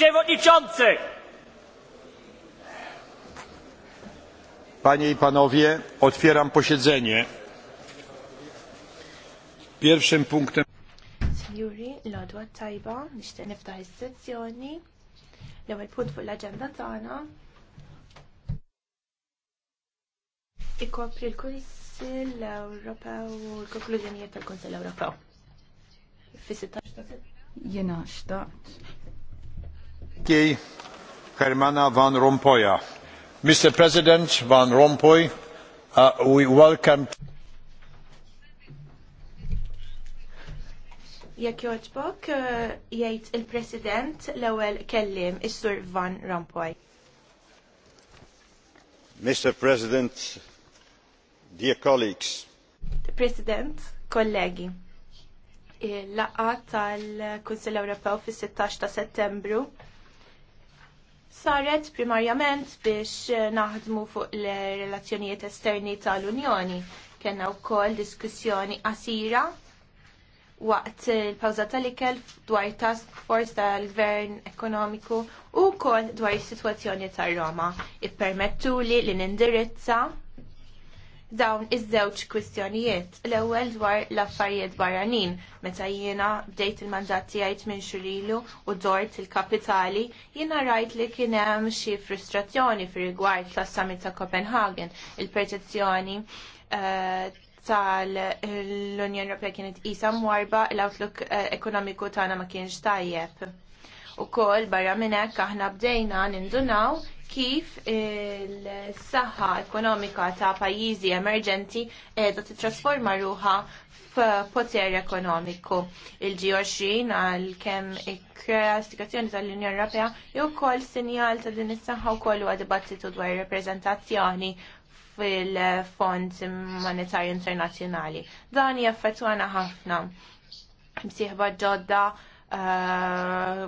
Przewodniczący! Panie i Panowie, otwieram posiedzenie. Pierwszym punktem... Juri, lodwa tajba, nishtiq niftaħ is-sezzjoni. L-ewwel punt fuq l-aġenda tagħna ikopri l-Kunsill Ewropew u l-konklużjonijiet tal-Kunsill Ewropew. Fi 16 ta' Jena xtaqt Hermana Van Mr. President Van Rompuy, uh, we welcome. Jekk joġbok, uh, jgħid il-President l-ewwel kellim is-Sur Van Rompuy. Mr. President, dear colleagues. President, kollegi. Laqgħa tal-Kunsill Ewropew fis-16 ta' Settembru saret primarjament biex eh, naħdmu fuq l-relazzjonijiet esterni tal-Unjoni. Kenna wkoll diskussjoni qasira waqt il-pawza tal-ikel dwar task force tal-gvern ekonomiku u kol dwar is-sitwazzjoni tar-Roma. Ippermettu li li nindirizza dawn iż-żewġ kwistjonijiet. L-ewwel dwar l-affarijiet barranin, meta jiena bdejt il-mandat tiegħi minn xurilu u dort il-kapitali, jiena rajt li kien hemm xi frustrazzjoni fir-rigward tas-summit ta' Copenhagen, il-perċezzjoni eh, tal-Unjoni Ewropea kienet qisha mwarba l-outlook eh, ekonomiku tagħna ma kienx tajjeb. Ukoll barra minn hekk aħna bdejna nindunaw kif il-saħħa ekonomika ta' pajjiżi emerġenti qiegħda titrasforma ruha f'poter ekonomiku. Il-G20 għalkemm ikkreastikazzjoni tal-Unjoni Ewropea jew ukoll sinjal ta' din is-saħħa wkoll huwa dibattitu dwar ir-rappreżentazzjoni fil-Fond Monetarju Internazzjonali. Dan jaffettwana ħafna. Msieħba ġodda eh,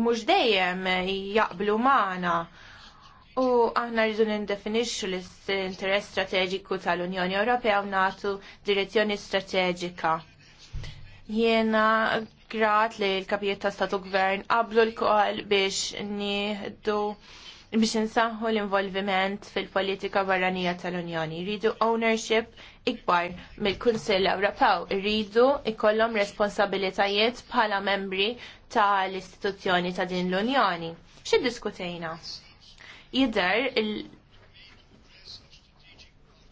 mhux dejjem jaqblu magħna. U aħna rridu nindefinixxu l-interess strateġiku tal-Unjoni Ewropea u nagħtu direzzjoni strateġika. Jiena grat li l-kapijiet ta' statu gvern qablu l-koqal biex nieħdu biex insaħħu l-involviment fil-politika barranija tal-Unjoni. Rridu ownership ikbar mill-Kunsill Ewropew. Rridu ikollhom responsabilitajiet bħala membri tal-istituzzjoni ta' din l-Unjoni. Xi diskutejna? jidher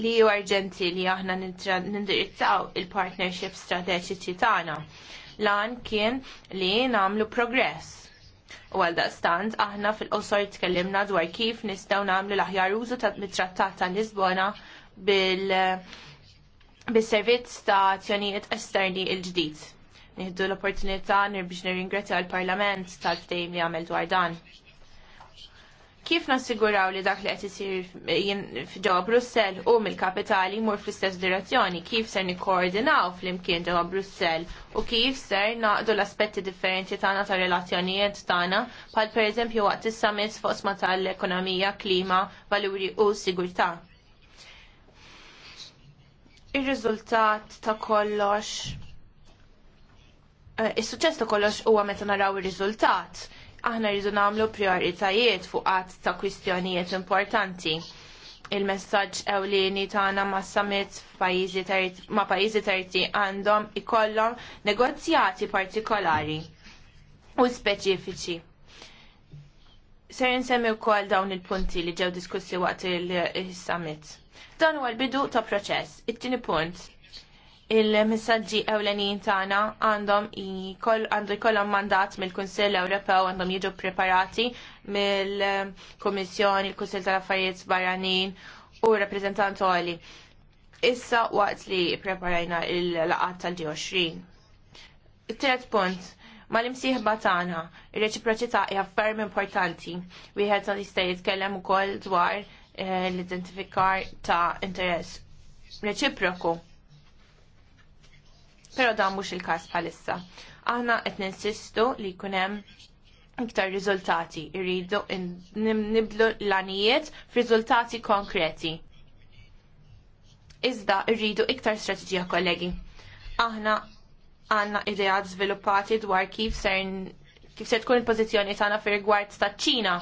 li ju arġenti li aħna nindirizzaw il-partnership strateġiċi tagħna. Lan kien li namlu progress. U għal stand, aħna fil-qosor tkellimna dwar kif nistgħu nagħmlu l-aħjar użu ta' mit-trattat ta' Lisbona bil bis-servizz ta' azzjonijiet esterni il-ġdid. Nihdu l-opportunità nirbix nirringrazzja l-Parlament tal-ftehim li għamel dwar dan kif nassiguraw li dak li qed isir ġewwa Brussell u mill-kapitali jmur fl-istess direzzjoni, kif ser nikkoordinaw flimkien ġewwa Brussell u kif ser naqdu l-aspetti differenti tagħna ta' relazzjonijiet tagħna bħal pereżempju waqt is-summits fosma tal-ekonomija, klima, valuri u sigurtà. Ir-riżultat ta' kollox eh, is-suċċess ta' kollox huwa meta naraw ir-riżultat aħna rridu nagħmlu prioritajiet fuq qatt ta' kwistjonijiet importanti. Il-messaġġ ewlieni tagħna ma' summit ma' pajjiżi terti għandhom ikollhom negozjati partikolari u speċifiċi. Ser insemmi wkoll dawn il-punti li ġew diskussi waqt il-summit. Dan huwa l-bidu ta' proċess. It-tieni punt il-messagġi ewlenin tagħna għandhom għandu jkollhom mandat mill-Kunsill Ewropew għandhom jiġu preparati mill-Kummissjoni, il-Kunsill tal-Affarijiet Barranin u rappreżentant għali. Issa waqt li preparajna il-laqat 20 tret punt, ma l-imsieħba tagħna, ir-reċiproċità hija ferm importanti. Wieħed jista' jitkellem ukoll dwar eh, l-identifikar ta' interess reċiproku Pero dan mhux il-każ bħalissa. Aħna qed ninsistu li jkun hemm iktar riżultati irridu nibdlu l-anijiet f'riżultati konkreti. Iżda rridu iktar strateġija kollegi. Aħna għandna ideat żviluppati dwar kif ser kif se tkun il-pożizzjoni tagħna fir-rigward taċ-Ċina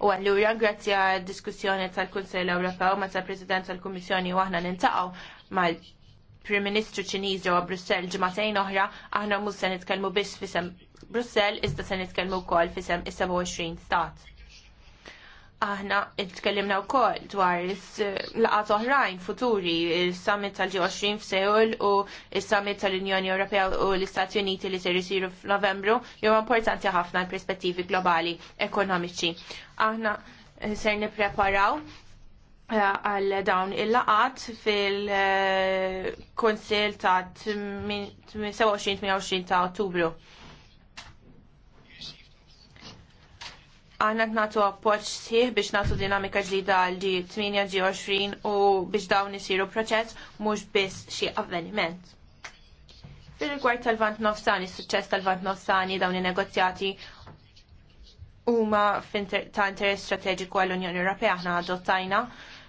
U allura grazzi għad diskussjoni tal-Kunsell Ewropew meta President tal-Kummissjoni u aħna nintaqgħu mal prim Ministru Ċiniż ġewwa Brussell ġimagħtejn oħra aħna mhux se nitkellmu biss fisem Brussell iżda se nitkellmu wkoll fisem is-27 stat. Aħna tkellimna wkoll dwar eh, laqgħat oħrajn futuri, is summit tal tal-G20 f'Seul u s summit tal-Unjoni Ewropea u l-Istati Uniti li se isiru f'Novembru jew importanti ħafna l-perspettivi globali ekonomiċi. Aħna eh, ser nippreparaw Eh, għal dawn il-laqat fil-konsil ta' 27-28 ta' ottubru. Għanna natu appoċ sħiħ biex natu dinamika ġdida għal ġi 28 u biex dawn isiru proċess mux biss xie avveniment. Fil-rigward tal-vant nofsani, suċċess tal-vant nofsani dawn i negozjati huma ta' interess strateġiku għall-Unjoni Ewropea aħna adottajna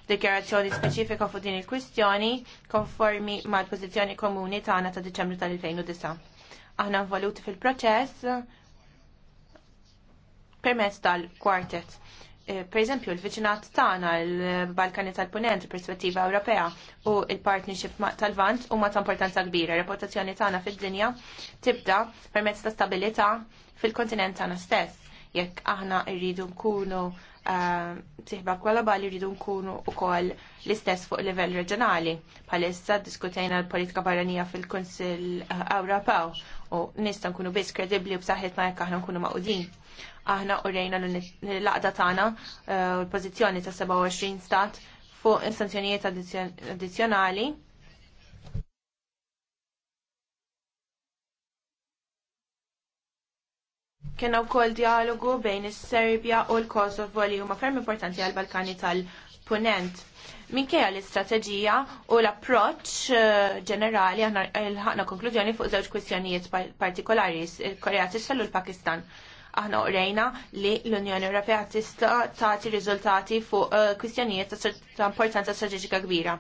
dikjarazzjoni speċifika fuq din il-kwistjoni konformi mal-pożizzjoni komuni tagħna ta' Diċembru tal-2009. Aħna involuti fil-proċess permezz tal-kwartet. Eh, per eżempju, l-viċinat tagħna l-Balkani tal-Punent, il-Perspettiva Ewropea u l partnership tal-Vant huma ta' importanza kbira. Reputazzjoni tagħna fid-dinja tibda permezz ta' stabilità fil-kontinent tagħna stess jekk aħna rridu nkunu Eh, siħba bali rridu nkunu wkoll l-istess fuq livell reġjonali. Palissa diskutejna l-politika barranija fil-Kunsill eh, Ewropew u nista nkunu biss kredibbli u b'saħħitna jekk aħna nkunu maqudin. Aħna urejna l-laqda tagħna u eh, l-pożizzjoni ta' 27 stat fuq sanzjonijiet addizzjonali Kena u kol dialogu bejn is-Serbja u l-Kosovo li huma ferm importanti għal-Balkani tal-Punent. Minkejja l-istrateġija u l-approċ eh, ġenerali ħana konklużjoni fuq żewġ kwistjonijiet partikolari, Korea tisfel u l-Pakistan. Aħna urejna li l-Unjoni Ewropea tista' tagħti riżultati fuq eh, kwistjonijiet ta' importanza strateġika kbira.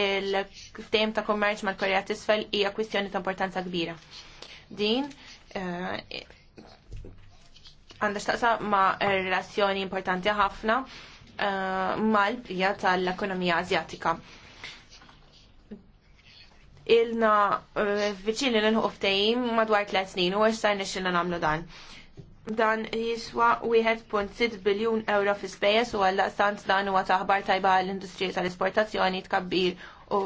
Il-ftehim ta' kummerċ mal-Korea tisfel hija kwistjoni ta' importanza kbira. Din eh, għandha xtaqsa ma' relazzjoni importanti ħafna eh, mal-prija tal-ekonomija Azjatika. Ilna uh, eh, viċin li ftejim madwar tlet snin u għax sajn nixilna namlu dan dan jiswa 1.6 biljun euro fi spejjeż u għalla sant dan huwa taħbar tajba l-industrija tal-esportazzjoni tkabbir u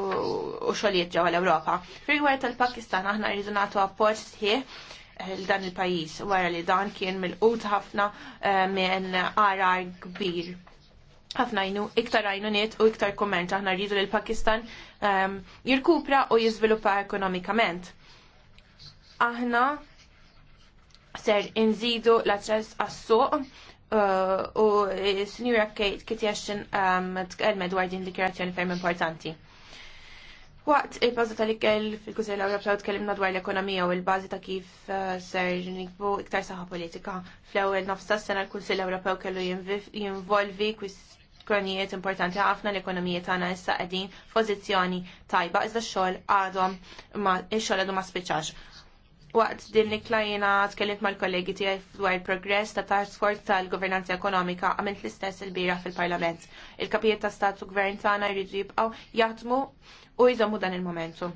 xogħlijiet ġewwa l europa Fir-rigward tal-Pakistan aħna rridu nagħtu appoġġ sħiħ dan il-pajis wara li dan kien mill qut ħafna eh, minn arar kbir. ħafna jnu iktar nit u iktar komment aħna rridu li l-Pakistan ehm, jirkupra u jizviluppa ekonomikament. Aħna ser inżidu l-aċċess għas-suq eh, u eh, s-New Kate Kitty Ashton ehm, tkellmet dwar din dikjerazzjoni ferm importanti. Waqt il-baza tal-ikkel fil-Kusel Ewropew tkellimna dwar l-ekonomija u l-bażi ta' kif eh, ser nikbu iktar saħa politika. Fl-ewwel nafsa s sena l-Kunsill Ewropew kellu jinvolvi kwistjonijiet importanti ħafna l-ekonomija tagħna issa qegħdin f'pożizzjoni tajba iżda x-xogħol għadhom ma x-xogħol għadhom ma spiċċax. Waqt din nikla jiena tkellimt mal-kollegi tiegħi dwar il-progress ta' task force tal-governanza ekonomika għamilt l-istess il-bira fil-Parlament il-kapijiet ta' statu gvern tagħna jridu jibqgħu jaħdmu u jżommu dan il-momentu.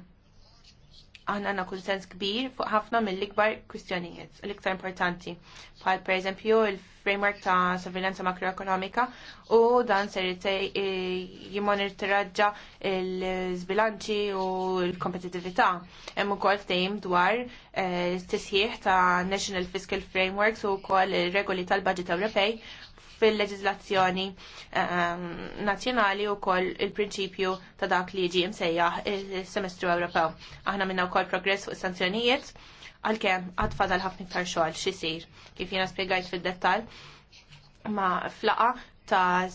Aħna għandna kunsens kbir fuq ħafna mill-ikbar kwistjonijiet, l-iktar importanti, bħal pereżempju il-framework ta' sovrinanza makroekonomika u dan ser jimonitoraġġa eh, l-sbilanċi u l-kompetitività. Hemm ukoll tejm dwar eh, tisjieħ ta' National Fiscal Frameworks u wkoll ir-regoli tal-Budget Ewropej fil-leġizlazzjoni ehm, nazzjonali u koll il-prinċipju ta' dak li jiġi msejja il-semestru Ewropew. Aħna minna u koll progress fuq sanzjonijiet għal-kem għad fadal ħafna iktar xogħol xisir. Kif jiena spjegajt fil-dettal ma' flaqa ta'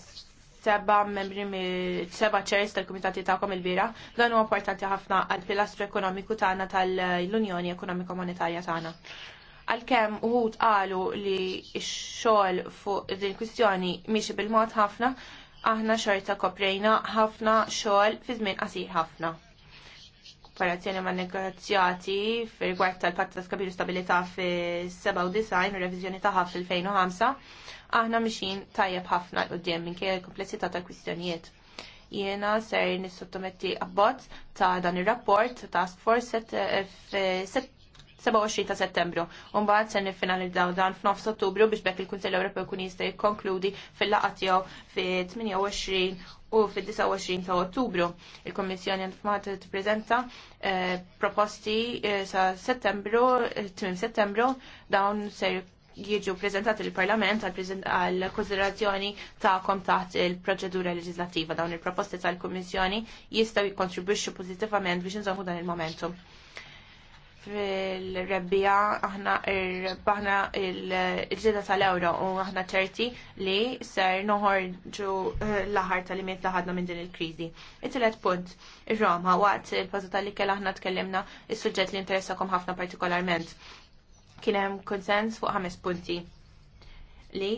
seba membri seba ċers tal-Kumitati ta'kom il-bira, dan huwa importanti ħafna għal pilastru ekonomiku tagħna tal-Unjoni Ekonomika Monetarja tagħna għalkemm uħut qalu li x-xogħol fuq din kwistjoni miexi bil-mod ħafna, aħna xorta koprejna ħafna xogħol fi żmien qasir ħafna. Kooperazzjoni ma' negozjati fi rigward tal-patt ta' skabiru stabilita' fi 97 u reviżjoni tagħha fil-2005, aħna mixin tajjeb ħafna l-qudiem minkejja l-komplessità ta' kwistjonijiet jiena ser nissottometti abbozz ta' dan ir rapport ta' Force set eh, 27 ta' settembru. Umbagħad se niffinalizzaw dan f'9 ottubru biex bekk il-Kunsell Ewropew kun jista' jikkonkludi fil-laqgħa tiegħu fit-28 u fid-29 ta' Ottubru. Il-Kommissjoni t tippreżenta eh, proposti eh, sa' Settembru, 8 eh, Settembru, dawn se jiġu prezentati l-Parlament għal konsiderazzjoni ta' taħt il-proċedura leġislattiva dawn il-proposti tal-Kommissjoni jistaw jikontribuċu pożittivament biex nżommu dan il-momentum fil-rebbija aħna baħna il-ġida tal-ewro u aħna ċerti li ser noħorġu eh, l ħar tal-imiet laħadna minn din il-krizi. It-tlet punt, ir-Roma, waqt il-pazzata li kell aħna tkellimna il-sujġet li interessakom ħafna partikolarment. Kien hemm konsens fuq ħames punti li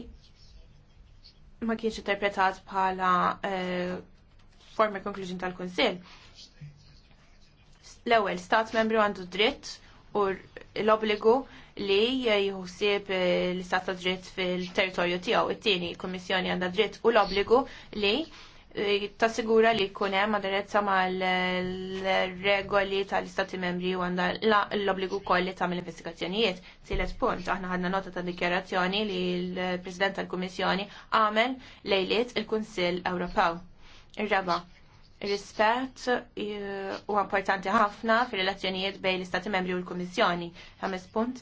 ma kienx interpretat bħala eh, former conclusion tal-Kunsill L-ewwel stat membru għandu dritt u l-obbligu li jħusieb eh, l-istat ta' dritt fil-territorju tiegħu. It-tieni kummissjoni għandha dritt u l-obbligu li eh, tassigura li jkun hemm aderezza mal-regoli tal-Istati membri u għandha l-obbligu wkoll li tagħmel investigazzjonijiet. Tielet punt, aħna ħadna nota ta' dikjarazzjoni li l-President tal-Kummissjoni għamel lejliet il-Kunsill Ewropew. Ir-raba' rispett huwa importanti ħafna fir-relazzjonijiet bejn l-Istati Membri u l-Kummissjoni. Ħames punt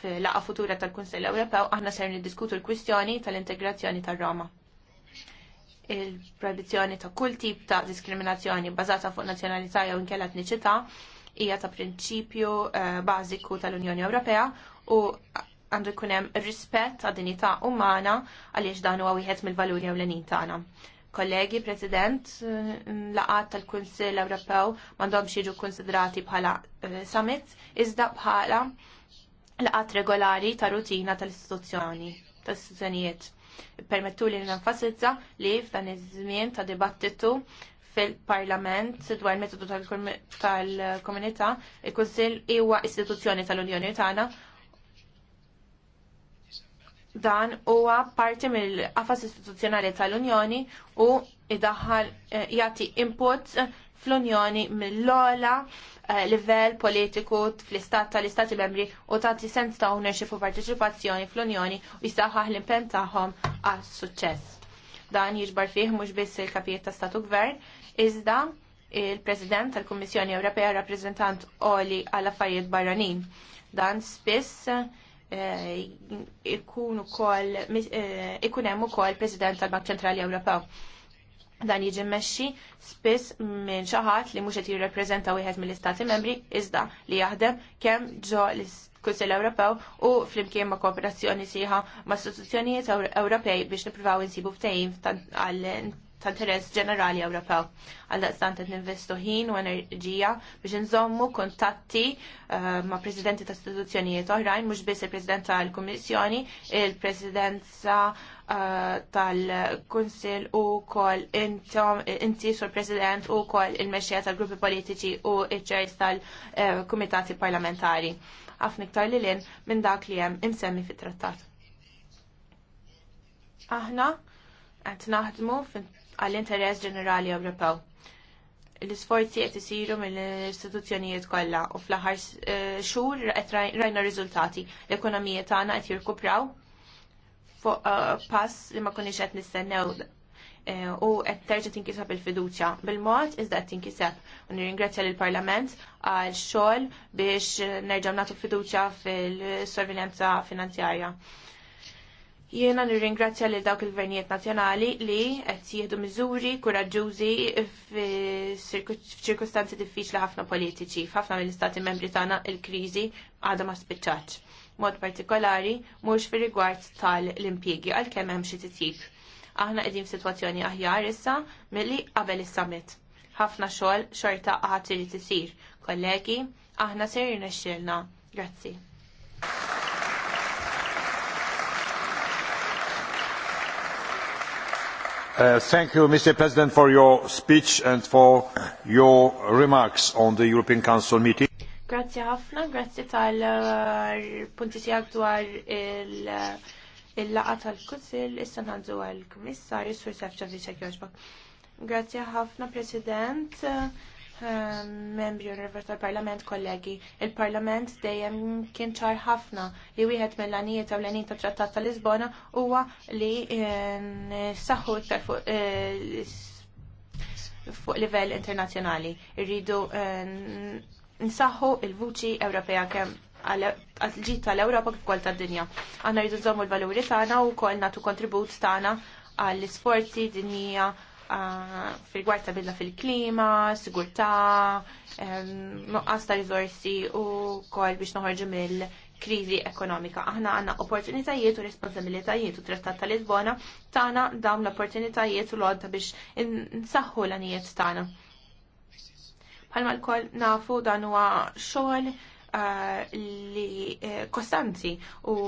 fil-laqa futura tal-Kunsell Ewropew aħna ser niddiskutu l-kwistjoni tal-integrazzjoni tar-Roma. Il-proibizzjoni ta' kull tip ta' diskriminazzjoni bbażata fuq nazzjonalità jew inkella etniċità hija ta' prinċipju eh, bażiku tal-Unjoni Ewropea u għandu jkun hemm rispett għad dinjità umana għaliex dan huwa wieħed mill-valuri ewlenin tagħna kollegi, President, laqat tal-Kunsill Ewropew m'għandhomx jiġu konsidrati bħala eh, summit, iżda bħala laqat regolari ta' rutina tal-istituzzjoni, tal-istituzzjonijiet. Permettu li nenfasizza li f'dan iż-żmien ta' dibattitu fil-Parlament dwar metodu tal-komunità, il-Kunsill huwa istituzzjoni tal-Unjoni tagħna dan huwa parti mill-qafas istituzzjonali tal-Unjoni u idaħħal eh, jagħti input fl-Unjoni mill-ola eh, livell politiku fl-istat tal-istati membri u tagħti sens ta' ownership u partecipazzjoni fl-Unjoni u jistaħħaħ l-impenn tagħhom għas-suċċess. Dan jiġbar fih mhux biss il-kapijiet ta' statu gvern, iżda il-President tal-Kummissjoni Ewropea rappreżentant oli għal affarijiet barranin. Dan spiss Eh, ikun ukoll eh, ikun hemm ukoll President tal-Bank Ċentrali Ewropew. Dan jiġi mmexxi spiss minn xi ħadd li mhux qed jirrappreżenta wieħed mill-Istati Membri iżda li jaħdem kemm ġo l-Kunsill Ewropew u flimkien ma' kooperazzjoni sieħa ma' istituzzjonijiet Ewropej biex nippruvaw insibu ftehim għal ta' interess ġenerali Ewropew. Għal daqstant qed ninvestu ħin u enerġija biex nżommu kuntatti eh, ma' presidenti ta' istituzzjonijiet oħrajn, mhux biss il-President tal-Kummissjoni, il-Presidenza eh, tal-Kunsil u kol inti sur President u kol il-mexxija tal-gruppi politiċi u iċ-ċers tal-Kumitati Parlamentari. Għafni ktar li lin minn dak li hemm imsemmi fit-trattat. Aħna qed naħdmu fin għall-interess ġenerali Ewropew. L-isforzi qed isiru mill-istituzzjonijiet kollha u fl-aħħar eh, xhur qed rajna riżultati. L-ekonomija tagħna qed jirkupraw fuq eh, pass li ma kunix qed nistennew eh, u qed terġa' tinkisab il-fiduċja bil-mod iżda qed tinkiseb u nirringrazzja lill parlament għal xogħol biex nerġa' nagħtu fiduċja fil-sorveljanza finanzjarja. Jiena nirringrazzja lil dawk il-gvernijiet nazzjonali li qed jieħdu miżuri kuraġġużi f'ċirkustanzi diffiċli ħafna politiċi. F'ħafna mill-istati membri tagħna il-kriżi għadha ma spiċċatx. Mod partikolari mhux fir-rigward tal-impjiegi għalkemm hemm xi titjib. Aħna qegħdin f'sitwazzjoni aħjar issa milli qabel is-summit. Ħafna xogħol xorta qaħad irid isir. Kollegi, aħna ser jirnexxielna. Grazzi. Uh, thank you, Mr. President, for your speech and for your remarks on the European Council meeting. Grazie ħafna, grazie tal-punti tijak dwar il-laqa tal-Kutsil, issa nħadżu għal-Kummissarju Sur Sefċa Viċa Gjoġbak. Grazie ħafna, President. Ehm, membri Rever tal-Parlament kollegi, il-Parlament dejjem kien ċar ħafna li wieħed mill-għanijiet u l-għanijiet ta' Trattat ta' Lisbona huwa li ehm, saħħu iktar eh, fuq livell internazzjonali. Irridu ehm, nsaħħu il-vuċi Ewropea kemm għal-ġit tal-Ewropa kif kol tad-dinja. Għanna rridu nżommu l-valuri tagħna u kol natu kontribut tagħna għall-isforzi dinjija fil-gwart ta' bidla fil-klima, sigurtà, nuqqas ta' riżorsi u kol biex noħorġu mill-kriżi ekonomika. Aħna għandna opportunitajiet u responsabilitajiet u trattat ta' Lisbona tagħna dawn l-opportunitajiet u l-għodda biex nsaħħu l għanijiet tagħna. Palma l-kol nafu dan huwa xogħol eh, li eh, kostanti u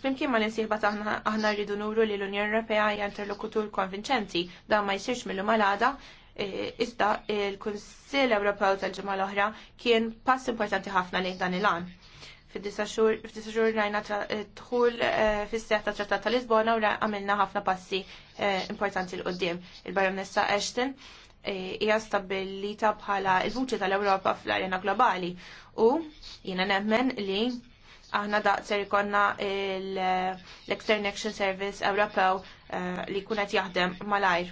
Flimkien ma l-insirba taħna aħna rridu nuru li l-Unjoni Ewropea hija interlokutur konvinċenti dan ma jsirx millu malada e, iżda il-Kunsill Ewropew tal-ġimgħa l-oħra kien pass importanti ħafna lejn dan il-għan. Fid-disa xhur rajna e, dħul e, fis-seħħ ta' Trattat ta' Lisbona u għamilna ħafna passi importanti l qudiem Il-Baronessa Ashton hija stabbilita bħala l-vuċi tal-Ewropa fl-arena globali u jiena nemmen li aħna daqser ikonna l-Extern Action Service Ewropew eh, li kunet jaħdem malajr.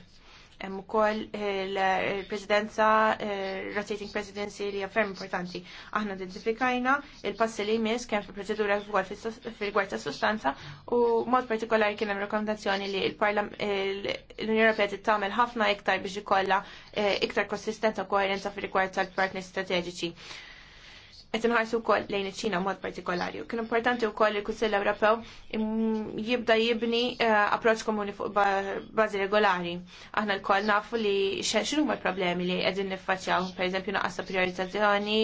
Hemm ukoll il-Presidenza eh, Rotating Presidency li ferm importanti. Aħna identifikajna il-passi li jmiss kemm fil-proċedura fil-gwerta sustanza u mod partikolari kien hemm rekomendazzjoni li l-Unjoni Ewropea tagħmel ħafna iktar biex ikollha eh, iktar konsistenza u koerenza fil-rigward tal-partner strateġiċi qed inħarsu wkoll lejn iċ-Ċina mod partikolari. Kien importanti wkoll li kussell Ewropew jibda jibni eh, approċċ komuni fuq bażi regolari. Aħna lkoll nafu li x'inhu huma l-problemi li qegħdin niffaċċjaw, pereżempju naqas ta' prioritizzazzjoni.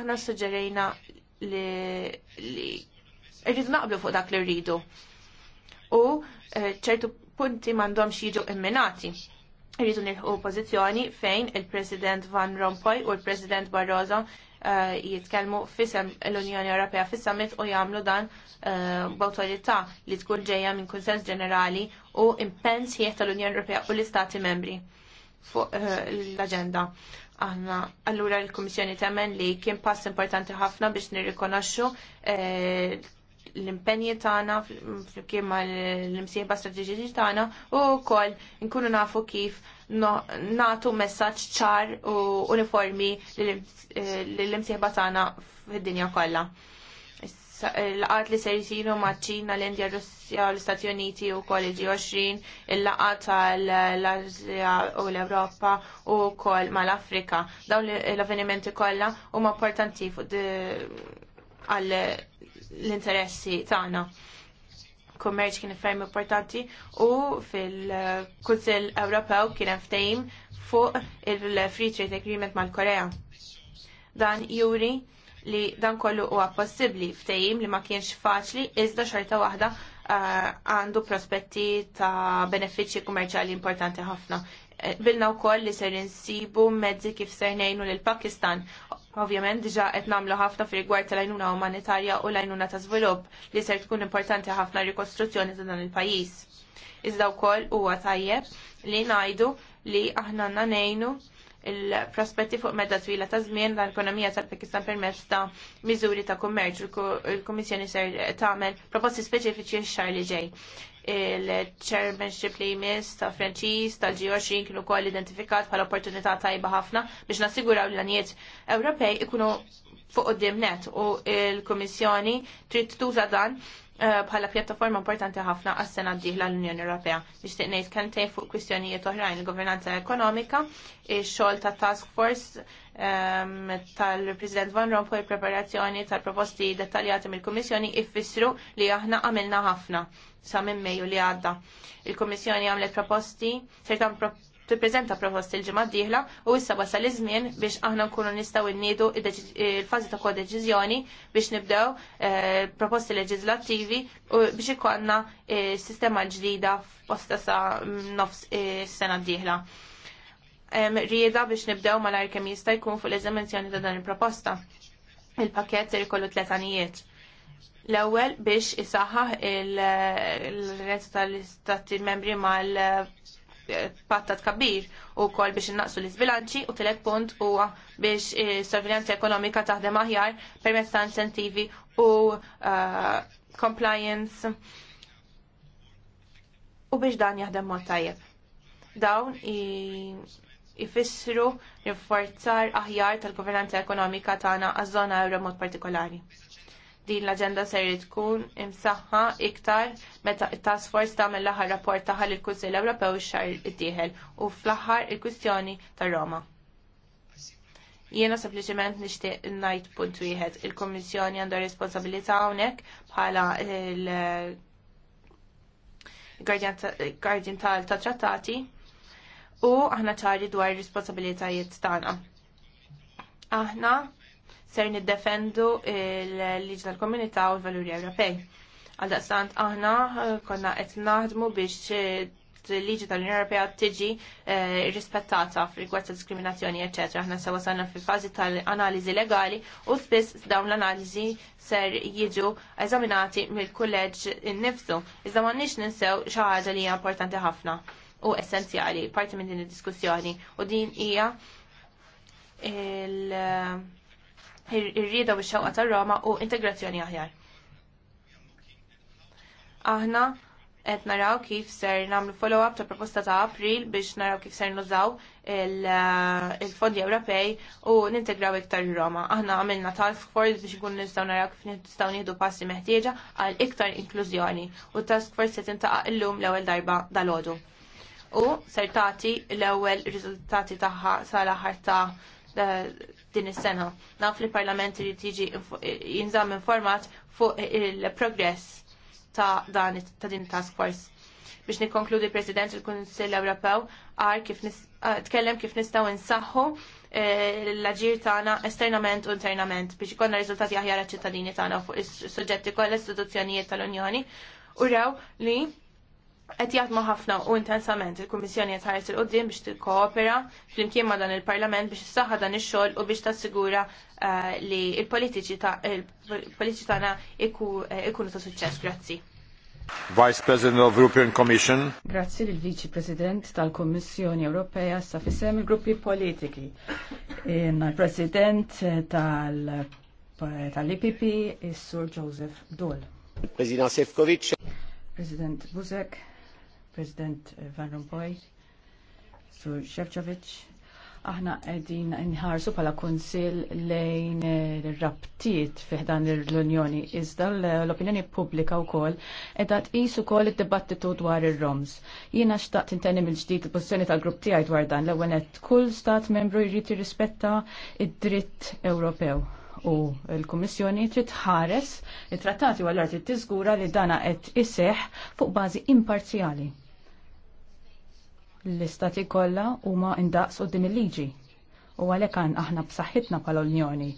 Aħna suġġerejna li rridu naqblu fuq dak li rridu. U eh, ċertu punti m'għandhomx jiġu imminati Irridu nilħu pożizzjoni fejn il-President Van Rompuy u l-President Barroso jitkelmu eh, jitkellmu l-Unjoni Ewropea fis-summit u jagħmlu dan b'autorità eh, b'awtorità li tkun ġejja minn konsens ġenerali u impens jieħ tal-Unjoni Ewropea u l-Istati membri fuq eh, l-aġenda aħna allura l-Kummissjoni temmen li kien pass importanti ħafna biex nirrikonoxxu l-impenji tagħna flimkien mal l-imsieba strateġiċi tagħna u wkoll nkunu nafu kif nagħtu messaġġ ċar u uniformi lill-imsieba tagħna fid-dinja kollha. L-laqat li ser jisiru maċ-Ċina, l-Indja, Russja, l-Istati Uniti u il G20, il laqgħa tal-Azja u l-Europa u wkoll mal-Afrika. Dawn l-avvenimenti kollha huma importanti għal l-interessi tagħna. Kummerċ kien ferm importanti u fil-Kunsill Ewropew kien hemm fuq il-Free Trade Agreement mal-Korea. Dan juri li dan kollu huwa possibbli ftehim li ma kienx faċli iżda xorta waħda eh, għandu uh, prospetti ta' benefiċċji kummerċali importanti ħafna eh, bilna u koll li ser insibu mezzi kif ser nejnu l-Pakistan Ovvjament diġa qed nagħmlu ħafna fi rigward tal-għajnuna umanitarja u l-għajnuna ta' żvilupp li ser tkun importanti ħafna rikostruzzjoni ta' dan il-pajjiż. Iżda wkoll huwa tajjeb li ngħidu li aħna għandna ngħinu il-prospetti fuq medda twila ta' żmien l-ekonomija tal-Pakistan permezz ta' miżuri ta' kummerċ il-Kummissjoni ser tagħmel proposti speċifiċi x-xahar li ġej il-chairmanship li jmiss ta' Franċiż tal ġiwaxin kienu kol identifikat bħala opportunità tajba ħafna biex nassiguraw l għaniet Ewropej ikunu fuq qudiem net u l-Kummissjoni trid tuża dan Eh, bħala pjattaforma importanti ħafna għas-sena d dihla l-Unjoni Ewropea. Nixtieq ngħid kentej fuq kwistjonijiet oħrajn il-governanza ekonomika, ix-xogħol ta' task force ehm, tal-President Van Rompuy preparazzjoni tal-proposti dettaljati mill-Kummissjoni ifissru li aħna għamilna ħafna sa minn Mejju li għadda. Il-Kummissjoni għamlet proposti, sertan proposti tippreżenta proposti l-ġimgħa d-dieħla u issa wasal iż-żmien biex aħna nkunu nistgħu nniedu il-fażi ta' kodeċiżjoni biex nibdew eh, proposti leġislattivi u biex ikollna eh, sistema ġdida f'posta sa nofs eh, sena d-dieħla. Rieda biex nibdew malajr kemm jista' jkun fuq l eżemenzjoni ta' dan il-proposta. il pakket ser ikollu tletanijiet l-ewwel biex isaħħaħ il-rest tal-istati membri mal patta tkabbir u kol biex innaqsu l sbilanċi u telet punt u biex eh, sorveljanza ekonomika taħdem aħjar permezz ta' incentivi u uh, compliance u biex dan jaħdem mod tajjeb. Dawn jifissru rinforzar aħjar tal-governanza ekonomika tagħna għaż-żona euro mod partikolari din l-agenda ser tkun imsaħħa iktar meta task force tagħmel l-aħħar rapport tagħha il kunsill Ewropew ix-xahar ittieħel u fl-aħħar il-kwistjoni tar-Roma. Jiena sempliċement nixtieq ngħid punt wieħed il-Kummissjoni għandha responsabilità hawnhekk bħala il Guardian tal-Trattati u aħna ċari dwar ir responsabilitajiet tagħna. Aħna ser niddefendu il-liġi tal-komunità u l-valuri Ewropej. Għaldaqstant aħna eh, konna qed naħdmu biex eh, liġi tal-Unjoni Ewropea tiġi eh, rispettata f'rigward ta' diskriminazzjoni, ecc. Aħna sewa sanna fi fażi tal-analiżi legali u spiss dawn l-analiżi ser jiġu eżaminati mill-kulleġġ innifsu. Iżda m'għandniex ninsew xi ħaġa li hija importanti ħafna u essenzjali parti minn din id-diskussjoni u din hija il- ir-rieda u xewqa tar-Roma u integrazzjoni aħjar. Aħna qed naraw kif ser nagħmlu follow-up ta' proposta ta' April biex naraw kif ser nużaw eh, il-fondi Ewropej u nintegraw iktar ir Roma. Aħna għamilna task force biex ikun nistgħu naraw kif nistgħu nieħdu passi meħtieġa għal iktar inklużjoni u task force se tintaqa' illum l-ewwel darba dal-għodu. U ser tagħti l-ewwel riżultati tagħha sal-aħħar ta' din is-sena. Naf li parlament irid jiġi eh, jinżamm informat fuq il-progress ta' dan ta' din task force. Biex nikkonkludi President il-Kunsill Ewropew għar kif ah, tkellem kif nistgħu nsaħħu eh, l-aġir tagħna esternament u internament biex ikollna riżultati aħjar ċittadini tagħna fuq is-suġġetti kollha istituzzjonijiet tal-Unjoni uraw li għet jaħdmu ħafna u intensament il komissjoni għet ħajt il qoddim biex fl flimkien ma' dan il-Parlament biex issaħħa dan ix-xogħol u biex tassigura eh, li l-politiċi tagħna eh, ikunu ta' suċċess. Grazzi. Vice President of European Commission. Grazzi lil Vice President tal-Kommissjoni Ewropea sa fissem il-gruppi politiki. Il-President tal-IPP, il-Sur Joseph Dole. President Sefcovic. President Buzek, President Van Rompuy, Sur Shevchovic, aħna għedin nħarsu pala konsil lejn rabtiet fiħdan l-Unjoni. Iżda l-opinjoni pubblika u kol edha t-isu kol id-dibattitu dwar il-Roms. Jiena xtaqt intenim il-ġdid il-pozizjoni tal-grupp tiegħi dwar dan l-ewwel kull stat membru jrid jirrispetta id-dritt Ewropew u l-Kummissjoni trid tħares it-trattati u għall it tiżgura li dana qed iseħħ fuq bażi imparzjali l-istati kollha huma indaqs din il-liġi. U għalhekk aħna b'saħħitna bħala unjoni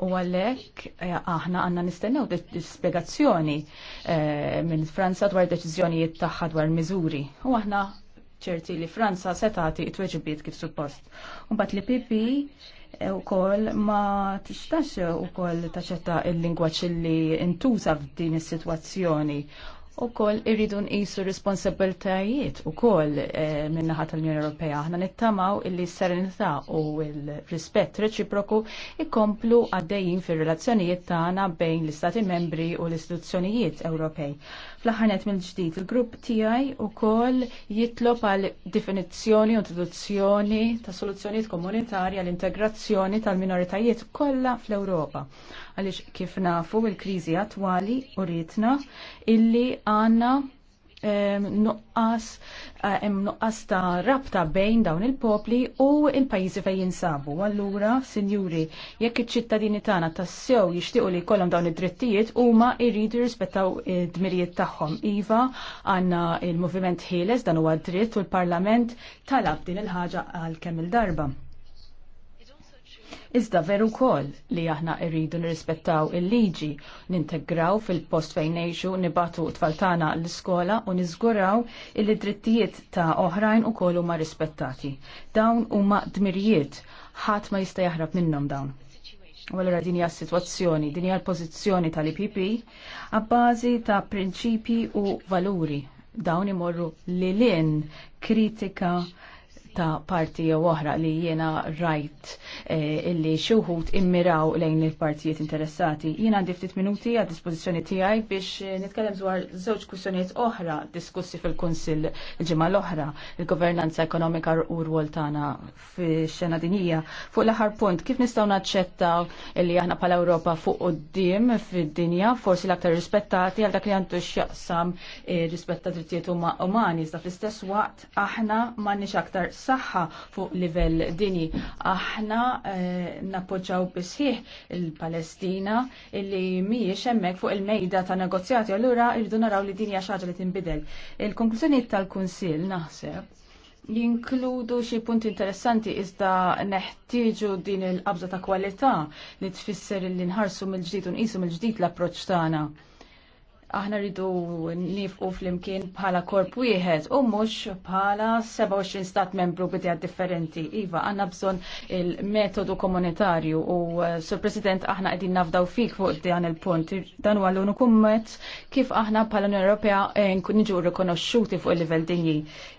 U għalhekk eh, aħna għandna nistennew spjegazzjoni eh, minn Franza dwar deċiżjonijiet tagħha dwar miżuri. U aħna ċerti li Franza se tagħti t-tweġibiet kif suppost. Mbagħad li PP eh, u ma tistax u kol taċetta il-lingwaċ li intuża f'din is-sitwazzjoni U kol irridu nqisu responsabiltajiet u kol eh, minnaħat tal-Unjoni Ewropea. Aħna nittamaw illi s-serenità u l-rispett reċiproku ikomplu għaddejjin fir-relazzjonijiet tagħna bejn l-Istati membri u l-istituzzjonijiet Ewropej. Fl-ħanet mill-ġdid, il-grupp tiegħi kol jitlob għal definizzjoni u introduzzjoni ta' soluzzjonijiet komunitarja l-integrazzjoni tal-minoritajiet kollha fl-Ewropa. Għaliex kif nafu il-kriżi attwali u ritna illi għandna nuqqas hemm eh, nuqqas ta' rabta bejn dawn il-popli u il-pajjiżi fejn jinsabu. Allura, sinjuri, jekk iċ-ċittadini tagħna tassew jixtiequ li jkollhom dawn id-drittijiet huma jridu jirrispettaw id-dmirijiet tagħhom. Iva, għandna il-Moviment Ħieles dan huwa dritt u l-Parlament talab din il-ħaġa għal kemm il-darba. Iżda veru kol li aħna irridu nirrispettaw il-liġi, nintegraw fil-post fejn nejxu, nibatu tfaltana l-iskola u nizguraw il-drittijiet ta' oħrajn u kol huma rispettati. Dawn huma dmirijiet, ħadd ma jista' jaħrab minnhom dawn. U allura din hija s-sitwazzjoni, din hija l-pożizzjoni tal-IPP għabbażi ta' prinċipi u valuri dawn imorru li lin kritika ta' parti oħra li jiena rajt eh, illi xuħut immiraw lejn il-partijiet interessati. Jiena għandi ftit minuti għad dispozizjoni tiegħi biex eh, nitkellem dwar żewġ kwistjonijiet oħra diskussi fil-Kunsill il-ġimgħa l-oħra, il-governanza ekonomika u rwol tagħna fix-xena dinija. Fuq l-aħħar punt, kif nistgħu naċċettaw illi aħna bħala Ewropa fuq quddiem fid-dinja forsi l-aktar rispettati għal dak li għandu x'jaqsam eh, rispett ta' drittijiet umani, iżda fl-istess waqt aħna m'għandniex aktar s saħħa fuq livell dini. Aħna eh, nappoġġaw bisħieħ il-Palestina illi mhijiex hemmhekk fuq il-mejda ta' negozjati allura irridu naraw li din hija xi ħaġa li tinbidel. Il-konklużjonijiet tal kunsil naħseb jinkludu xi punti interessanti iżda neħtieġu din il-qabża ta' kwalità li tfisser li nħarsu mill-ġdid u nqisu mill-ġdid l-approċċ tagħna aħna rridu nifqu fl-imkien bħala korp wieħed u mhux bħala 27 stat membru bidja differenti. Iva, għandna bżonn il-metodu komunitarju u eh, sur President aħna qegħdin nafdaw fik fuq dan il-punt. Dan huwa l-unu kummet kif aħna bħala Unjoni Ewropea eh, niġu rikonoxxuti fuq il-livell dinji.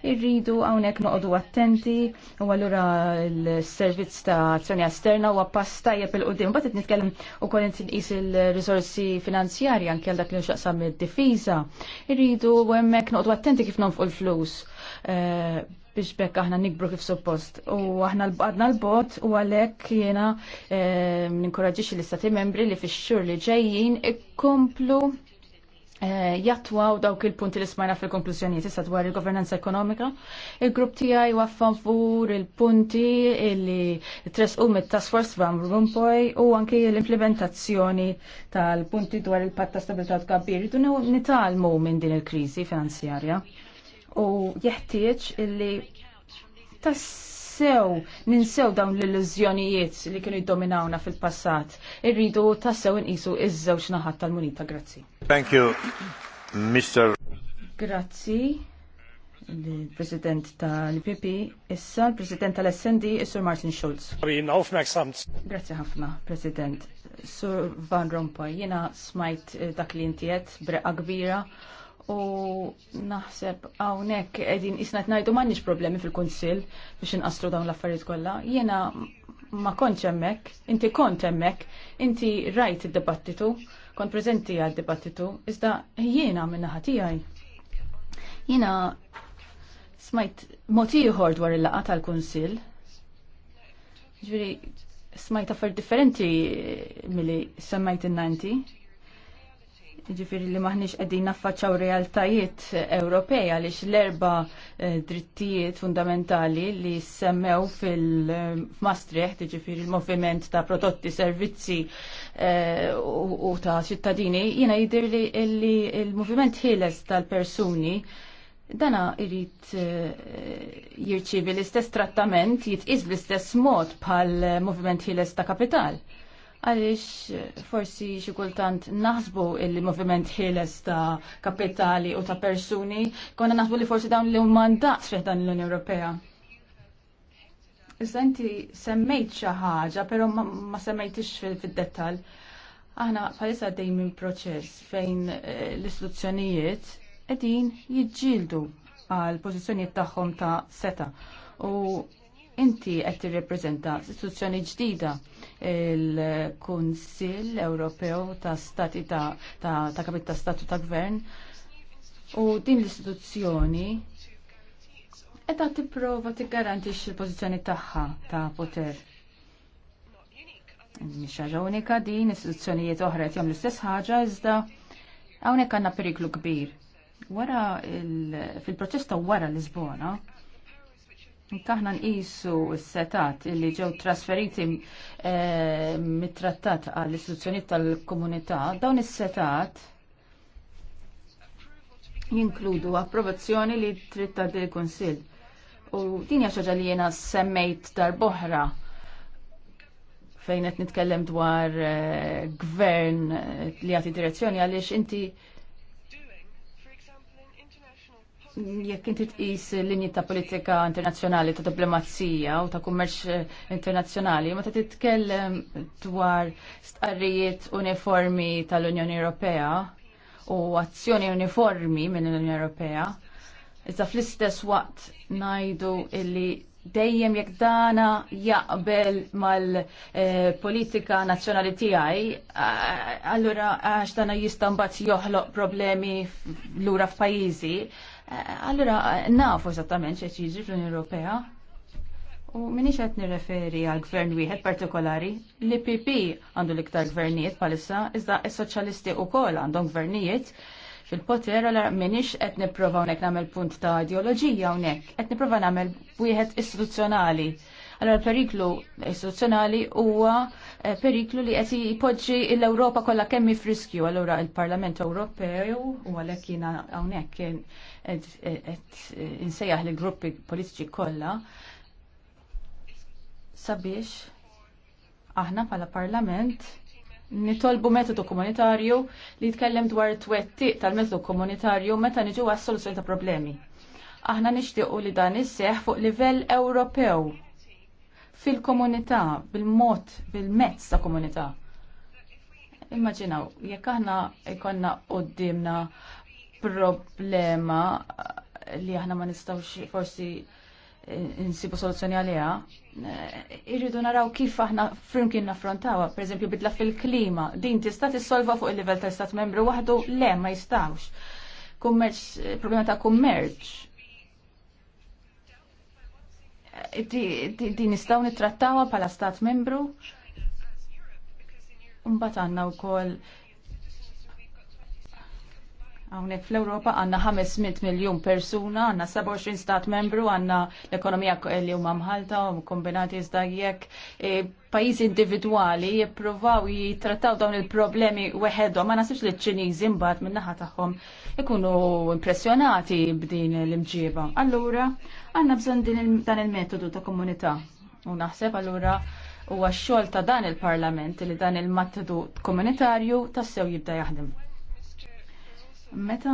Irridu hawnhekk noqogħdu attenti u allura l-servizz ta' azzjoni esterna huwa pass tajjeb il-qudiem. Bagħad nitkellem ukoll inqis il-risorsi finanzjarji anke għal dak li mid id-difiża. Irridu hemmhekk noqgħdu attenti kif nonfqu l-flus eh, biex bekk aħna nikbru kif suppost. U aħna l-badna l-bot u għalhekk jiena eh, ninkoraġġix l-istati membri li fix-xhur li ġejjin ikkomplu Eh, Jatwaw dawk il-punti li smajna fil-konklużjonijiet issa dwar il-governanza ekonomika. Il-grupp tiegħi waffan fur il-punti li u mit-task force Van Rumpoy u anki l-implementazzjoni tal-punti dwar il-patt ta' stabilità kabbir. Ridu nitalmu minn din il-kriżi finanzjarja u jeħtieġ illi tas tassew ninsew dawn l-illużjonijiet li kienu jiddominawna fil-passat. Irridu tassew nqisu iż-żewġ naħat tal-munita. Grazzi. Thank you, Mr. Grazzi il-President tal-PP, issa il-President tal-SND, Sir Martin Schulz. Grazie ħafna, President. Sur Van Rompuy, jena smajt eh, dak li intiet breqqa kbira U naħseb hawnhekk qegħdin isna ngħidu m'għandniex problemi fil-Kunsill biex inqastru dawn l-affarijiet kollha. Jiena ma kontx hemmhekk, inti kont hemmhekk, inti rajt id-dibattitu, kont preżenti għad-dibattitu, iżda jiena minn naħa tiegħi. Jiena smajt mod ieħor dwar il-laqgħa tal-Kunsill. Ġifieri smajt affarijiet differenti milli semmajt in-nanti. Ġifiri li maħniġ għedin naffaċċaw realtajiet Ewropeja li l-erba eh, drittijiet fundamentali li semmew fil-Maastricht, ġifiri il-moviment ta' prodotti, servizzi eh, u ta' ċittadini, jina jidir li il-moviment ħiles tal-persuni dana irrit eh, jirċivi l-istess trattament, jitqis l-istess mod bħal moviment ħieles ta' kapital għalix forsi xi kultant naħsbu il-moviment ħieles ta' kapitali u ta' persuni, konna naħsbu li forsi dawn li mandat fih dan l-Unjoni Ewropea. Iżda inti semmejt xi ħaġa, però ma semmejtix fid-dettall. Aħna bħalissa dejjem minn proċess fejn eh, l-istituzzjonijiet qegħdin jiġġieldu għal pożizzjonijiet tagħhom ta' seta' u Inti qed tirrepreżenta istituzzjoni ġdida il-Kunsill Ewropew ta' Stati ta', ta, Kapit ta' Statu ta' Gvern u din l-istituzzjoni qed tipprova tiggarantixxi il pożizzjoni tagħha ta' poter. Mhix ħaġa unika din, istituzzjonijiet oħra qed jagħmlu l-istess ħaġa iżda hawnhekk għandna periklu kbir. Wara fil-proċess ta' wara Lisbona, Kaħna nqisu s-setat li ġew trasferiti eh, mit-trattat għall istituzzjonijiet tal-komunità, dawn is-setat jinkludu approvazzjoni li trid tagħti l-Kunsill. U din hija xaġa li jiena semmejt darb'oħra fejn qed nitkellem dwar eh, gvern eh, li jagħti direzzjoni għaliex inti Jekk inti tqis linji ta' politika internazzjonali ta' diplomazija u ta' kummerċ eh, internazzjonali, meta titkellem dwar stqarrijiet uniformi tal-Unjoni Ewropea u azzjoni uniformi minn l-Unjoni Ewropea, iżda fl-istess waqt ngħidu illi dejjem jekk dana jaqbel mal-politika nazzjonali tiegħi, eh, allura għax dana jista' mbagħad joħloq problemi lura f'pajjiżi, Eh, Allura, eh, nafu esattament xe ċiġi fl-Unjoni Ewropea. U minix qed nirreferi għal gvern wieħed partikolari, l-IPP għandu l-iktar gvernijiet palissa, iżda s-soċjalisti wkoll għandhom gvernijiet fil-poter għal minix qed nipprova hawnhekk nagħmel punt ta' ideoloġija hawnhekk, qed nipprova nagħmel wieħed istituzzjonali Allora l-periklu istituzzjonali huwa eh, periklu li qed jpoġġi l-Ewropa kollha kemm friskju. Allura il-Parlament Ewropew u għalhekk jiena hawnhekk qed insejjaħ li gruppi politiċi kollha sabiex aħna bħala parlament nitolbu metodu komunitarju li jitkellem dwar twettiq tal-metodu komunitarju meta niġu għas-soluzzjoni ta' problemi. Aħna nixtiequ li dan isseħ fuq livell Ewropew fil-komunità, bil-mod, bil-mezz ta' komunità. Immaġinaw, jekk aħna jkollna qoddimna problema eh, li aħna ma nistawx forsi eh, nsibu soluzzjoni għaliha, eh, irridu naraw kif aħna frimkien naffrontawa, per eżempju bidla fil-klima, din tista' tissolva fuq il-livell tal-Stat membru waħdu le ma jistawx. Kummerċ, problema ta' kummerċ, din nistaw nittrattawha pala stat membru. Un batanna u kol Għonek fl-Europa għanna 500 miljon persuna, għanna 27 stat membru, għanna l-ekonomija li huma mħalta, u kombinati iżda jekk e, pajjiżi individwali jippruvaw jitrattaw dawn il-problemi weħedhom, ma nasibx li ċ-Ċiniżi mbagħad min-naħa tagħhom ikunu impressjonati b'din l-imġiba. Allura għandna bżonn dan il-metodu ta' komunità. U naħseb allura huwa x-xogħol ta' dan il-Parlament li dan il-metodu komunitarju tassew jibda jaħdem. Meta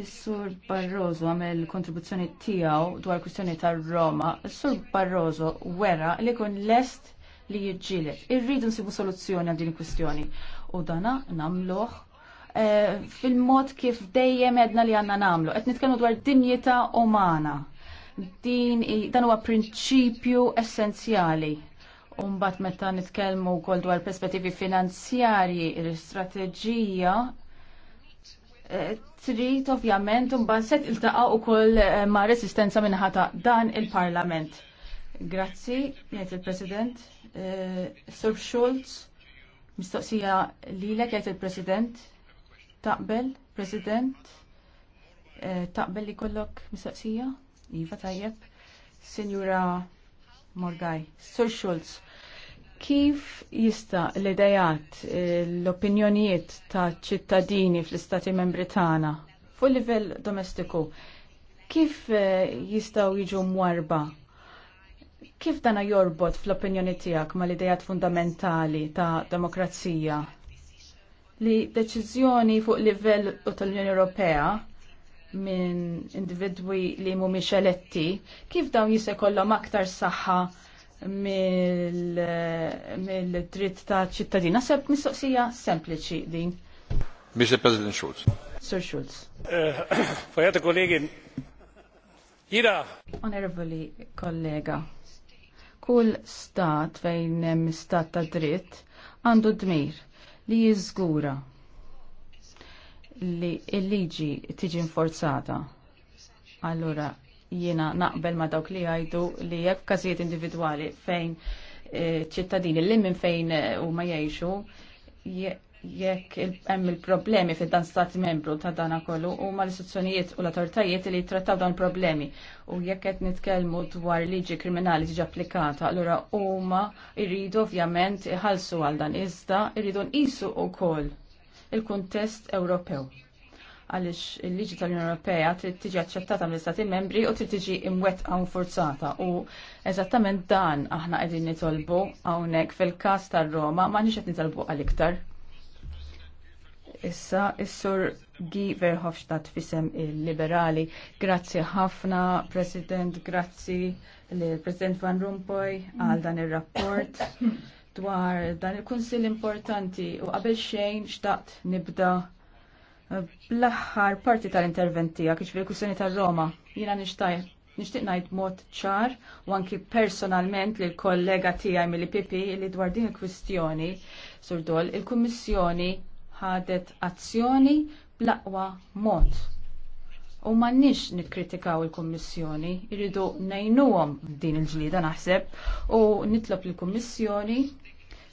s-Sur Barroso għamel kontribuzzjoni tiegħu dwar kwistjoni tar Roma, s-Sur Barroso wera li kun lest li jiġġielet. Irridu nsibu soluzzjoni għal din il-kwistjoni. U dana namluħ eh, fil-mod kif dejjem edna li għanna namlu. Qed nitkellmu dwar dinjità umana. Din dan huwa prinċipju essenzjali Umbat meta nitkellmu wkoll dwar perspettivi finanzjarji, l-istrateġija trid ovvjament mbagħad se iltaqa' ukoll eh, ma' resistenza minħata dan il-Parlament. Grazzi, jgħid il-President. Eh, Sur Schulz, mistoqsija lilek jgħid il-President. Taqbel, President. Eh, taqbel li kollok mistoqsija? Iva tajjeb. Signora Morgaj. Sur Schulz kif jista l-idejat, l-opinjonijiet ta' ċittadini fl-istati membri tagħna fuq livell domestiku, kif eh, jistgħu jiġu mwarba? Kif dana jorbot fl-opinjoni tiegħek ma l-idejat fundamentali ta' demokrazija? Li deċiżjoni fuq livell tal-Unjoni Ewropea minn individwi li mhumiex eletti, kif dawn jise kollhom aktar saħħa mill-dritt ta' ċittadina. Seb mistoqsija sempliċi din. Mr. President Schulz. Sir Schulz. Fajata eh, kollegi, jira. Onorevoli kollega, kull stat fejn hemm stat ta' dritt għandu dmir li jiżgura li l-liġi tiġi forzata. Allora, jiena naqbel ma dawk li għajdu li jekk kazijiet individwali fejn eh, ċittadini li minn fejn eh, u ma jgħixu jekk hemm il-problemi fid dan stat membru ta' dan kollu u ma l-istituzzjonijiet u l-autoritajiet li trattaw dan problemi u jekk qed nitkellmu dwar liġi kriminali tiġi applikata allura huma jridu ovvjament iħallsu għal dan iżda jridu nqisu wkoll il-kuntest Ewropew għaliex il-liġi tal-Unjoni Ewropea trid tiġi aċċettata mill-Istati membri u trid tiġi imwettqa u forzata u eżattament dan aħna qegħdin nitolbu hawnhekk fil-każ tar-Roma m'għandniex qed nitolbu għal iktar. Issa is-sur Guy Verhofstadt fisem il-Liberali. Grazzi ħafna, President, grazzi l-President Van Rompuy għal dan ir-rapport dwar dan il-Kunsill importanti u qabel xejn xtaqt nibda Bl-aħħar parti tal interventija tiegħek fil jiġifieri kussjoni tal tar-Roma, jiena nishtaj, nixtieq ngħid mod ċar u anki personalment lil kollega tiegħi mill Pipi li dwar din il-kwistjoni Surdol, il-Kummissjoni ħadet azzjoni bl-aqwa mod. U nix nikkritikaw il-Kommissjoni, irridu nejnuwom din il-ġlida naħseb u nitlob il-Kommissjoni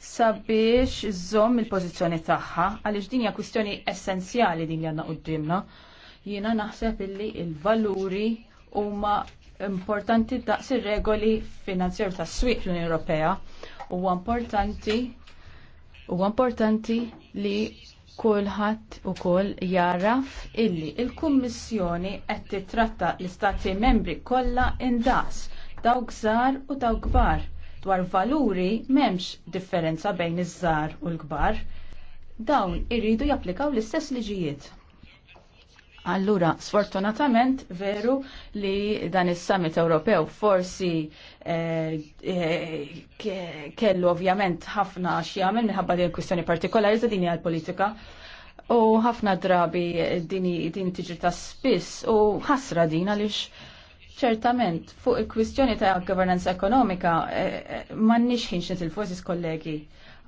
sabiex zom il-pożizzjoni tagħha għaliex din hija kwistjoni essenzjali din li għandna qudiemna. Jiena naħseb illi il-valuri huma importanti daqs ir-regoli ta' tas-swieq l-Unjoni Ewropea huwa importanti u importanti li kulħadd ukoll jaraf illi il-Kummissjoni qed titratta l-Istati membri kollha indaqs dawk żgħar u dawk kbar dwar valuri m'hemmx differenza bejn iż-żgħar u l-kbar. Dawn irridu japplikaw l-istess liġijiet. Allura, sfortunatament, veru li dan is-summit Ewropew forsi eh, eh, kellu ovvjament ħafna x'jagħmel minħabba din kwistjoni partikolari za din hija l-politika. U ħafna drabi din din tiġi ta' spiss u ħasra din għaliex ċertament fuq il-kwistjoni ta' governance ekonomika eh, eh, m'għandniex nix xinxin il-fosis kollegi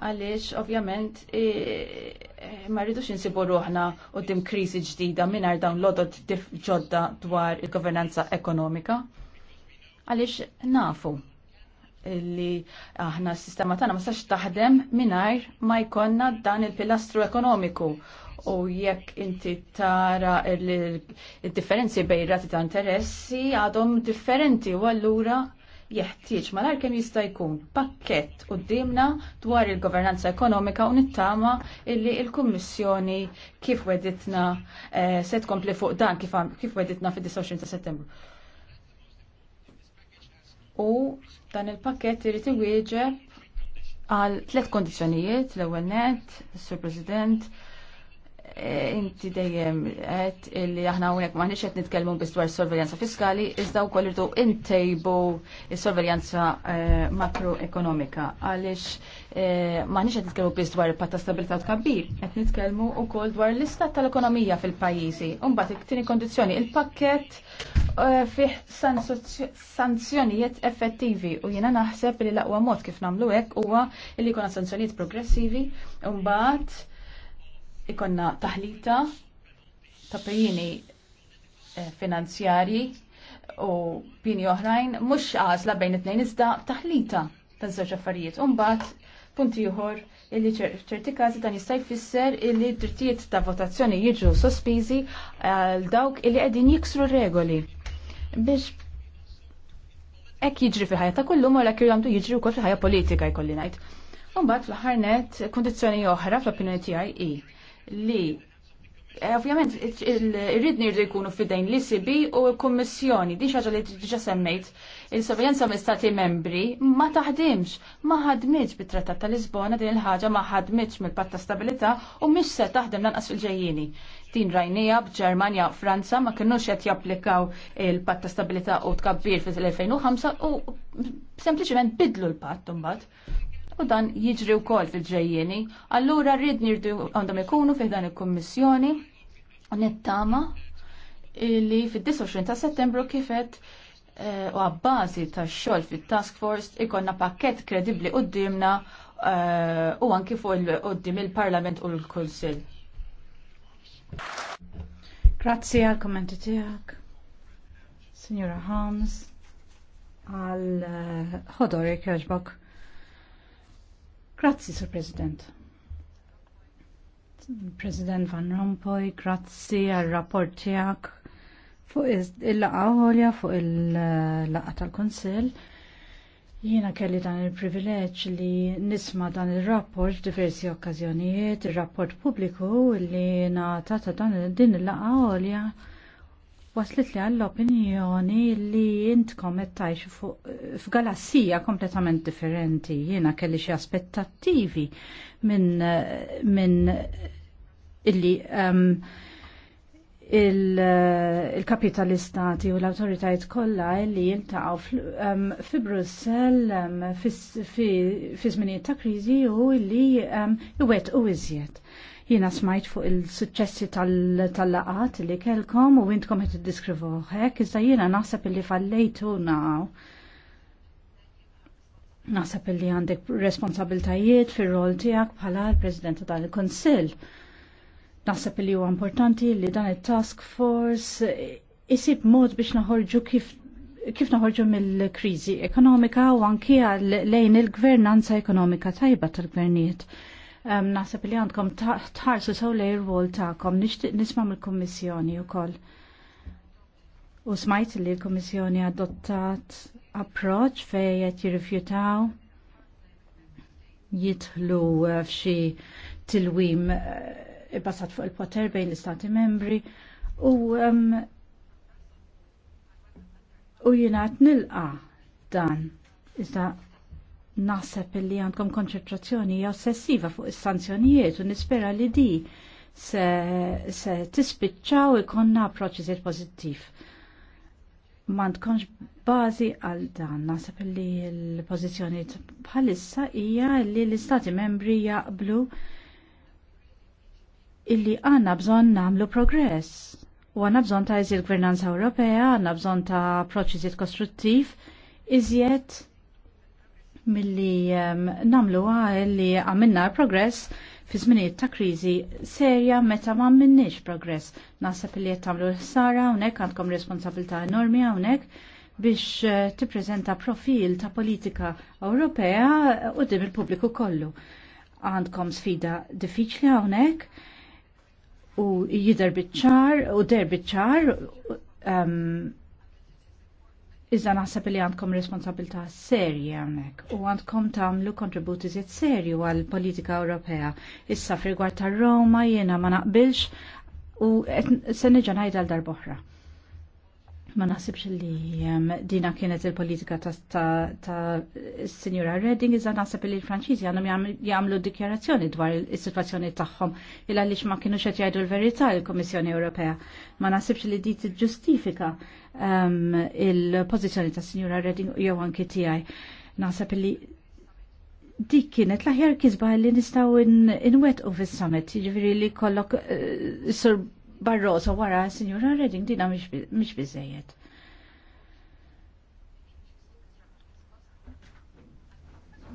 għaliex ovvjament eh, ma rridux insibu ruħna u dim kriżi ġdida mingħajr dawn lodot ġodda dwar il-governanza ekonomika. Għaliex nafu li aħna s-sistema tagħna ma sax taħdem mingħajr ma jkollna dan il-pilastru ekonomiku u jekk inti tara il-differenzi bejn rati ta' interessi għadhom differenti u allura jeħtieġ malar kemm jista' jkun pakkett qudiemna dwar il-governanza ekonomika u nittama illi il-Kummissjoni kif weditna eh, se tkompli fuq dan kif, weditna fid-29 ta' Settembru. U dan il-pakkett irid iwieġeb għal tliet kondizzjonijiet l-ewwel net, Sur President, Eh, inti dejjem għed illi aħna hawnhekk m'aħniex qed nitkellmu bis dwar sorveljanza fiskali, iżda wkoll irdu intejbu s-sorveljanza eh, makroekonomika għaliex eh, m'aħniex qed nitkelmu biss dwar il-patta stabilitat u tkabbir, qed nitkellmu wkoll dwar l-istat tal-ekonomija fil-pajjiżi. Umbat, it-tieni kondizzjoni, il-pakkett fiħ sanzjonijiet effettivi u jiena naħseb li l-aqwa mod kif nagħmlu hekk huwa li jkun sanzjonijiet progressivi umbat, ikonna taħlita ta' pejjini eh, finanzjari u pini oħrajn mhux għażla bejn it nejn iżda taħlita ta' żewġ affarijiet. Umbat, punti ieħor illi ċerti każi dan jista' jfisser illi drittijiet ta' votazzjoni jiġu sospiżi għal dawk illi qegħdin jiksru regoli. Biex ek jiġri fil ħajja ta' kullum u l-ekk jgħamdu jiġri wkoll fil ħajja politika jkolli ngħid. Umbagħad fl ħarnet kondizjoni kundizzjoni oħra fl-opinjoni tiegħi i li eh, Ovvjament, irrid nirdu jkunu fidejn l-ICB u l kummissjoni din xaġa li diġa semmejt, il sovjenza me stati membri ma taħdimx, ma ħadmitx bit-trattat tal-Lisbona din il-ħaġa ma ħadmitx mill-patt ta' stabilità u mhix se taħdem lanqas fil ġejjini Din rajnija b'Ġermanja Franza ma kinux qed japplikaw il-patt ta' stabilità u tkabbir fil-2005 u sempliċement bidlu l-patt imbagħad u dan jiġri wkoll fil-ġejjeni. Allura rrid nirdu għandhom ikunu fi dan il-Kummissjoni nittama li fid-29 ta' Settembru kifet eh, u għabbazi ta' xol fit-task force ikonna pakket kredibli d-dimna eh, u anki fuq qoddim il-Parlament u l-Kunsill. Grazzi għal kommenti tijak, Signora Holmes, għal eh, ħodor jek Grazzi, Sir President. President Van Rompuy, grazzi għal rapport tijak fuq il-laqa għolja, fuq il-laqa tal-Konsil. Jiena kelli dan il-privileġġ li nisma dan il-rapport diversi okkazjonijiet, il-rapport pubbliku li na tata dan din il-laqa għolja waslet li għall-opinjoni li intkom qed f'galassija kompletament differenti. Jiena kelli xi aspettattivi minn min illi um, uh, il-kapitalistati il u l-autoritajt kollha illi jiltaqaw um, fi Brussell um, fi żminijiet ta' kriżi u li um, iwettqu iżjed. Jiena smajt fuq il-suċċessi tal-laqat li kelkom u intkom qed diskrivu hekk, iżda jiena naħseb illi fallejtu naw. Naħseb illi għandek responsabiltajiet fir-rol tiegħek bħala l-President tal konsil Naħseb li huwa importanti li dan it-task force isib mod biex naħorġu kif kif naħorġu mill-kriżi ekonomika u anki lejn il-gvernanza ekonomika tajba tal-gvernijiet naħseb li għandkom tħarsu ta, sawlej r rwol tagħkom nixtieq nisma' mill-Kummissjoni wkoll. U smajt li l-Kummissjoni adottat approċ fejn qed jirrifjutaw jitħlu eh, f'xi tilwim eh, basat fuq il-poter bejn l-istati membri u um, u jingħad nilqa' dan. Iżda naħseb li għandkom konċentrazzjoni ossessiva fuq is-sanzjonijiet u nispera li di se, se tispiċċaw ikonna approċċiżiet pożittiv. Ma tkunx bażi għal dan. Naħseb li l-pożizzjoni bħalissa hija li l-Istati membri jaqblu illi għanna bżon namlu progress. U għanna bżon ta' iżjed gvernanza Ewropea, għanna bżon ta' proċiżiet kostruttiv, iżjed milli um, namlu li għamilna progress fi żminijiet ta' kriżi serja meta ma minnix progress. Nasab li qed tagħmlu ħsara hawnhekk għandkom responsabilità enormi hawnhekk biex eh, tippreżenta profil ta' politika Ewropea qudiem il-pubbliku kollu. Għandkom sfida diffiċli hawnhekk u jidher biċ-ċar u der biċ-ċar um, Iżda naħseb li għandkom responsabilità serja hawnhekk u għandkom tagħmlu kontributi żiet serju għal politika Ewropea. Issa fil-gwar tar-Roma jiena ma naqbilx u se niġa l għal darb'oħra. Ma naħsibx li ehm, dina kienet il-politika ta' s-Sinjura Redding, iżda naħseb li l-Franċiżi għandhom jagħmlu dikjarazzjoni dwar is-sitwazzjoni tagħhom il għaliex ma kienux qed jgħidu l-verità l-Kummissjoni Ewropea. Ma naħsibx li di tiġġustifika ehm, il-pożizzjoni ta' signora Redding jew anki tiegħi. Naħseb li dik kienet l-aħjar kisba li nistgħu inwettqu fis-summit, jiġifieri li kollok eh, sur Barroso wara Signora Redding dina mish bizzejet.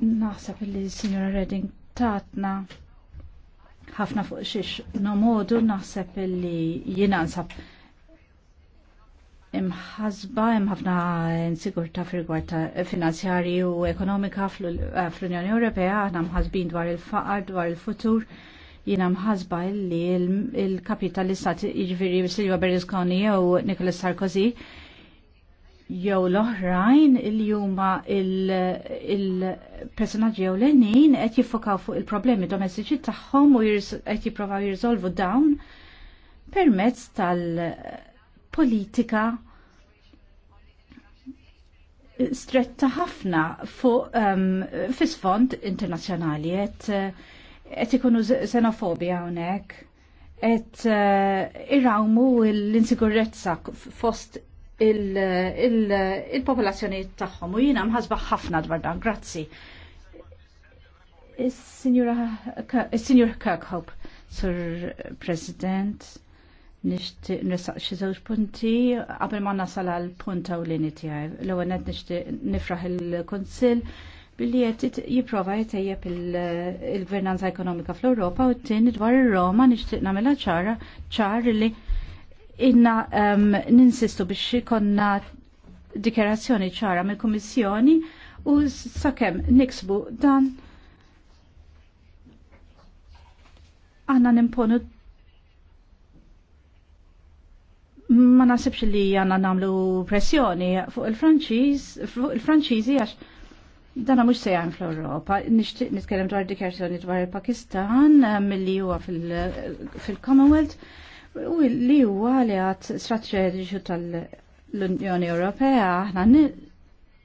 Naħseb li Signora Redding tatna ħafna fuq xiex nomodu naħseb li jina nsab imħazba imħafna ħafna insigurta fil-rigward finanzjari u ekonomika eh, fl-Unjoni Ewropea aħna mħazbin dwar il-faqar dwar il-futur. il faqar dwar il futur jina mħazba li il kapita tal-istat ġifiri Silva Berlusconi jew Nicolas Sarkozy jew l-oħrajn li huma il personagġi jew l-enin qed jiffokaw fuq il-problemi domestiċi tagħhom u qed jiprofaw jirżolvu dawn permezz tal-politika stretta ħafna fuq um, ehm, fis-fond internazzjonali uh, qed ikunu xenofobja hawnhekk qed eh, irrawmu l-insigurezza fost il-popolazzjoni tagħhom u jiena mħasba ħafna dwar dan, grazzi. Is-Sinjur Kirkhope, Sur President, nixtieq nisaq xi żewġ punti qabel ma nasal għal punt ewlieni tiegħi. L-ewwel qed nifraħ il-Kunsill billi jett jipprova jtejjeb il-gvernanza ekonomika fl europa u t-tin dwar ir-Roma nixtieq nagħmilha ċara ċar li inna ehm, ninsistu biex konna dikerazzjoni ċara mill-Kummissjoni u sakemm niksbu dan għanna nimponu ma nasibx li għanna namlu pressjoni fuq il-Franċiż, fuq il-Franċiżi għax Dana mux sejan fl-Europa. Nishtiq nitkellem dwar dikjarzjoni dwar il-Pakistan eh, mill-li huwa fil-Commonwealth u li huwa li għat strateġiċu tal-Unjoni Ewropea aħna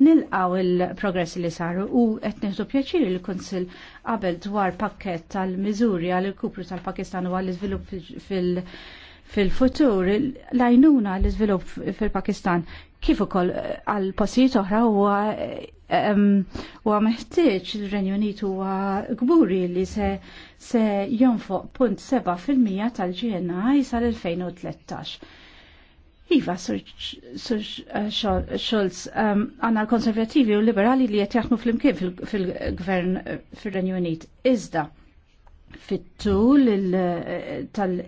nilqaw il-progress li saru u qed nieħdu pjaċir il-Kunsill qabel dwar pakket tal-miżuri għal il-kupru tal-Pakistan u għall-iżvilupp fil- fil-futur l-għajnuna l-iżvilupp fil-Pakistan kif ukoll għal postijiet oħra huwa u meħtieġ il-Renju Unit huwa gburi li se se jonfoq punt seba' fil-mija tal-GNI sal-2013. Iva, Sur Scholz, eh, għanna l-konservativi u liberali li jattjaħnu fl-imkien fil-gvern eh, fil-Renju Unit. Iżda, fit-tul eh, tal-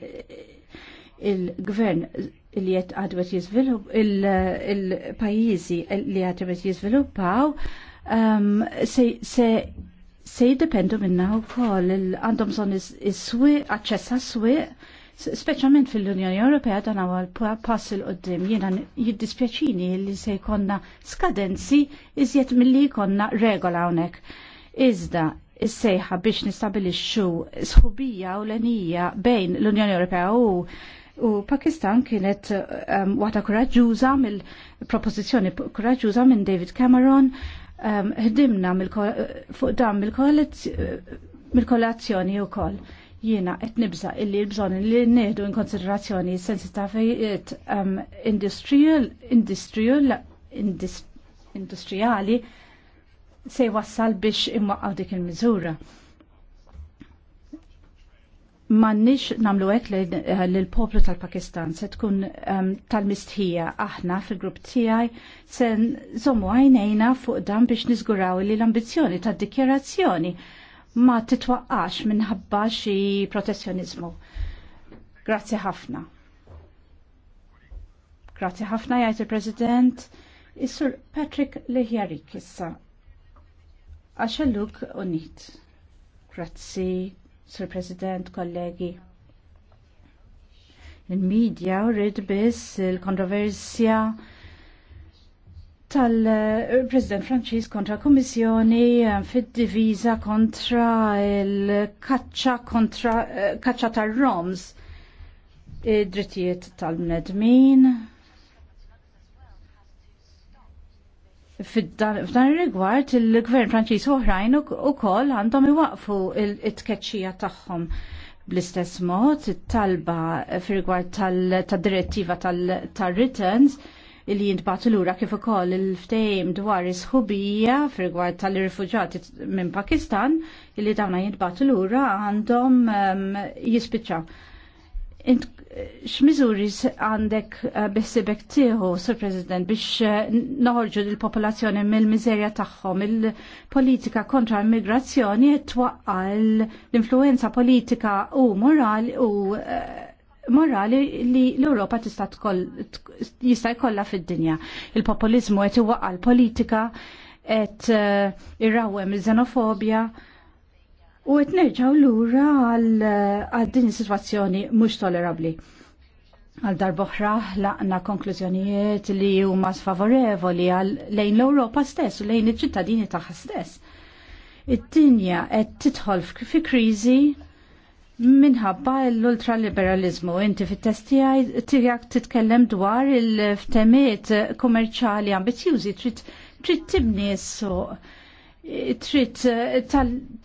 gvern li jett għadwet jizvilup, il-pajizi li għadwet jizviluppaw, um, se, se se jidependu minna u koll għandhom zon is-swi, għacċessa swi, specialment fil-Unjoni Ewropea dan għal pass il-qoddim jena jiddispjaċini li se jkonna skadenzi iżjed mill-li jkonna regola għonek. Iżda, is-sejħa biex nistabilixxu sħubija u l-enija bejn l-Unjoni Ewropea u U Pakistan kienet um, waħda koraġuża mill-propożizzjoni koraġuża minn David Cameron um, ħdimna um, fuq dam mill mil u kol Jiena qed nibża illi l-bżonn li nnieħdu in konsiderazzjoni sensitavijiet um, industrial, industrial, industrijali se wassal biex imwaqqaw dik il-miżura. Mannix namlu għek eh, l-poplu tal-Pakistan se tkun um, tal-mistħija aħna fil-grupp tijaj sen zomu għajnejna fuq dan biex nizguraw li l-ambizjoni ta' dikjerazzjoni ma titwaqqax minħabba xi protezzjonizmu. Grazzi ħafna. Grazzi ħafna jgħid il-President Is-Sur Patrick Leħjarik issa. Għaxelluk unit. Grazzi. Sir President, kollegi. Il-medja u rrid biss il-kontroversja tal-President Franċis kontra Komissjoni eh, fid-diviża kontra il kaccia kontra eh, kaċċa tar-Roms id-drittijiet tal-bnedmin F'dan ir-rigward il-gvern Franċiż oħrajn ukoll għandhom iwaqfu it-tkeċċija tagħhom bl-istess mod it-talba f'rigward tad-direttiva tal-returns li jintbatu lura kif ukoll il-ftehim dwar is-ħubija f'rigward tal-rifuġati minn Pakistan li dawna jintbatu lura għandhom ehm, jispiċċaw x'miżuri għandek eh, bissibek tieħu, Sur President, biex eh, noħorġu l-popolazzjoni mill-miżerja tagħhom, il-politika kontra l-migrazzjoni twaqqa l-influenza politika u morali u eh, morali li l-Europa tista' jista' jkollha fid-dinja. Il-populizmu qed iwaqqa l-politika qed irrawwem il-xenofobja. iż xenofobja il u qed l lura għal din is-sitwazzjoni mhux tolerabbli. Għal darboħra laqna konklużjonijiet li huma sfavorevoli għal lejn l-Ewropa stess u lejn iċ-ċittadini tagħha stess. Id-dinja qed tidħol fi kriżi Minħabba l-ultraliberalizmu, inti fit-testijaj tiegħek titkellem dwar il-ftemiet kummerċali ambizjużi, trid tibni s-suq trid eh,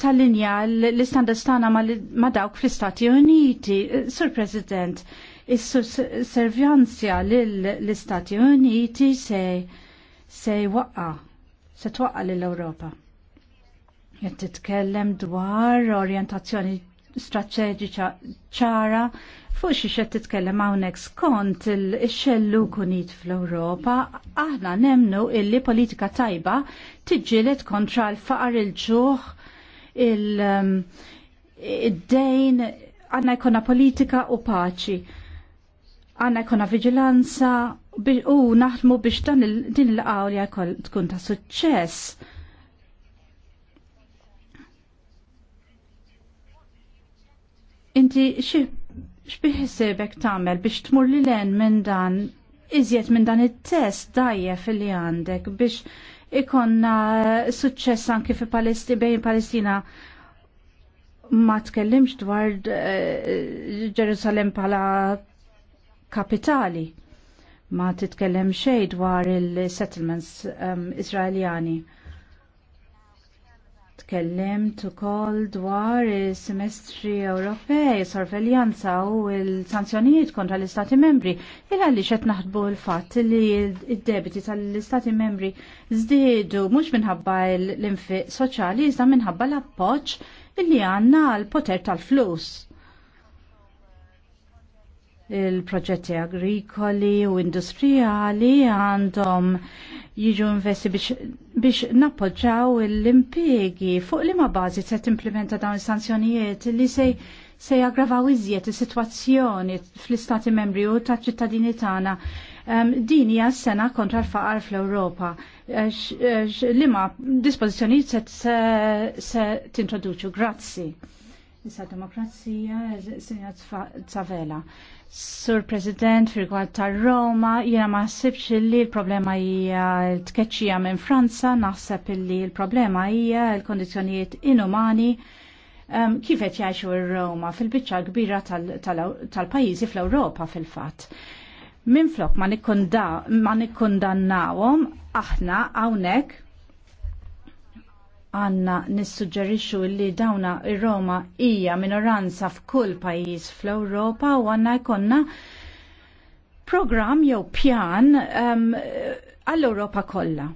tal-linja l-istandards ma' dawk fl-Istati Uniti. Sur President, is-servjanzja lill-Istati Uniti se se waqqa, se twaqqa lill-Ewropa. Jett titkellem dwar orjentazzjoni strategiċa ċara fuq xi qed titkellem hawnhekk skont il-xellu kunit fl-Ewropa, aħna nemnu illi politika tajba tiġġieled kontra l-faqar il-ġuħ il-dejn um, għanna jkonna politika u paċi. Għanna jkonna vigilanza u naħdmu biex dan din il-qawlja tkun ta' suċċess Inti xbiħsibek tamel biex tmur li len minn dan, iżjed minn dan il-test dajjef li għandek biex ikonna suċċess anki fi Palesti bejn Palestina ma tkellimx dwar eh, Ġerusalem pala kapitali ma titkellem xej dwar il-settlements um, ehm, Israeljani tkellimt ukoll dwar is-semestri Ewropej, sorveljanza u l-sanzjonijiet kontra l-Istati membri. Il għaliex qed naħdbu l-fatt li d-debiti tal-Istati membri zdidu mhux minħabba l-infiq soċjali iżda minħabba l-appoġġ illi għandna l-poter tal-flus il-proġetti agrikoli u industrijali għandhom jiġu investi biex nappoġġaw l-impiegi fuq li ma bażi se timplementa dawn is-sanzjonijiet li se se jaggravaw iżjed is-sitwazzjoni fl-istati membri u ta' ċittadini tagħna. Um, din hija s-sena kontra l-faqar fl-Ewropa. Lima dispożizzjonijiet se, se tintroduċu. Grazzi. Issa demokrazija, Sinja Tsavela. Sur President, fi gwad Roma, jena ma' sibx li l-problema hija tkeċċija minn Franza, naħseb li l-problema hija l-kondizjonijiet inumani um, kifet jgħixu r-Roma fil-bicċa kbira tal-pajizi fl-Europa fil-fat. Minflok ma' nikkundannawhom aħna hawnhekk għanna nissuġġerixxu li dawna ir-Roma hija minoranza f'kull pajjiż fl-Ewropa u għanna jkollna program jew pjan ehm, għall-Ewropa um, kollha.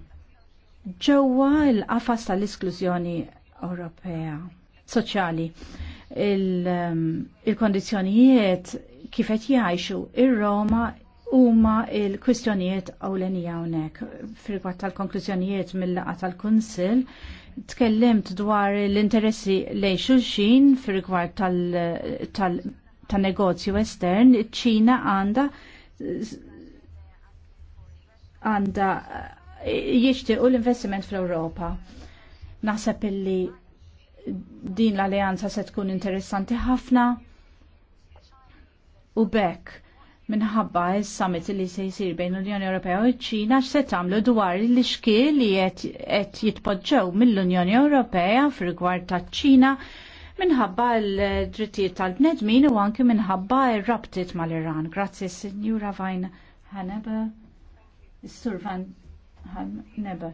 Ġewwa l-qafas tal-isklużjoni Ewropea soċjali il-kondizjonijiet um, il ehm, kif qed jgħixu ir-Roma huma il-kwistjonijiet ewlenija hawnhekk fil tal-konklużjonijiet mill-laqgħa tal-Kunsill tkellimt dwar l-interessi lej xulxin fir-rigward tal-negozju tal, tal estern, ċina għanda għanda eh, u l-investiment fl-Europa. Naħseb illi din l-alleanza se tkun interessanti ħafna u bekk minħabba il-summit li se jisir bejn l-Unjoni Ewropea u ċ-Ċina x'se tagħmlu dwar l-ixkil li qed jitpoġġew mill-Unjoni Ewropea fir-rigward taċ-Ċina minħabba l-drittijiet tal-bnedmin u anke minħabba r-rabtiet mal-Iran. Grazzi Sinjura Vajn Haneba, Sur Van Haneba.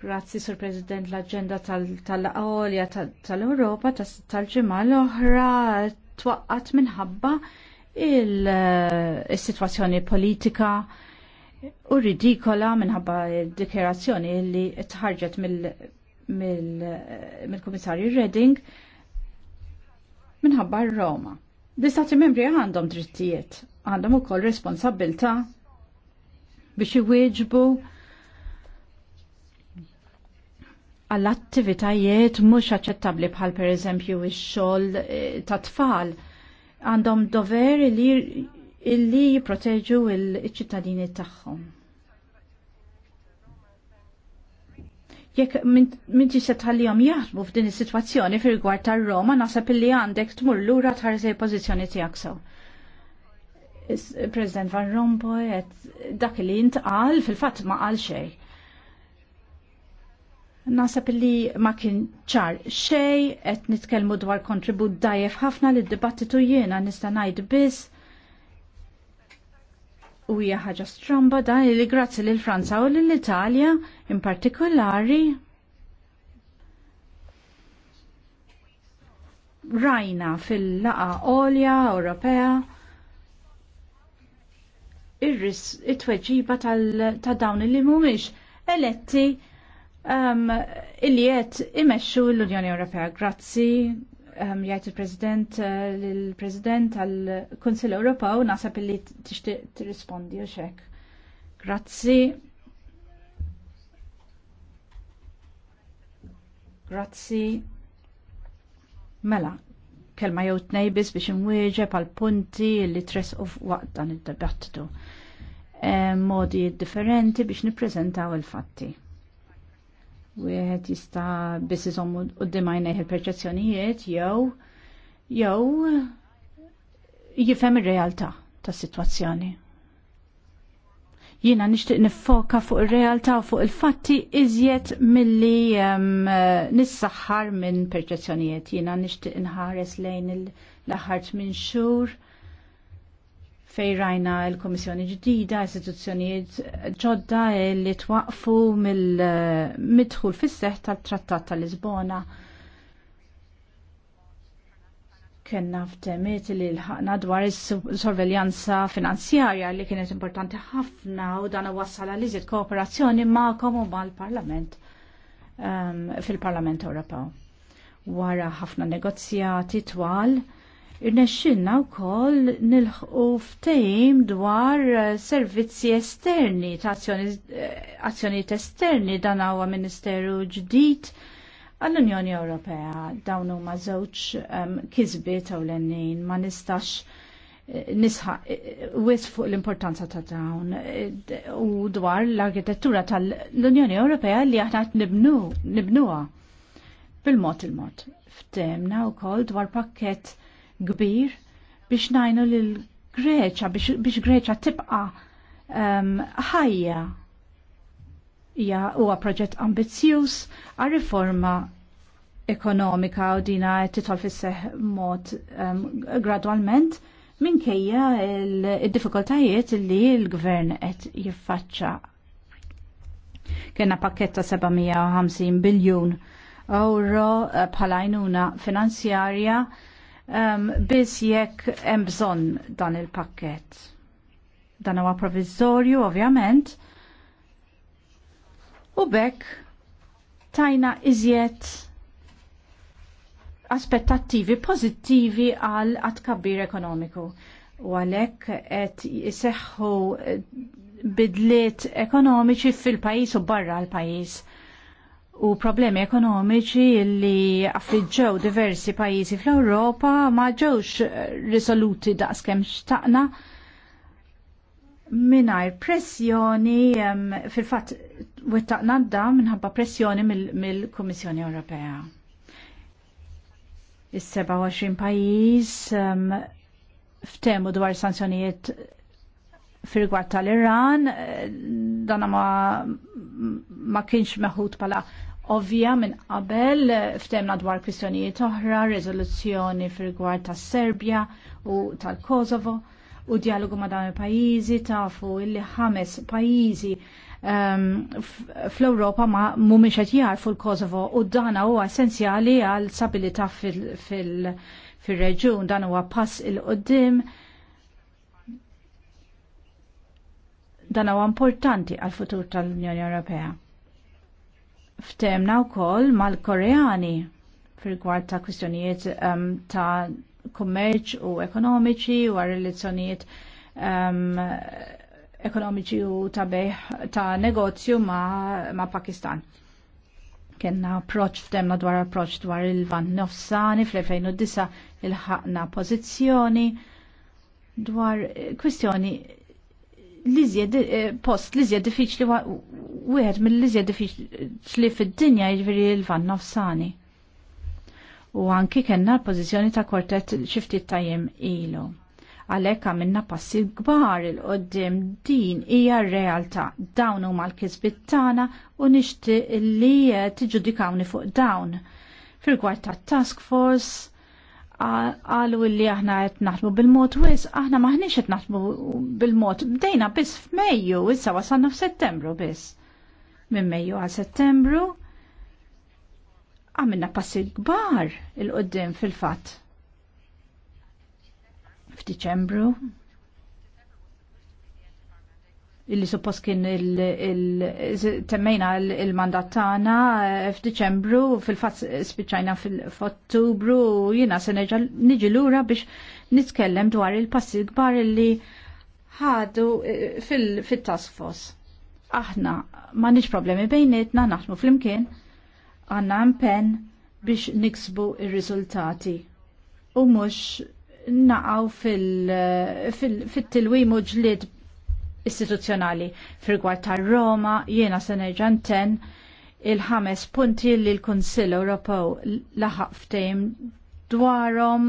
Grazzi, Sur President, l-agenda tal-Olja tal-Europa tal-ġimgħa l-oħra twaqqat minħabba il-situazzjoni eh, politika u ridikola minħabba dikjerazzjoni li tħarġet eh, mill-Komissarju Redding minħabba Roma. L-Istati membri għandhom drittijiet, għandhom ukoll responsabilta biex iwieġbu għall-attivitajiet mhux aċċettabbli bħal pereżempju ix-xogħol eh, ta' tfal għandhom dover illi jiproteġu il-ċittadini tagħhom. Jekk minn se tħallihom jaħdmu f'din is-sitwazzjoni fir-rigward tar-Roma naħseb illi għandek tmur lura tħarsej pożizzjoni tiegħek sew. President Van Rompuy dak li intqal fil-fatt ma qal xejn Nasab li ma kien ċar xej, et nitkelmu dwar kontribut dajef ħafna li d-dibattitu jiena nista' ngħid biss u hija ħaġa stramba dan li grazzi lil Franza u lil Italja in partikolari rajna fil-laqa olja Ewropea ir-tweġiba ta' dawn li mhumiex eletti um, illi jiet imexxu l-Unjoni Ewropea. Grazzi um, jgħid il-President eh, l-President tal-Kunsill u naħseb illi tixtieq tirrispondi u xek. Grazzi. Grazzi. Mela, kelma jew nejbis biex imwieġeb għal punti li tres u waqt dan id-dibattitu. Um, modi differenti biex nippreżentaw il-fatti wieħed jista' biss iżommu qudiem għajnejh il-perċezzjonijiet jew jew jifhem ir-realtà tas-sitwazzjoni. Jiena nixtieq niffoka fuq ir-realtà u fuq il-fatti iżjed milli um, nissaħħar minn perċezzjonijiet. Jiena nixtieq inħares lejn l-aħħar minn xhur fej rajna l-Komissjoni ġdida, istituzzjonijiet ġodda li twaqfu mill-midħul fis-seħ tal-Trattat tal-Lisbona. Kenna f'temiet li l-ħakna dwar is-sorveljanza finanzjarja li kienet importanti ħafna u dan wassal li iżjed kooperazzjoni ma'kom u mal-Parlament ehm, fil-Parlament Ewropew. Wara ħafna negozjati twal Irnexxinna wkoll nilħqu ftehim dwar eh, servizzi esterni ta' eh, azzjonijiet esterni dan huwa Ministeru ġdid għall-Unjoni Ewropea dawn huma żewġ um, kisbiet ewlenin ma nistax eh, nisħaq wis fuq l-importanza ta' dawn u dwar l-arkitettura tal-Unjoni Ewropea li aħna nibnu nibnuha bil-mod il-mod. Ftemna wkoll dwar pakkett kbir biex najnu l Greċa biex Greċa tibqa ehm, ħajja. ja, huwa proġett ambizzjuż għal riforma ekonomika u dina titol fis mod um, gradwalment minkejja il-diffikultajiet li l-gvern qed jiffaċċa. Kena pakketta 750 biljun euro eh, bħalajnuna finanzjarja um, biss jekk hemm bżonn dan il-pakket. Dan huwa provizzorju ovvjament. U bekk tajna iżjed aspettattivi pożittivi għal għatkabbir ekonomiku. U għalhekk qed jiseħħu bidliet ekonomiċi fil-pajis u barra l-pajis u problemi ekonomiċi li affliġġew diversi pajjiżi fl-Ewropa ma ġewx eh, risoluti daqskemm xtaqna mingħajr pressjoni fil-fatt wettaqna d minħabba pressjoni mill-Kummissjoni Ewropea. Is-27 pajjiż ftemu dwar sanzjonijiet fil-rigward tal-Iran, eh, dan ma, ma kienx meħud pala ovvja minn qabel eh, ftemna dwar kwistjonijiet oħra, riżoluzzjoni fil-gwar tas Serbja u tal-Kosovo u dialogu ma' dawn il-pajjiżi tafu illi ħames pajjiżi um, fl-Ewropa ma mhumiex qed jarfu l-Kosovo u dan huwa essenzjali għal stabilità fil-reġjun dan huwa pass il-qoddim dan huwa importanti għal futur tal-Unjoni Ewropea ftemna wkoll mal-Koreani fil-gwar ta' kwistjonijiet um, ta' kummerċ u ekonomiċi u relazzjonijiet um, ekonomiċi u ta' beħ ta' negozju ma', ma Pakistan. Kenna approċ ftemna dwar approċ dwar il van nofsani fl-2009 il-ħakna pozizjoni dwar kwistjoni l-iżjed eh, post l-iżjed diffiċli wieħed mill-iżjed diffiċli fid-dinja jiġri l-van nofsani. U anki kellna l-pożizzjoni ta' kwartett xiftit tajjem ilu. Għalhekk għamilna passi kbar il qoddim din hija r-realtà dawn huma l-kisbit tagħna u nixtieq li tiġġudikawni fuq dawn. Fil-gwar ta' task force, għalu li aħna qed naħtbu bil-mod wis, aħna maħniex qed naħdmu bil-mod. Bdejna biss f'Mejju, issa f f'Settembru biss. Min Mejju għal Settembru għamilna passi kbar il-qoddim fil f F'Diċembru illi suppost kien il temmejna il-mandat tagħna eh, f'Diċembru fil-fatt spiċċajna f'Ottubru jiena se niġi lura biex nitkellem dwar il-passi kbar illi ħadu eh, fit-task force. Aħna m'għandniex problemi bejnietna naħdmu flimkien għandna impenn biex niksbu ir-riżultati u mhux naqgħu eh, fit-tilwim u ġlied istituzzjonali. Firgwar ta' Roma, jiena se nerġa' nten il-ħames punti li l-Kunsill Ewropew laħaq ftehim dwarhom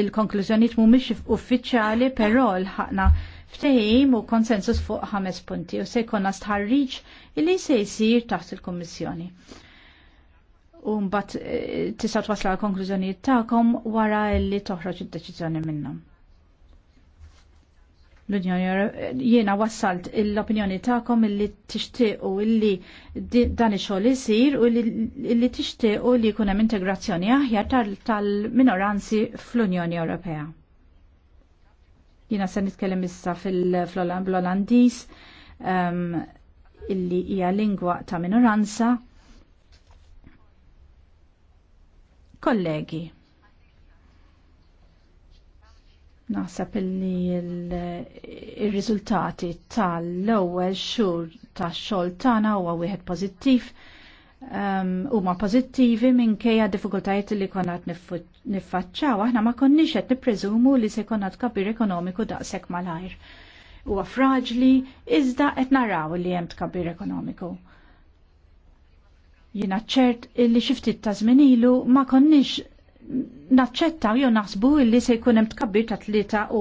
il-konklużjonijiet mhumiex uffiċjali, però l-ħaqna ftehim u konsensus fuq ħames punti u se jkollna stħarriġ illi se jsir taħt il-Kummissjoni. U mbagħad eh, tista' twasla l-konklużjonijiet tagħkom wara li toħroġ id-deċiżjoni minnhom l-Unjoni jiena wassalt l-opinjoni tagħkom illi tixtiequ illi dan ix-xogħol isir u illi tixtiequ li jkun hemm integrazzjoni aħjar tal-minoranzi fl-Unjoni Ewropea. Jiena se nitkellem issa fil-Olandiż ehm, illi hija lingwa ta' minoranza kollegi Naħseb illi il-riżultati tal-ewwel xhur tax-xogħol tagħna huwa wieħed pożittiv um, huma pożittivi minkejja diffikultajiet li konna niffaċċaw aħna ma konniex qed nippreżumu li se konna kabir ekonomiku daqshekk malajr. Huwa fraġli iżda qed naraw li hemm tkabbir ekonomiku. Jina ċert illi xi ftit ta' ilu ma konniex naċċettaw jew naħsbu li se jkun hemm tkabbir ta' u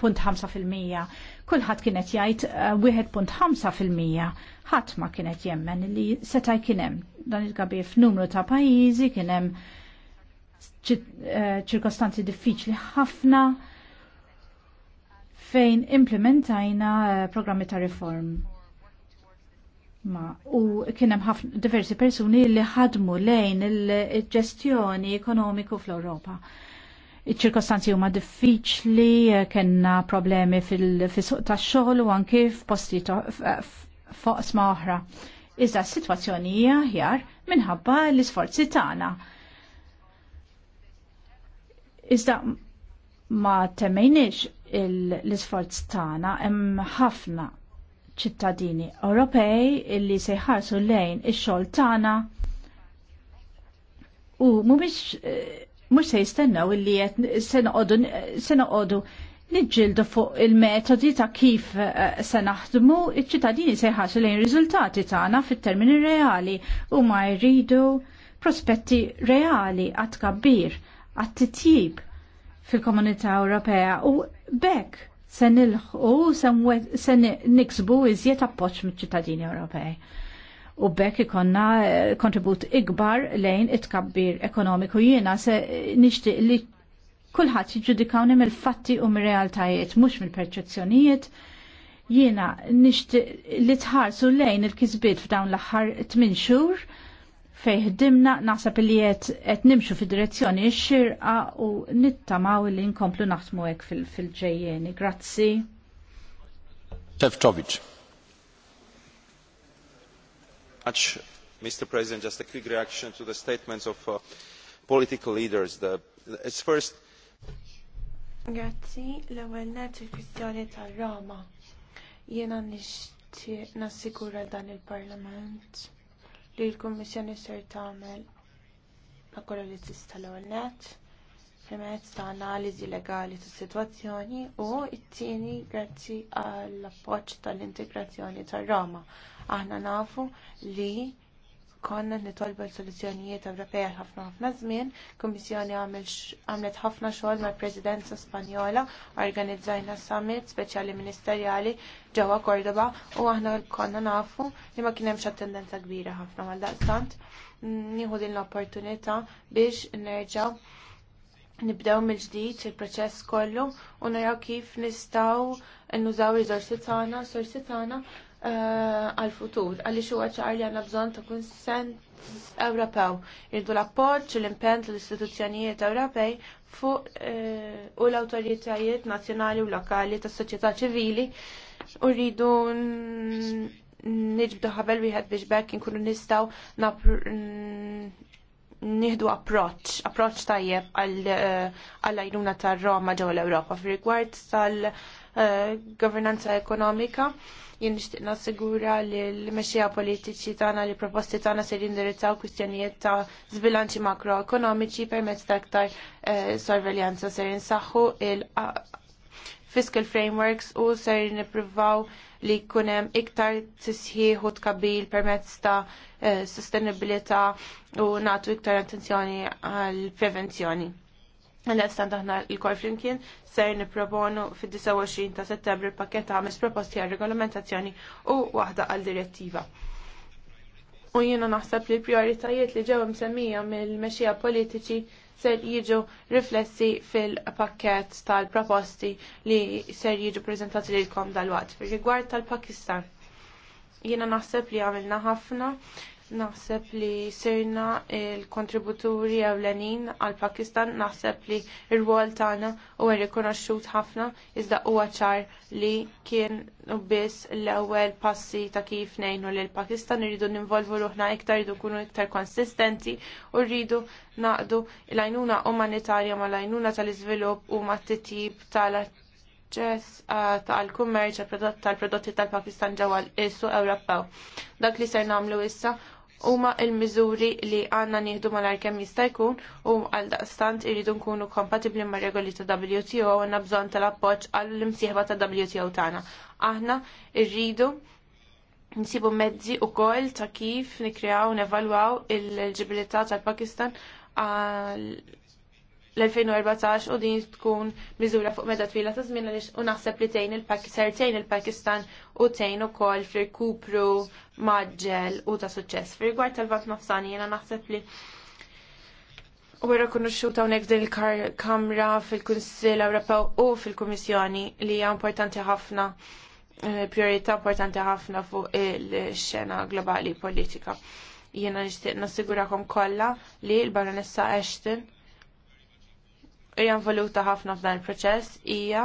punt fil-Mija. Kulħadd kienet jgħid 1.5%. Eh, Ħadd ma kienet jemmen li seta' kien hemm dan il-kabir f'numru ta' pajjiżi kien hemm eh, ċirkostanzi diffiċli ħafna fejn implementajna eh, programmi ta' riform Ma, u kienem ħafna diversi persuni li ħadmu lejn il-ġestjoni ekonomiku fl-Europa. Iċ-ċirkostanzi huma diffiċli, kena problemi fil-suq ta' xogħol u anki f'posti fuq sma oħra. Iżda s-sitwazzjoni hija ħjar minħabba l-isforzi tagħna. Iżda ma temmejniex l-isforz tagħna hemm ħafna ċittadini Ewropej illi se jħarsu lejn ix-xogħol tagħna u mhumiex eh, mhux se jistennew illi qed se noqogħdu niġġieldu fuq il-metodi ta' kif eh, se naħdmu iċ-ċittadini se jħarsu lejn riżultati tagħna fit-termini reali u ma jridu prospetti reali għat kabbir għat titjib fil-komunità Ewropea u bekk se nilħu se niksbu iżjed appoġġ miċ ċittadini Ewropej. U bekk ikonna eh, kontribut ikbar lejn it-kabbir ekonomiku jiena se eh, nixtieq li kulħadd jiġġudikawni mill-fatti u mir-realtajiet mhux mill-perċezzjonijiet jiena nixtieq li tħarsu lejn il-kisbiet f'dawn l-aħħar 8 xhur fejħdimna naħseb li qed nimxu fid-direzzjoni x-xirqa u nittamaw li nkomplu naħdmu hekk fil-ġejjeni. Grazzi. Tevtovic. Mr. President, just a quick reaction to the statements of uh, political leaders. The, it's first. Grazzi, l-ewwel net il-kwistjoni tar-Roma. Jiena nixtieq nasigura dan il-Parlament li l-Kummissjoni ser tagħmel akkola li tista' l-ewwel nett permezz ta' analiżi legali tas-sitwazzjoni u t-tieni grazzi għall appoġġ tal-integrazzjoni tar-Roma. Aħna nafu li konna nitolbu l-soluzzjonijiet Ewropej ħafna ħafna żmien, Kummissjoni għamlet ħafna xogħol mal-Presidenza Spanjola, organizzajna summit speċjali ministerjali ġewwa Kordoba u aħna konna nafu li ma kien hemmx attendenza kbira ħafna mal-daqstant. Nieħu din l-opportunità biex nerġgħu nibdew mill-ġdid il-proċess kollu u naraw kif nistgħu nużaw riżorsi tagħna, sorsi tagħna Eh, għal-futur, għalli xuwa ċar li għanna bżon ta' konsens Ewropew. Irdu l-appoċ l-impent l-istituzzjonijiet Ewropej fuq eh, u l-autoritajiet nazjonali u lokali ta' soċjetà ċivili u rridu nġbdu ħabel wieħed biex bekk inkunu nistaw nieħdu approċ, approċ tajjeb eh, għall għajruna tar-Roma ġew l-Ewropa fir-rigward tal- Eh, governanza ekonomika. Jien nixtieq nassigura li l-mexxija politiċi tagħna li proposti tagħna se jindirizzaw kwistjonijiet ta' żbilanċi makroekonomiċi permezz ta' aktar eh, sorveljanza se jinsaħħu il fiscal frameworks u ser nippruvaw li jkun hemm iktar tisħiħ u tkabbil permezz ta' eh, sostenibilità u nagħtu iktar attenzjoni għall prevenzjoni. Għal-estant aħna il-kor flimkien ser niproponu fid-29 ta' settembru il-pakket ta' għamis proposti għal regolamentazzjoni u waħda għal direttiva. U jiena naħseb li prioritajiet li ġew msemmija mill-mexija politiċi ser jiġu riflessi fil-pakket tal-proposti li ser jiġu prezentati lilkom dal-waqt. Rigward tal-Pakistan, jiena naħseb li għamilna ħafna Naħseb li sirna il-kontributuri ewlenin għal Pakistan, naħseb li r-rwol tagħna u rikonoxxut ħafna iżda huwa ċar li kien biss l-ewwel passi ta' kif ngħinu lil Pakistan irridu ninvolvu ruħna iktar irridu kunu iktar konsistenti u rridu naqdu l-għajnuna umanitarja ma l-għajnuna tal-iżvilupp u ma t-tip tal-aċċess eh, tal-kummerċ tal-prodotti tal-Pakistan ġewwa l-issu Ewropew. Dak li ser nagħmlu issa huma il-miżuri li għandna nieħdu malar kemm jista' jkun u għal daqstant iridu nkunu kompatibbli ma' regoli ta' WTO u għandna bżonn tal-appoġġ għall imsieħba ta' WTO tagħna. Aħna rridu nsibu mezzi wkoll ta' kif nikkreaw nevalwaw il-ġibilità tal-Pakistan għal l-2014 u din tkun miżura fuq meta twila ta' żmien għaliex u naħseb li tgħin il-Pakistan tgħin il-Pakistan u tgħin ukoll fir-kupru maġġel u ta' suċċess. Fir-rigward tal-vat nofsani jiena naħseb li u konnoxxuta hawnhekk din il-Kamra fil-Kunsill Ewropew u fil-Kummissjoni li hija importanti ħafna eh, priorità importanti ħafna fuq il-xena globali politika. Jiena nixtieq nassigurakom kollha li l-Baronessa Ashton hija involuta ħafna f'dan il-proċess hija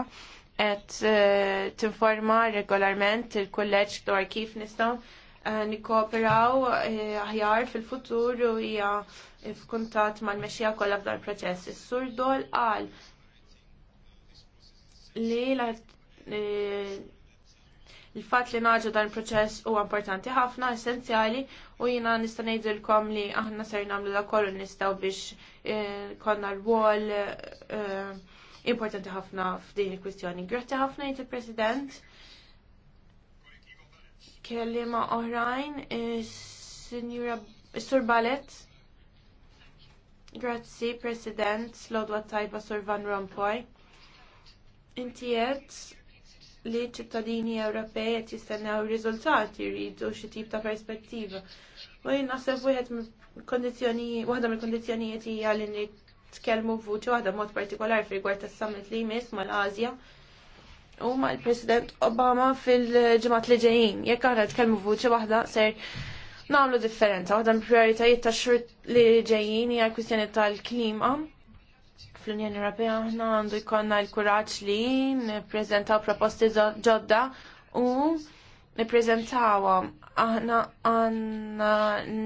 qed eh, tinforma regolarment il-kulleġġ dwar kif nistgħu eh, nikkooperaw eh, aħjar fil-futur u hija f'kuntatt mal-mexxija kollha f'dan il-proċess. Is-sur dol qal li Il-fatt li naġu dan il-proċess huwa importanti ħafna, essenzjali, u jina nista' ngħidilkom li aħna ser nagħmlu da kollu nistgħu biex eh, konna l-wol eh, importanti ħafna f'din il-kwistjoni. Grazzi ħafna jgħid il-President. Kellima oħrajn, eh, Sinjura Sur Ballet. Grazzi, President, l-odwa Tajba Sur Van Rompuy. Inti jed li ċittadini Ewropej qed jistennew riżultati jridu xi tip ta' perspettiva. U jien naħseb wieħed mill-kondizzjonijiet waħda mill-kondizzjonijiet hija li nitkellmu b'vuċi waħda mod partikolari rigward tas-summit li jmiss mal-Asja u mal-President Obama fil-ġimgħat li ġejjin. Jekk aħna tkellmu b'vuċi waħda ser nagħmlu differenza waħda mill-prijoritajiet tax-xhur li ġejjin hija l-kwistjoni tal-klima fl-Unjoni Ewropea aħna għandu jkollna l-kuraġġ li nippreżentaw proposti ġodda u nippreżentawhom. Aħna għandna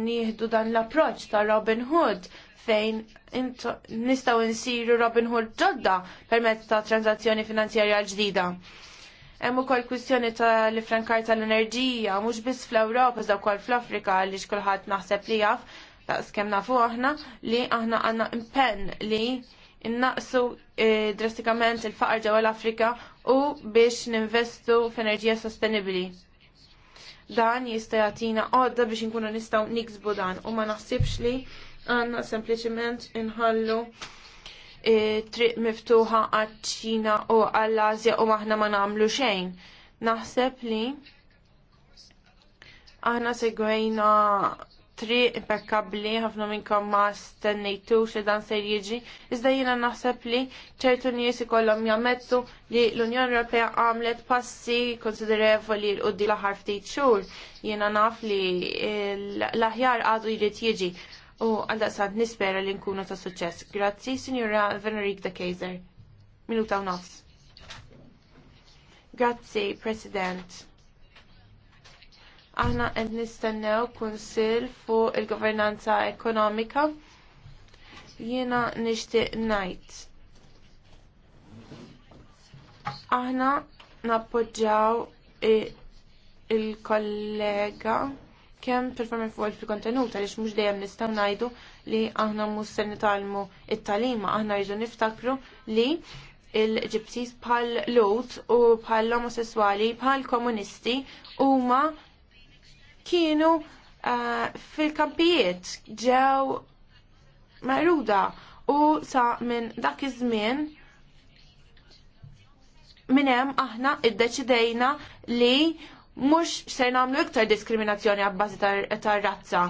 nieħdu dan l-approċċ ta' Robin Hood fejn nistgħu nsiru Robin Hood ġodda permezz ta' transazzjoni finanzjarja ġdida. Hemm ukoll kwistjoni ta' li frankar tal-enerġija mhux biss fl-Ewropa iżda wkoll fl-Afrika li xkulħadd naħseb li jaf ta' skemna nafu aħna li aħna għandna impenn li innaqsu eh, drastikament il-faqar ġewwa l-Afrika u biex ninvestu f'enerġija sostenibbli. Dan jista' jagħtina għodda biex inkunu nistgħu niksbu dan u ma naħsibx li għandna sempliċement inħallu eh, triq miftuħa għat-ċina u għall-Asja u maħna ma nagħmlu xejn. Naħseb li aħna segwejna Tri impeccabli, ħafna minnkom ma stennejtu xe dan se jiġi, iżda jiena naħseb li ċertu nies ikollhom jammettu li l-Unjoni Ewropea għamlet passi konsiderevoli l qoddi l-aħħar ftit xhur. Jiena naf li l-aħjar għadu jrid jiġi u għaldaqsant nispera li nkunu ta' suċċess. Grazzi, Sinjura Venerik da Kaiser. Minuta u nofs. Grazzi, President. Aħna qed nistennew kunsill fuq il-governanza ekonomika. Jiena nixtieq ngħid. Aħna nappoġġjaw il-kollega kemm performer fuq fi kontenut għaliex mhux dejjem nistgħu ngħidu li aħna mhux se nitgħallmu it-talima, aħna rridu niftakru li il-ġibtis bħal lut u bħal omosessuali bħal komunisti huma kienu uh, fil-kampijiet ġew meruda u sa minn dak iż-żmien minn hemm aħna iddeċidejna li mhux se nagħmlu iktar diskriminazzjoni għabbażi tar-razza.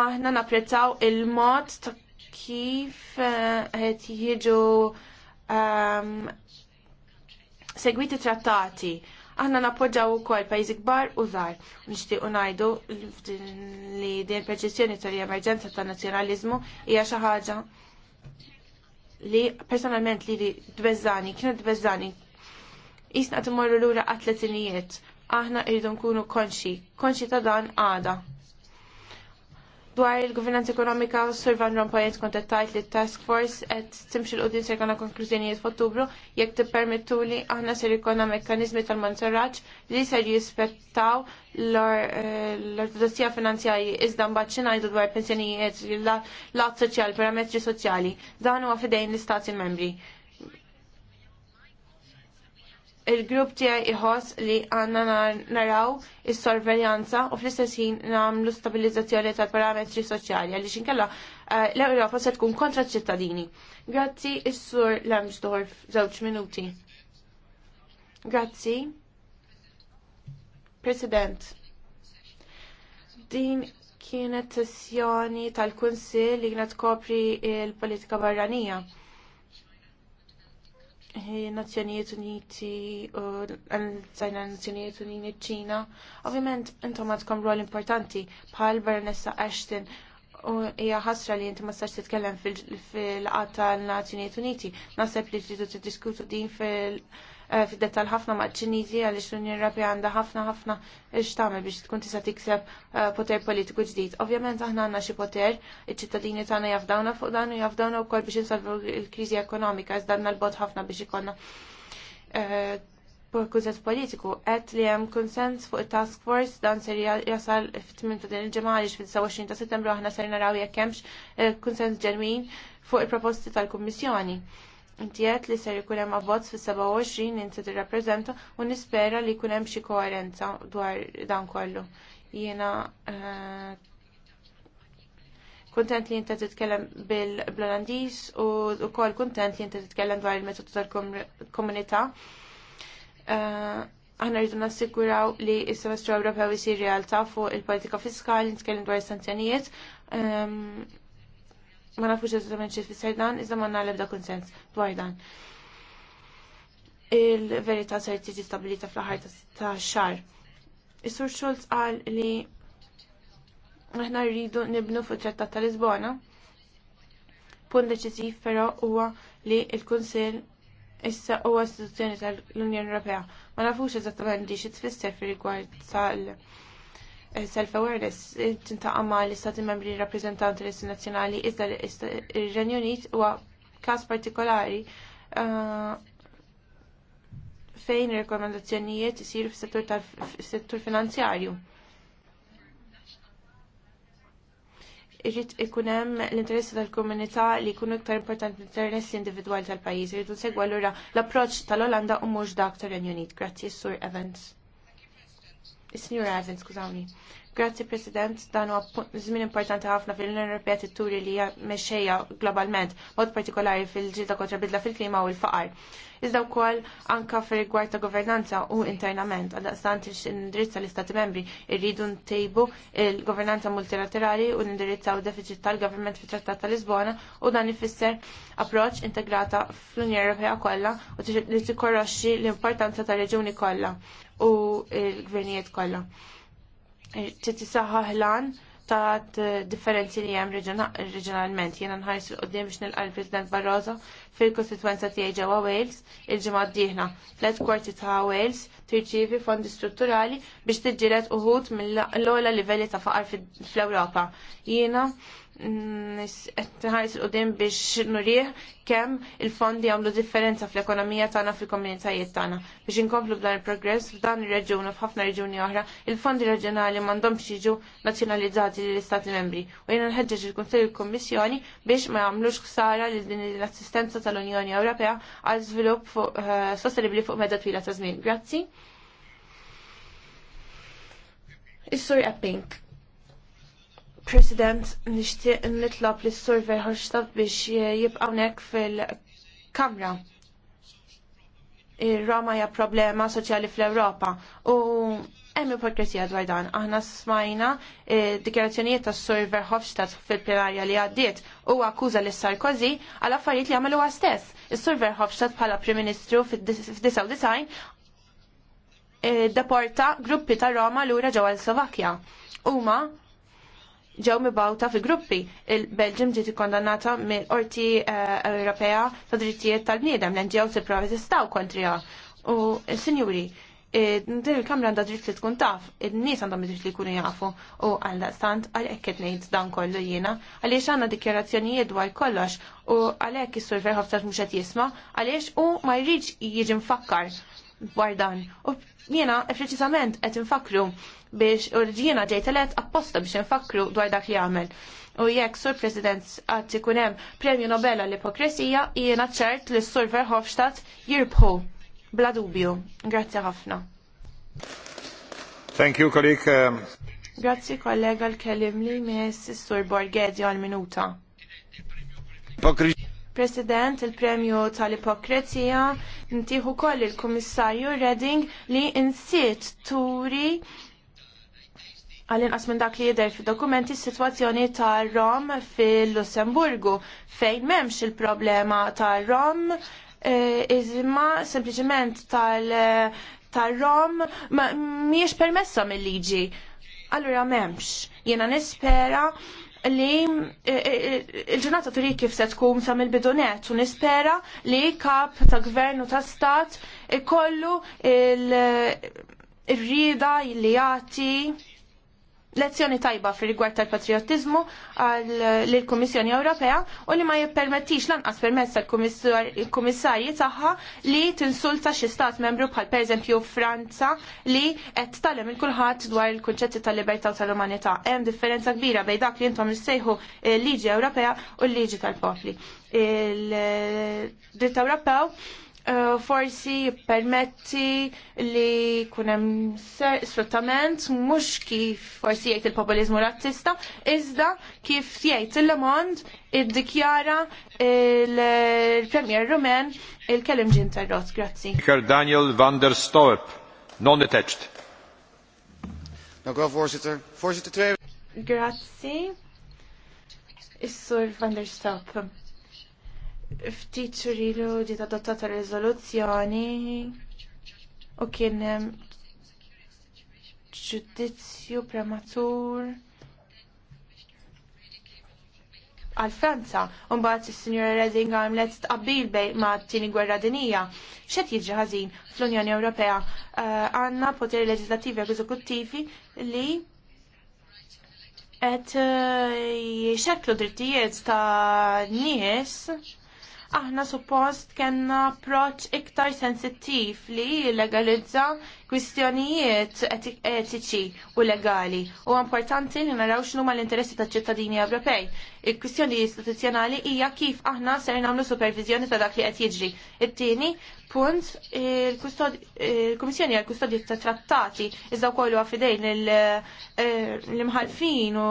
Aħna napprezzaw il-mod ta' kif eh, qed jiġu ehm, segwiti trattati Aħna nappoġġaw ukoll pajjiżi kbar u żgħar. Nixtiequ ngħidu li din perċezzjoni tal-emerġenza tan-nazzjonaliżmu hija xi ħaġa li personalment li dbeżani, kienet dbeżani jisna t-morru l-ura Aħna irridu nkunu konxi, konxi ta' dan għada. Dwar il-governanza ekonomika, Sir Van Rompuy jent kontattajt li task force et timxil l-qudin ser għana konklużjonijiet f'Ottubru jekk tippermettu li aħna ser ikonna mekkanizmi tal-monitoraġġ li ser jispettaw eh, l-ortodossija finanzjarji iżda mbagħad xi ngħidu dwar pensjonijiet l-att soċjali, parametri soċjali. Dan huwa fidejn l-istati membri il-grupp tiegħi iħoss li għandna naraw is-sorveljanza u fl-istess ħin nagħmlu stabilizzazzjoni tal-parametri soċjali għaliex inkella eh, l-Ewropa se tkun kontra ċ-ċittadini. Grazzi is-sur Lamsdorf żewġ minuti. Grazzi. President. Din kienet sessjoni tal-Kunsill li kienet tkopri il-politika barranija Nazzjonijiet Uniti, u għanżajna Nazzjonijiet Uniti, ċina, ovvjament intom għadkom rol importanti bħal Baronessa Ashton u hija ħasra li inti ma stax titkellem fil-qata tal-Nazzjonijiet Uniti. Naħseb li tridu tiddiskutu din fil- Eh, fid detal ħafna maċ-Ċiniżi għaliex l-Unjoni Ewropea għandha ħafna ħafna x'tagħmel biex tkun tista' tikseb eh, poter politiku ġdid. Ovvjament aħna għandna xi poter, iċ-ċittadini tagħna jafdawna fuq dan u jafdawna wkoll biex insolvu l-kriżi ekonomika iżda għandna l-bot ħafna biex ikollna eh, kunsens politiku qed li hemm konsens fuq it-task force dan ser jasal fit-8 ta' din il-ġimgħa għaliex fil-29 ta' Settembru aħna ser naraw jekk hemmx konsens ġenwin fuq il-proposti tal-Kummissjoni. Inti li ser ikun hemm avvots fis-27 inti tirrappreżenta u nispera li jkun hemm xi koerenza dwar dan kollu. Jiena eh, kuntent li inti titkellem bil-Blanandis u wkoll kuntent li inti titkellem dwar il-metodu tal-komunità. Eh, aħna rridu nassiguraw li s-semestru Ewropew isir realtà fuq il-politika fiskali, nitkellem dwar is-sanzjonijiet ehm, ma nafux eżattament xi tfisser dan, iżda ma nagħlem da konsens dwar dan. Il-verità ser tiġi stabilita fl-aħħar ta' xar. Is-Sur Schulz qal li aħna rridu nibnu fuq trattat ta' Lisbona. Punt deċisiv però huwa li l-Kunsill issa huwa istituzzjoni tal-Unjoni Ewropea. Ma nafux eżattament li xi tfisser fir-rigward sal self-awareness tintaqa' għamma l-istati membri rappresentanti l nazzjonali iżda ir-Renju Unit huwa każ partikolari eh, fejn rekomendazzjonijiet isiru fis-settur finanzjarju. Irrit ikun hemm l-interessi tal-komunità li jkunu iktar importanti l-interessi individwali tal-pajjiż. u segwa lura l-approċċ tal-Olanda u mhux dak tar-Renju Unit. Grazzi, Sur Evans. Is-Sinjura Arden, skużawni. Grazzi President, dan huwa żmien importanti ħafna fil-Unjoni Ewropea titturi li hija mexxejja globalment, mod partikolari fil-ġilda kontra bidla fil-klima u l-faqar. Iżda wkoll anka fir-rigward ta' governanza u internament, għaldaqstant indirizza l-Istati membri irridu ntejbu il-governanza multilaterali u nindirizzaw deficit tal-government fit-Trattat ta' Lisbona u dan ifisser approċ integrata fl-Unjoni Ewropea kollha u li tikkorroxxi l-importanza tar-reġuni kollha u l-gvernijiet kollha titisaħħaħ lan ta' eh, differenzi li hemm reġionalment. Jiena nħares il-qoddim biex nil president Barroso fil-kostituenza tiegħi ġewwa Wales il-ġimgħa d dieħna Flet kwarti ta' Wales tirċievi fondi strutturali biex tiġġieled uħud mill-ogħla livelli ta' faqar fl-Ewropa. Jiena nħares l-qudiem biex nurieħ kemm il-fondi għamlu differenza fl-ekonomija tagħna fil-komunitajiet tagħna. Biex inkomplu b'dan il-progress f'dan ir-reġjun u f'ħafna reġuni oħra, il-fondi reġjonali m'għandhomx jiġu nazzjonalizzati lill-Istati membri u jiena nħeġġeġ il-Kunsell il-Kummissjoni biex ma jagħmlux ksara lil din l-assistenza tal-Unjoni Ewropea għal żvilupp eh, sostenibbli fuq medda twila ta' żmien. Grazzi. Is-Sur Epping. President, nishtiq nitlob lis survey Verhofstadt biex jibqa' hawnhekk fil-Kamra. roma hija problema soċjali fl-Ewropa u hemm ipokrisija dwar dan. Aħna smajna eh, dikjarazzjonijiet tas sur Verhofstadt fil-plenarja li għaddiet u akkuża lis Sarkozy għal affarijiet li għamlu stess. Is-Sur Verhofstadt bħala Prim Ministru fid-99 eh, deporta gruppi ta' Roma lura ġewwa l-Slovakkja. Huma ġew mibawta fi gruppi. Il-Belġim ġiet ikkondannata mill-Qorti eh, Ewropea ta' Drittijiet tal-Bniedem l-NGO tipprova protestaw kontriha. U sinjuri, din eh, il-kamra għandha dritt li tkun taf, in nies għandhom dritt li jkunu jafu u għal stant għal qed ngħid dan kollu jiena, għaliex għandna dikjarazzjonijiet dwar kollox u għalhekk is-sur Verhofstadt mhux qed jisma' għaliex u ma jridx jiġi mfakkar dwar U jena, preċisament għet nfakru biex u jiena ġejt elett apposta biex nfakru dwar dak li għamel. U jekk Sur President għad ikun hemm Premju Nobel għall-Ipokresija, jena ċert li Sur Verhofstadt jirbħu. Bla dubju. Grazie ħafna. Thank you, colleague. Um, Grazie, kollega l-kellim li mis Sur Borghezi għal-minuta. President, il-premju tal-ipokrezija, ntiħu koll il-Komissarju Redding li insiet turi għal-inqas minn dak li jidher fid-dokumenti s-sitwazzjoni ta' Rom fil-Lussemburgu fejn m'hemmx il-problema ta' Rom e, izma sempliċement tal tar Rom mhijiex permessa mill-liġi. Allura m'hemmx. Jiena nispera li eh, eh, il-ġurnata turi kif se tkun sa mill-bidunet u nispera li kap ta' gvernu ta' stat ikollu il-rida il-li jati lezzjoni tajba fil rigward tal-patriotizmu l-Kummissjoni Ewropea u li ma jippermettix lanqas permezz tal-Kummissarji tagħha li tinsulta xi stat membru bħal pereżempju Franza li qed talem il kulħadd dwar il-kunċetti tal-libertà u tal-umanità. Hemm differenza kbira bejn dak li intom issejħu l-liġi Ewropea u l-liġi tal-popli. Il-dritt Ewropew Eh, forsi permetti li kunem sfruttament mux kif forsi jgħid il-populizmu razzista, iżda kif jgħid il-Lemond id-dikjara il-Premier Rumen il-kelim ġin tarrot. Grazzi. Speaker Daniel van der Stoep, non attached. Dank u voorzitter. Voorzitter, twee... Grazie. is van der Stoep ftit xurilu ġiet adottata riżoluzzjoni u kien hemm ġudizzju prematur għal Franza. Umbat il-Sinjora Redding għamlet tqabbil bej ma t-tini gwerra dinija. ċet jiġi ħażin fl-Unjoni Ewropea eh, għanna poteri leġislativi eżekuttivi li qed eh, jxekklu drittijiet ta' nies aħna suppost kena proċ iktar sensittiv li legalizza kwistjonijiet etiċi u legali u importanti li naraw x'nu ma l-interessi ta' ċittadini Ewropej. Il-kwistjoni istituzzjonali hija kif aħna ser nagħmlu supervizjoni ta' dak li qed jiġri. It-tieni punt il-Kummissjoni għal kustodji ta' trattati iżda wkoll f'idejn eh, l-imħalfin u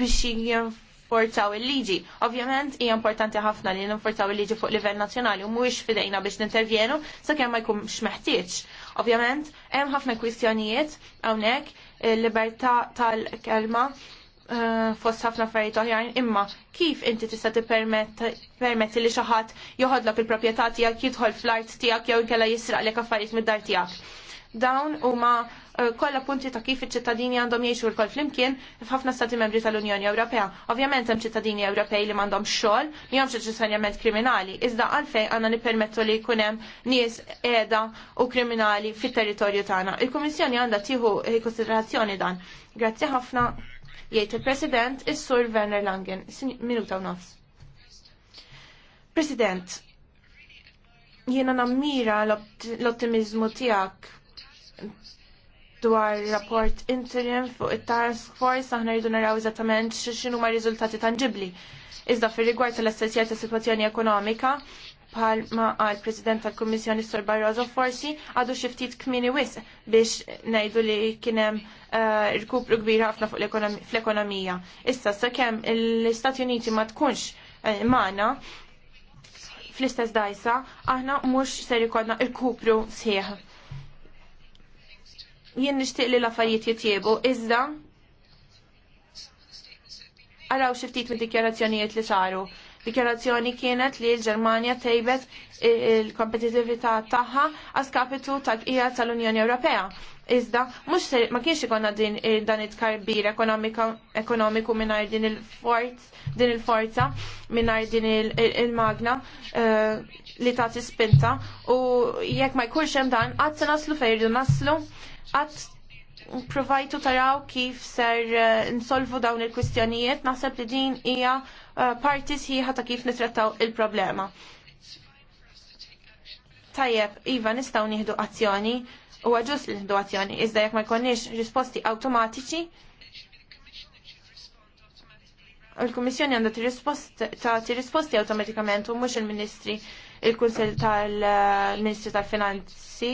biex ninforzaw il-liġi. Ovvjament hija importanti ħafna li nifforzaw il-liġi fuq livell nazzjonali u mhuwiex fidejna biex nintervjenu sakemm ma jkunx meħtieġ. Ovvjament hemm ħafna kwistjonijiet hawnhekk il-libertà tal-kelma eh, fost ħafna affarijiet oħrajn imma kif inti tista' tippermetti li xi ħadd joħodlok il-proprjetà tiegħek jidħol fl-art tiegħek jew inkella jisraqlek affarijiet mid-dar tiegħek Dawn huma eh, kollha punti ta' kif iċ-ċittadini għandhom jgħixu l-kol flimkien f'ħafna stati membri tal-Unjoni Ewropea. Ovvjament hemm ċittadini Ewropej li m'għandhom xogħol, li jomx neċessarjament kriminali, iżda għalfejn għandna nippermettu li jkun hemm nies qiegħda u kriminali fit-territorju tagħna. Il-Kummissjoni għandha tieħu konsiderazzjoni dan. Grazzi ħafna jgħid il-President is-Sur Werner Langen, minuta u nofs. President, jiena nammira l-ottimizmu tiegħek dwar rapport interim fuq it-task force aħna rridu naraw eżattament xinu ma' riżultati tangibli. Iżda fir-rigward tal-assessjar ta' sitwazzjoni ekonomika, bħal ma għal President tal-Kommissjoni Sor Barroso forsi għadu xiftit kmini wis biex najdu li kienem uh, eh, rkupru kbira ħafna fl-ekonomija. Issa, sa kem l-Istati Uniti ma tkunx uh, eh, maħna fl-istess dajsa, aħna mux ser ikodna rkupru sħiħ jien nixtieq li l-affarijiet jitjiebu, iżda għaraw xiftit mid dikjarazzjonijiet li saru. Dikjarazzjoni kienet li l-Ġermanja tejbet il-kompetitività tagħha għaskapitu tal-bqija tal-Unjoni Ewropea. Iżda, mux ser, ma kienx ikonna din eh, dan it-karbir ekonomiku minar din il-forza, minar din il-magna eh, li ta' spinta u jekk ma jkunx hemm dan, qatt se naslu fejn naslu, qatt provajtu taraw kif ser eh, nsolvu dawn il-kwistjonijiet, naħseb li din hija parti sħiħa ta' kif nitrattaw il-problema. Tajjeb, Iva, nistaw nieħdu azzjoni U ġust l situazzjoni iżda jekk ma jkunniex risposti awtomatiċi, il-Kummissjoni għandha ti risposti awtomatikament u mhux il-Ministri il-Kunsel tal-Ministri tal-Finanzi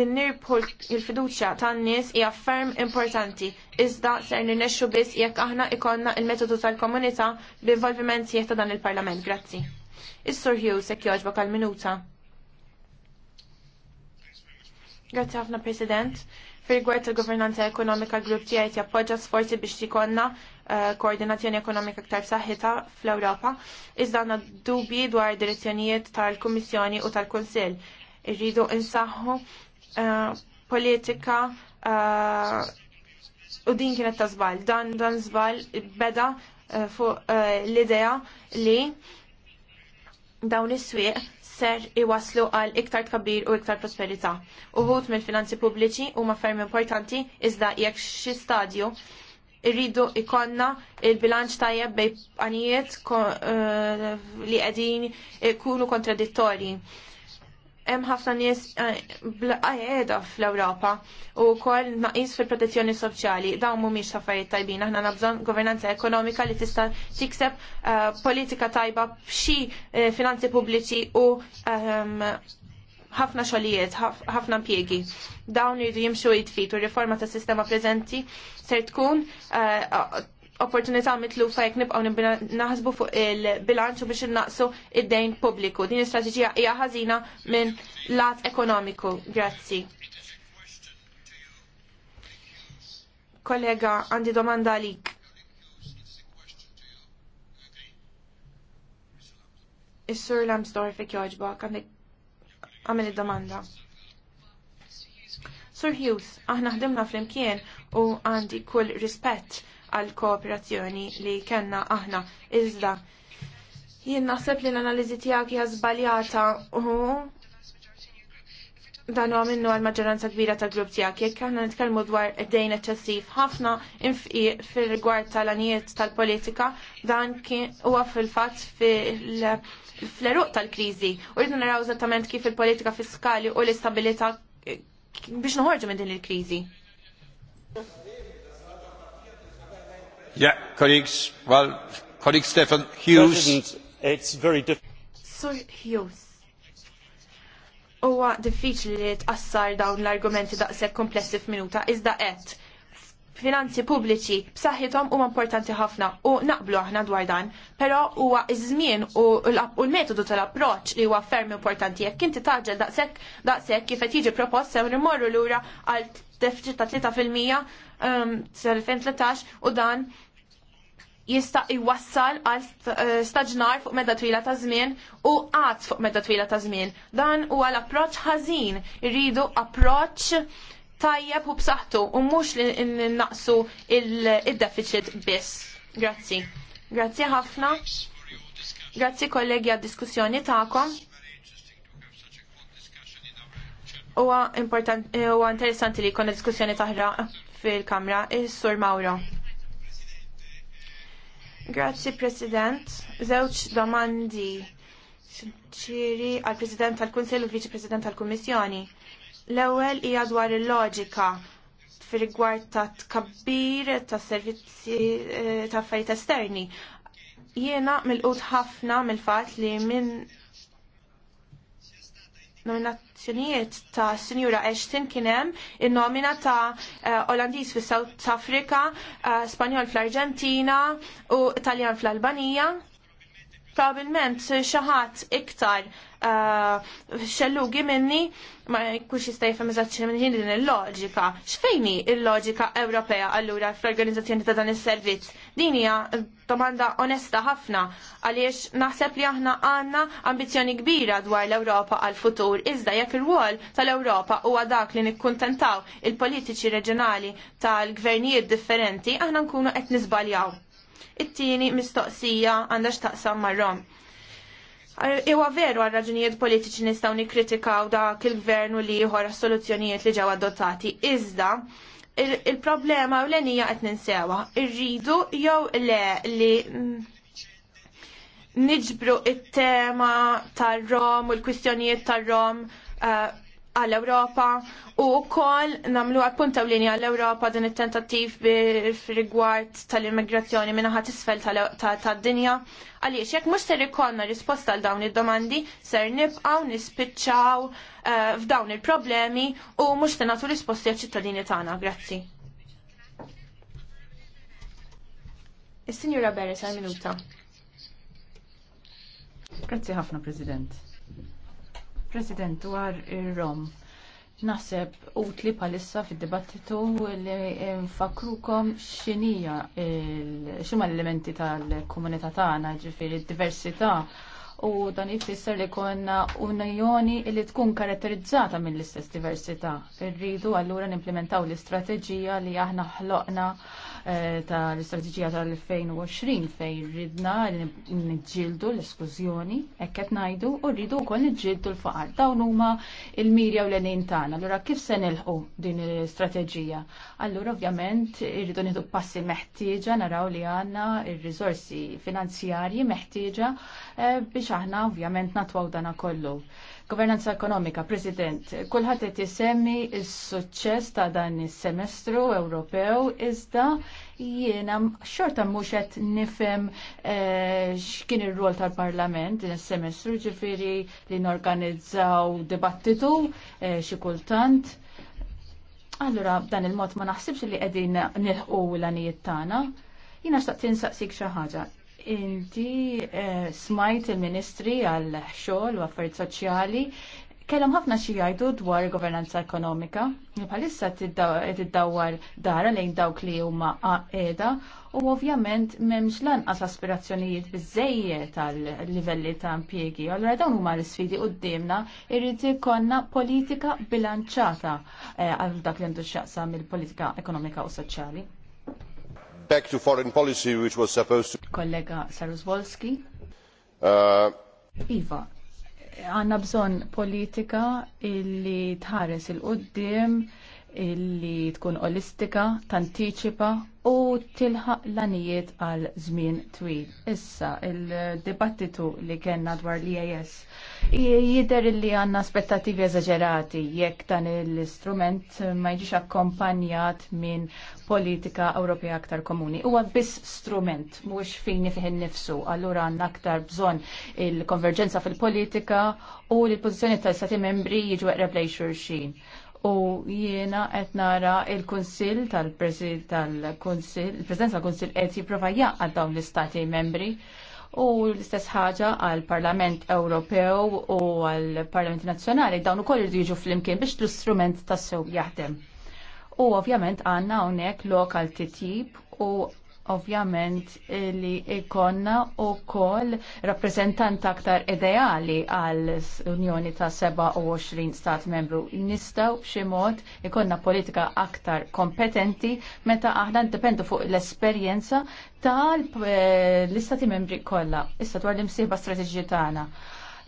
li nirbħu il-fiduċa tan nies hija ferm importanti. Iżda ser ninexxu biss jekk aħna ikonna il-metodu tal-komunità b'involviment sieħ ta' dan il-Parlament. Grazzi. Is-Sur Hughes jekk jogħġbok għal-minuta. Grazie ħafna President. Fil-gwert tal-governanza ekonomika grupp tiegħi jappoġġa sforzi biex tikonna eh, koordinazzjoni ekonomika aktar saħħita fl-Ewropa. Iżda għandna dubji dwar direzzjonijiet tal-Kummissjoni u tal-Kunsill. Irridu insaħħu eh, politika eh, u din kienet ta' żball. Dan dan żball beda fuq l-idea li dawn is-swieq ser iwaslu għal iktar tkabbir u iktar prosperità. Uħut mill-finanzi pubbliċi huma ferm importanti iżda jekk xi stadju irridu ikonna il-bilanċ tajjeb bej għanijiet uh, eh, li qegħdin ikunu kontradittorji hemm ħafna nies qiegħda eh, fl-Ewropa u wkoll naqis fil-protezzjoni soċjali dawn mhumiex affarijiet tajbin aħna nabżon governanza ekonomika li tista' tikseb eh, politika tajba b'xi eh, finanzi pubbliċi u ehm, ħafna xogħlijiet, ħafna impjiegi. Dawn jridu jimxu jitfit u riforma tas sistema preżenti ser tkun opportunità mitlufa jekk nibqgħu naħsbu fuq il-bilanċu biex innaqsu id-dejn pubbliku. Din l-istrateġija hija ħażina minn lat ekonomiku. Grazzi. Kollega, għandi domanda għalik. Is-sur fi jogħġbok għandek għamil id-domanda. Sur Hughes, aħna ħdimna fl-imkien u għandi kull rispett għal kooperazzjoni li kellna aħna iżda. Jien naħseb li l-analiżi tiegħek hija żbaljata u dan huwa minnu għal maġġoranza kbira tal grupp tiegħek jekk aħna nitkellmu dwar id-dejn eċċessiv ħafna infiq fir-rigward tal-anijiet tal-politika dan kien huwa fil-fatt fil eruq tal-kriżi. U rridu naraw eżattament kif il-politika fiskali u l-istabilità biex noħorġu minn din il-kriżi. Yeah, colleagues, well, colleague Stefan Hughes. It's very Sir Hughes. Huwa diffiċli li tqassar dawn l-argumenti daqshekk komplessi f'minuta iżda qed finanzi pubbliċi b'saħħithom huma importanti ħafna u naqblu aħna dwar dan, però huwa iż-żmien u l-metodu tal-approċċ li huwa ferm importanti jekk inti taġġel daqshekk daqshekk kif qed jiġi propost sew nimorru lura għal deficit ta' 3% um, sal-2013 u dan jista' jwassal għal eh, staġnar fuq medda twila ta' żmien u qatt fuq medda twila ta' żmien. Dan huwa l-approċċ ħażin, irridu approċċ tajjeb u b'saħħtu u mhux li naqsu il-deficit biss. Grazzi. Grazzi ħafna. Grazzi kollegi għad diskussjoni tagħkom. Huwa important, huwa interessanti li jkollna diskussjoni taħra fil-kamra, is-Sur Mauro. Grazzi President, zewċ domandi ċiri għal President tal kunsell u Viċi President tal-Kummissjoni. L-ewwel hija dwar il-loġika fir rigward ta' tkabbir ta' servizzi eh, ta' affarijiet esterni. Jiena mill ħafna mill-fatt li minn nominazzjonijiet ta' Sinjura Ashton kienem il-nomina ta' uh, Olandiż fis South Africa, uh, Spanjol fl-Arġentina u Italjan fl-Albanija probabilment xaħat iktar uh, xellugi minni ma jkunx jista' jifhem eżatt minn din il-loġika. X'fejni il-loġika Ewropea allura fl-organizzazzjoni ta' dan is-servizz? Din hija domanda onesta ħafna għaliex naħseb li aħna għandna ambizzjoni kbira dwar l-Ewropa għal futur iżda jekk il-wol tal-Ewropa huwa dak li nikkuntentaw il-politiċi reġjonali tal-gvernijiet differenti aħna nkunu qed nizbaljaw. It-tieni mistoqsija għandha x'taqsam mar-Rom. Iwa veru għal raġunijiet politiċi nistgħu nikkritikaw dak il-gvern u li jħor soluzzjonijiet li ġew adottati. Iżda, il-problema u l-enija qed ninsewa. Irridu jew le li niġbru it-tema tar-Rom u l-kwistjonijiet tar-Rom eh, għall-Ewropa u wkoll nagħmlu appunta u linja għall-Ewropa din it-tentattiv rigward tal-immigrazzjoni minna ħat isfel tad-dinja. Għaliex jekk mhux ser ikollna risposta għal dawn id-domandi ser nibqgħu nispiċċaw eh, f'dawn il-problemi u mhux se nagħtu risposti għal ċittadini tagħna. Grazzi. Il-Signora Beres għal minuta. Grazzi ħafna, President. President dwar ir-Rom. Naħseb utli palissa fid-dibattitu li mfakrukom eh, x'inija xuma l-elementi tal-komunità tagħna, ġifieri d-diversità u dan jfisser li konna unjoni li tkun karatterizzata mill-istess diversità. Irridu allura nimplementaw l-istrateġija li aħna ħloqna Eh, tal-istrateġija tal-2020 fejn ridna nġildu l-eskużjoni, ekket najdu, u rridu wkoll nġildu l-faqar. Dawn huma il-mirja u l-enin tagħna. Allura kif se nilħu din l-istrateġija? Allura ovvjament irridu nieħdu passi meħtieġa naraw li għandna il-rizorsi finanzjarji meħtieġa eh, biex aħna ovvjament natwaw dana kollu. Governanza ekonomika, President, kulħadd qed isemmi s-suċċess ta' dan is-semestru Ewropew iżda jiena xorta mhux qed nifhem eh, x'kien ir-rol tal-Parlament din is-semestru, ġifieri li norganizzaw dibattitu eh, xi kultant. Allura b'dan il-mod ma naħsibx li qegħdin nilħqu l-għanijiet tagħna. Jiena xtaqt tinsaqsik xi ħaġa. Inti eh, smajt il-Ministri għal xogħol u affarijiet soċjali kellhom ħafna xi jgħidu dwar governanza ekonomika. Bħalissa tiddawwar dara lejn dawk li huma qiegħda u ovvjament m'hemmx lanqas aspirazzjonijiet biżejjed għal livelli ta' impjiegi. Allura dawn huma l-isfidi quddiemna irrid ikollna politika bilanċata eh, għal dak li għandu x'jaqsam il-politika ekonomika u soċjali back to foreign policy which was supposed to Kollega Sarusvolski uh, Iva għanna bżon politika illi tħares il-qoddim illi tkun olistika, tantiċipa u tilħaq l-anijiet għal żmien twil. Issa, il-dibattitu li kena dwar l-IAS jider li għanna aspettativi eżagerati jekk dan l-istrument ma jġiġ akkompanjat minn politika Ewropea aktar komuni. Huwa biss strument, mhuwiex fin fih innifsu, allura għandna aktar bżonn il-konverġenza fil-politika u l-pożizzjoni tal-Stati membri jiġu eqreb lejn xulxin U jiena qed nara il-Kunsill tal-President tal-Kunsill, il-President tal-Kunsill qed jipprova jaqgħad dawn l-istati membri u l-istess ħaġa għall Parlament Ewropew u għall Parlament Nazzjonali dawn ukoll irdu jiġu flimkien biex l-istrument tas tas-sew jaħdem. U ovvjament għandna hawnhekk lokal titjib u ovvjament li ikonna u kol rappresentant aktar ideali għal Unjoni ta' 27 stat membru. Nistaw ximot ikonna politika aktar kompetenti meta aħna dependu fuq l-esperienza tal-istati membri kolla. Issa dwar l-imsieba strateġi tagħna.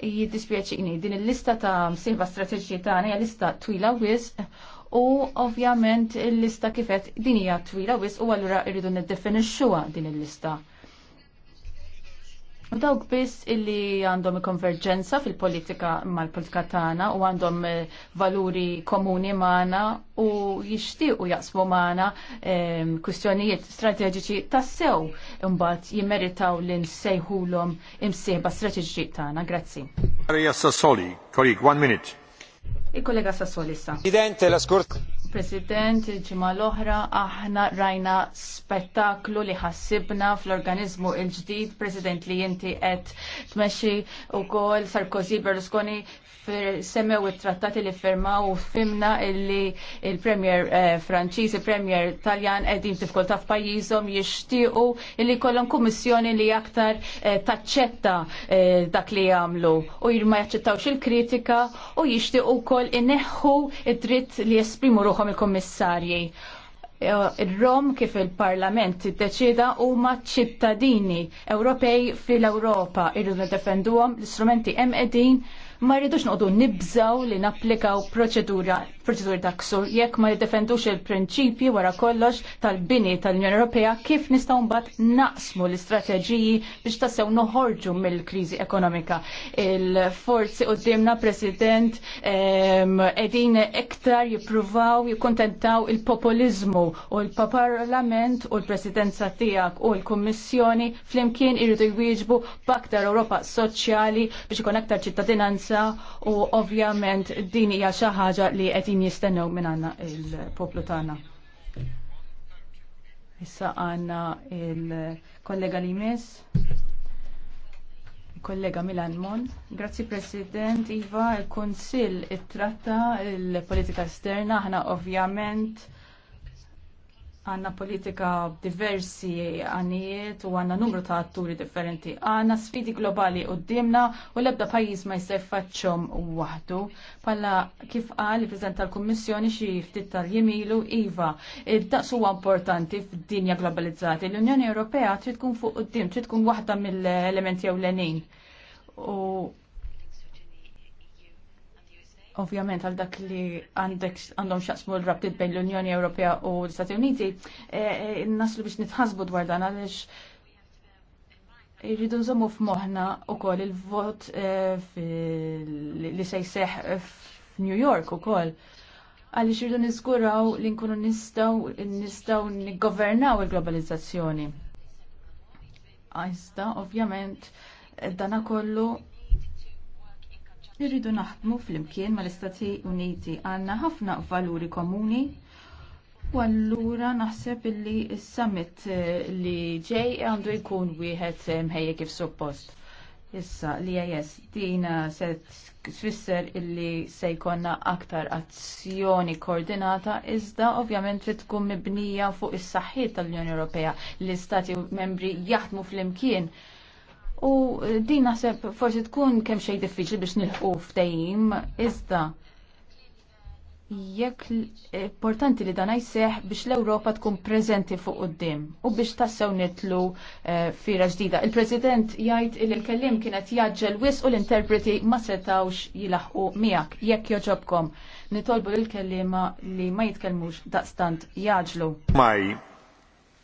Jiddispjaċini din il-lista ta' msieba strateġi tagħna hija lista twila wisq u ovvjament il-lista kifet dinija hija twila wis u għallura irridu niddefinixxuha din il-lista. U dawk biss illi għandhom konverġenza fil-politika mal-politika tagħna u għandhom eh, valuri komuni magħna u jixtiequ jaqsmu magħna ehm, kwistjonijiet strateġiċi tassew imbagħad jimmeritaw li nsejħulhom imsieħba strateġiċi tagħna. Grazzi. Maria Sassoli, kolleg, one minute. Il-kollega Sassoli issa. President, la skort. President, il-ġimma l-oħra aħna rajna spettaklu li ħassibna fl-organizmu il-ġdid, President li jinti għed t-meċi u kol Sarkozy Berlusconi semmew it-trattati li firmaw u fimna illi il-Premier eh, Franċiż, il-Premier Taljan qegħdin tifkolta f'pajjiżhom jixtiequ illi jkollhom kummissjoni li aktar eh, taċċetta eh, dak li jagħmlu u ma jaċċettawx il-kritika u jixtiequ wkoll ineħħu id-dritt li jesprimu ruhom il-kummissarji il-Rom kif il-Parlament id-deċida u ċittadini Ewropej fil-Europa irridu defenduhom l-istrumenti hemm qegħdin Ma rridux noqdu nibżaw li napplikaw proċedura proċedura ta' ksur jekk ma jiddefendux il-prinċipji wara kollox tal-bini tal-Unjoni Ewropea kif nistgħu mbagħad naqsmu l-istrateġiji biex tassew noħorġu mill-kriżi ekonomika. Il-forzi qudiemna President qegħdin iktar jippruvaw jikkuntentaw il populiżmu u l-Parlament u l-Presidenza tiegħek u l-Kummissjoni flimkien iridu jwieġbu b'aktar Ewropa soċjali biex ikun aktar ċittadinanza nisa u ovvjament din hija xi ħaġa li qed jistennew minn għandna il-poplu tagħna. Issa għandna il-kollega li jmiss kollega Milan Mon. Grazzi President Iva, il-Konsil it-tratta il-politika esterna, ħna ovvjament għanna politika diversi għanijiet u għanna numru ta' atturi differenti. Għanna sfidi globali u d-dimna u lebda pajis ma jisef faċċom wahdu. Palla kif għal prezenta l-Kommissjoni xie ftit tal-jemilu IVA. Id-daqs huwa importanti f'dinja globalizzati. L-Unjoni Ewropea trid tkun fuq d-dim, trid tkun waħda mill-elementi ewlenin. U ovvjament għal dak li għandek għandhom xaqsmu l-rabtiet bejn l-Unjoni Ewropea u l-Stati Uniti, e, e, naslu biex nitħasbu dwar dan għaliex irridu nżommu f'moħħna ukoll il-vot e, li se jseħħ f'New York ukoll. Għaliex irridu niżguraw li nkunu nistgħu nistaw nigovernaw il-globalizzazzjoni. Għajsta, ovvjament, dana kollu Irridu naħdmu fl-imkien mal-Istati Uniti għandna ħafna valuri komuni u allura naħseb li s-summit eh, li ġej għandu jkun wieħed eh, mħejja kif suppost. Issa, li jes, dina se tfisser illi se aktar azzjoni koordinata, iżda ovvjament li tkun mibnija fuq is-saħħiet tal-Unjoni Ewropea li l-Istati membri jaħdmu fl-imkien U din naħseb forsi tkun kemm xejn diffiċli biex nilħqu ftehim, iżda jekk importanti li dan jseħ biex l-Ewropa tkun preżenti fuq qudiem u biex tassew nitlu eh, fira ġdida. Il-President jgħid il l-kellim kienet jaġġel wis u l-interpreti ma setawx jilaħqu miegħek jekk joġobkom. Nitolbu l-kellima li ma jitkellmux daqstant jaġlu.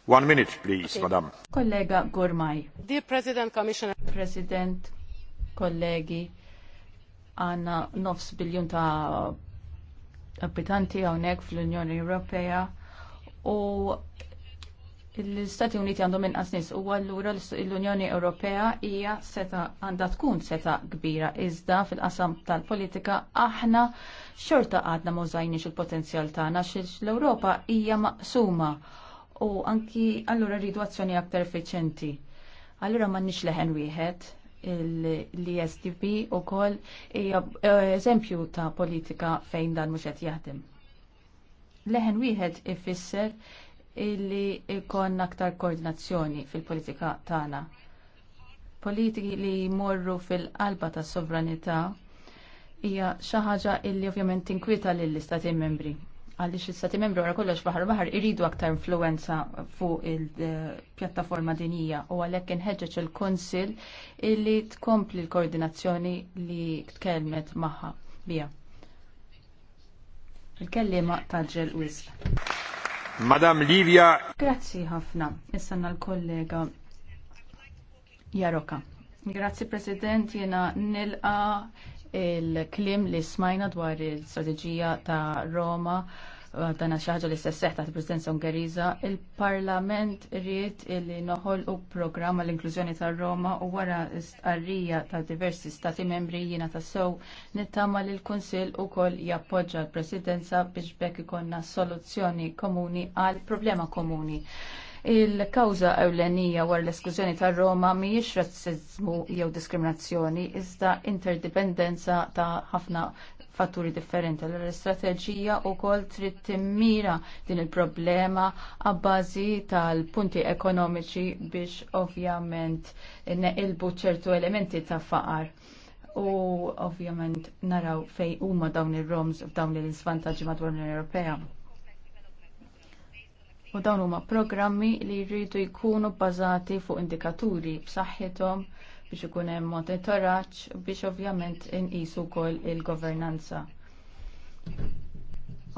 One minute, please, okay. madam. Kollega Gormaj. Dear President, Commissioner. President, kollegi, għanna nofs biljun ta' abitanti għonek fl-Unjoni Ewropea u l-Stati Uniti għandhom inqas nies u allura l-Unjoni Ewropea hija seta għandha tkun seta kbira iżda fil-qasam tal-politika aħna xorta għadna mużajni il-potenzjal tagħna xil l-Ewropa hija maqsuma u anki allura rridu azzjoni aktar effiċenti. Allura m'għandniex leħen wieħed l-ISDB u kol eh, eżempju ta' politika fejn dan mhux qed jaħdem. Leħen wieħed ifisser illi ikon aktar koordinazzjoni fil-politika tagħna. Politiki li jmorru fil-qalba tas sovranità hija xi ħaġa illi ovvjament tinkwita lill-istati membri għalix il-stati membru għara kollox baħar baħar iridu aktar influenza fuq il-pjattaforma dinija u għalhekk inħeġġeġ il-Konsil illi tkompli l-koordinazzjoni li tkellmet magħha bija. Il-kellima taġġel wisl. Madam Livia. Grazzi ħafna. Issanna l-kollega Jaroka. Grazzi President, jena nilqa il-klim li smajna dwar il-strategija ta' Roma uh, dan xaħġa li s-seħ ta' presidenza Ungeriza, il-Parlament rrit li noħol u programma l-inklużjoni ta' Roma u wara arrija ta' diversi stati membri jina ta' sew nittama li l-Konsil u kol jappoġġa l-presidenza biex bekk ikonna soluzzjoni komuni għal problema komuni. Il-kawża ewlenija war l esklużjoni ta' Roma mhijiex razzizmu jew diskriminazzjoni, iżda interdipendenza ta' ħafna fatturi differenti. l-istrateġija u kol trid timmira din il-problema għabbażi tal-punti ekonomiċi biex ovvjament neqilbu ċertu elementi ta' faqar. U ovvjament naraw fej huma dawn ir-roms f'dawn l-isvantaġġi madwar l-Ewropea u dawn huma programmi li jridu jkunu bbażati fuq indikaturi b'saħħithom biex ikun hemm monitoraġġ biex ovvjament inqisu wkoll il-governanza.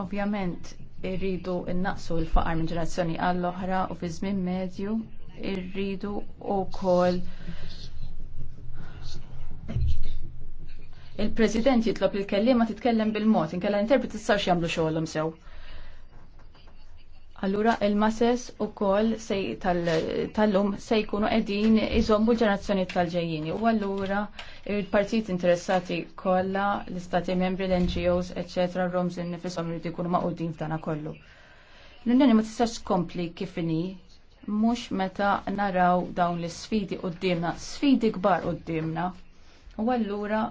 Ovvjament irridu innaqsu l-faqar minn ġenerazzjoni għall oħra u fi żmien medju irridu wkoll il-President jitlob il-kellima titkellem bil-mod, inkella l-interpreti sarx jagħmlu xogħolhom sew. Allura il masses u kol tal-lum se jkunu edin iżommu l-ġenerazzjoni tal-ġejjini. U allura il-partijiet interessati kolla, l-istati membri, l-NGOs, etc. Roms nifisom li jkunu maqudin f'dana kollu. L-Unjoni ma tistax kompli kifini mux meta naraw dawn l-sfidi d-dimna, sfidi kbar dimna U allura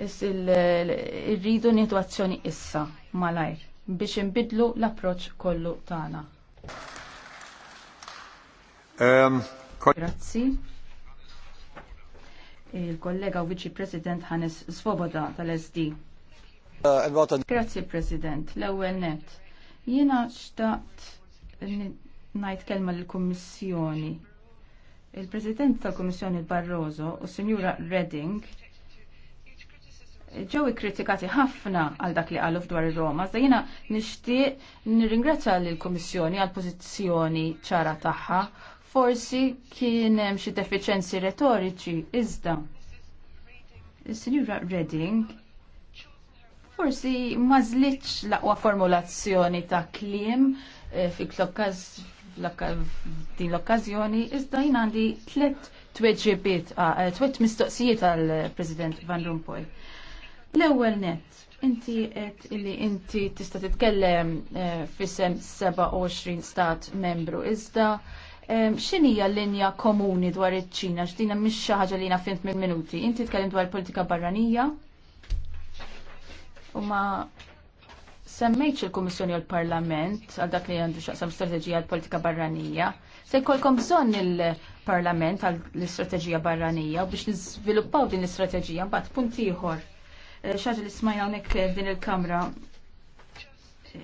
irridu nitwazzjoni issa malajr biex imbidlu l-approċ kollu tagħna. Um, Grazzi. Il-kollega u viċi President Hannes Svoboda tal-SD. Uh, eh, Grazzi President, l-ewwel net. Jiena xtaqt ngħid kelma lill-Kummissjoni. Il-President tal-Kummissjoni Barroso u Sinjura Redding ġew ikkritikati ħafna għal dak li qalu dwar ir-Roma, iżda jiena nixtieq nirringrazzja lill-Kummissjoni għal pożizzjoni ċara tagħha. Forsi kien hemm xi defiċenzi retoriċi iżda. Is-Sinjura Reding forsi ma żlitx l-aqwa formulazzjoni ta' kliem eh, fi din l-okkażjoni, iżda jien għandi tliet tweġibiet, eh, tliet mistoqsijiet għall President Van Rompuy. L-ewwel net, inti qed illi inti tista' titkellem eh, f'isem 27 stat membru iżda eh, x'inhija l-linja komuni dwar iċ-Ċina x'dina mhix xi ħaġa li nafint minn mill-minuti. Inti tkellem dwar politika barranija u ma semmejtx il-Kummissjoni u l-Parlament għal dak li għandu xaqsam strateġija l-politika barranija, se jkollkom bżonn il-Parlament għal l-istrateġija barranija u biex niżviluppaw din l-istrateġija mbagħad punt ieħor xaġa li smajna unik din il-kamra.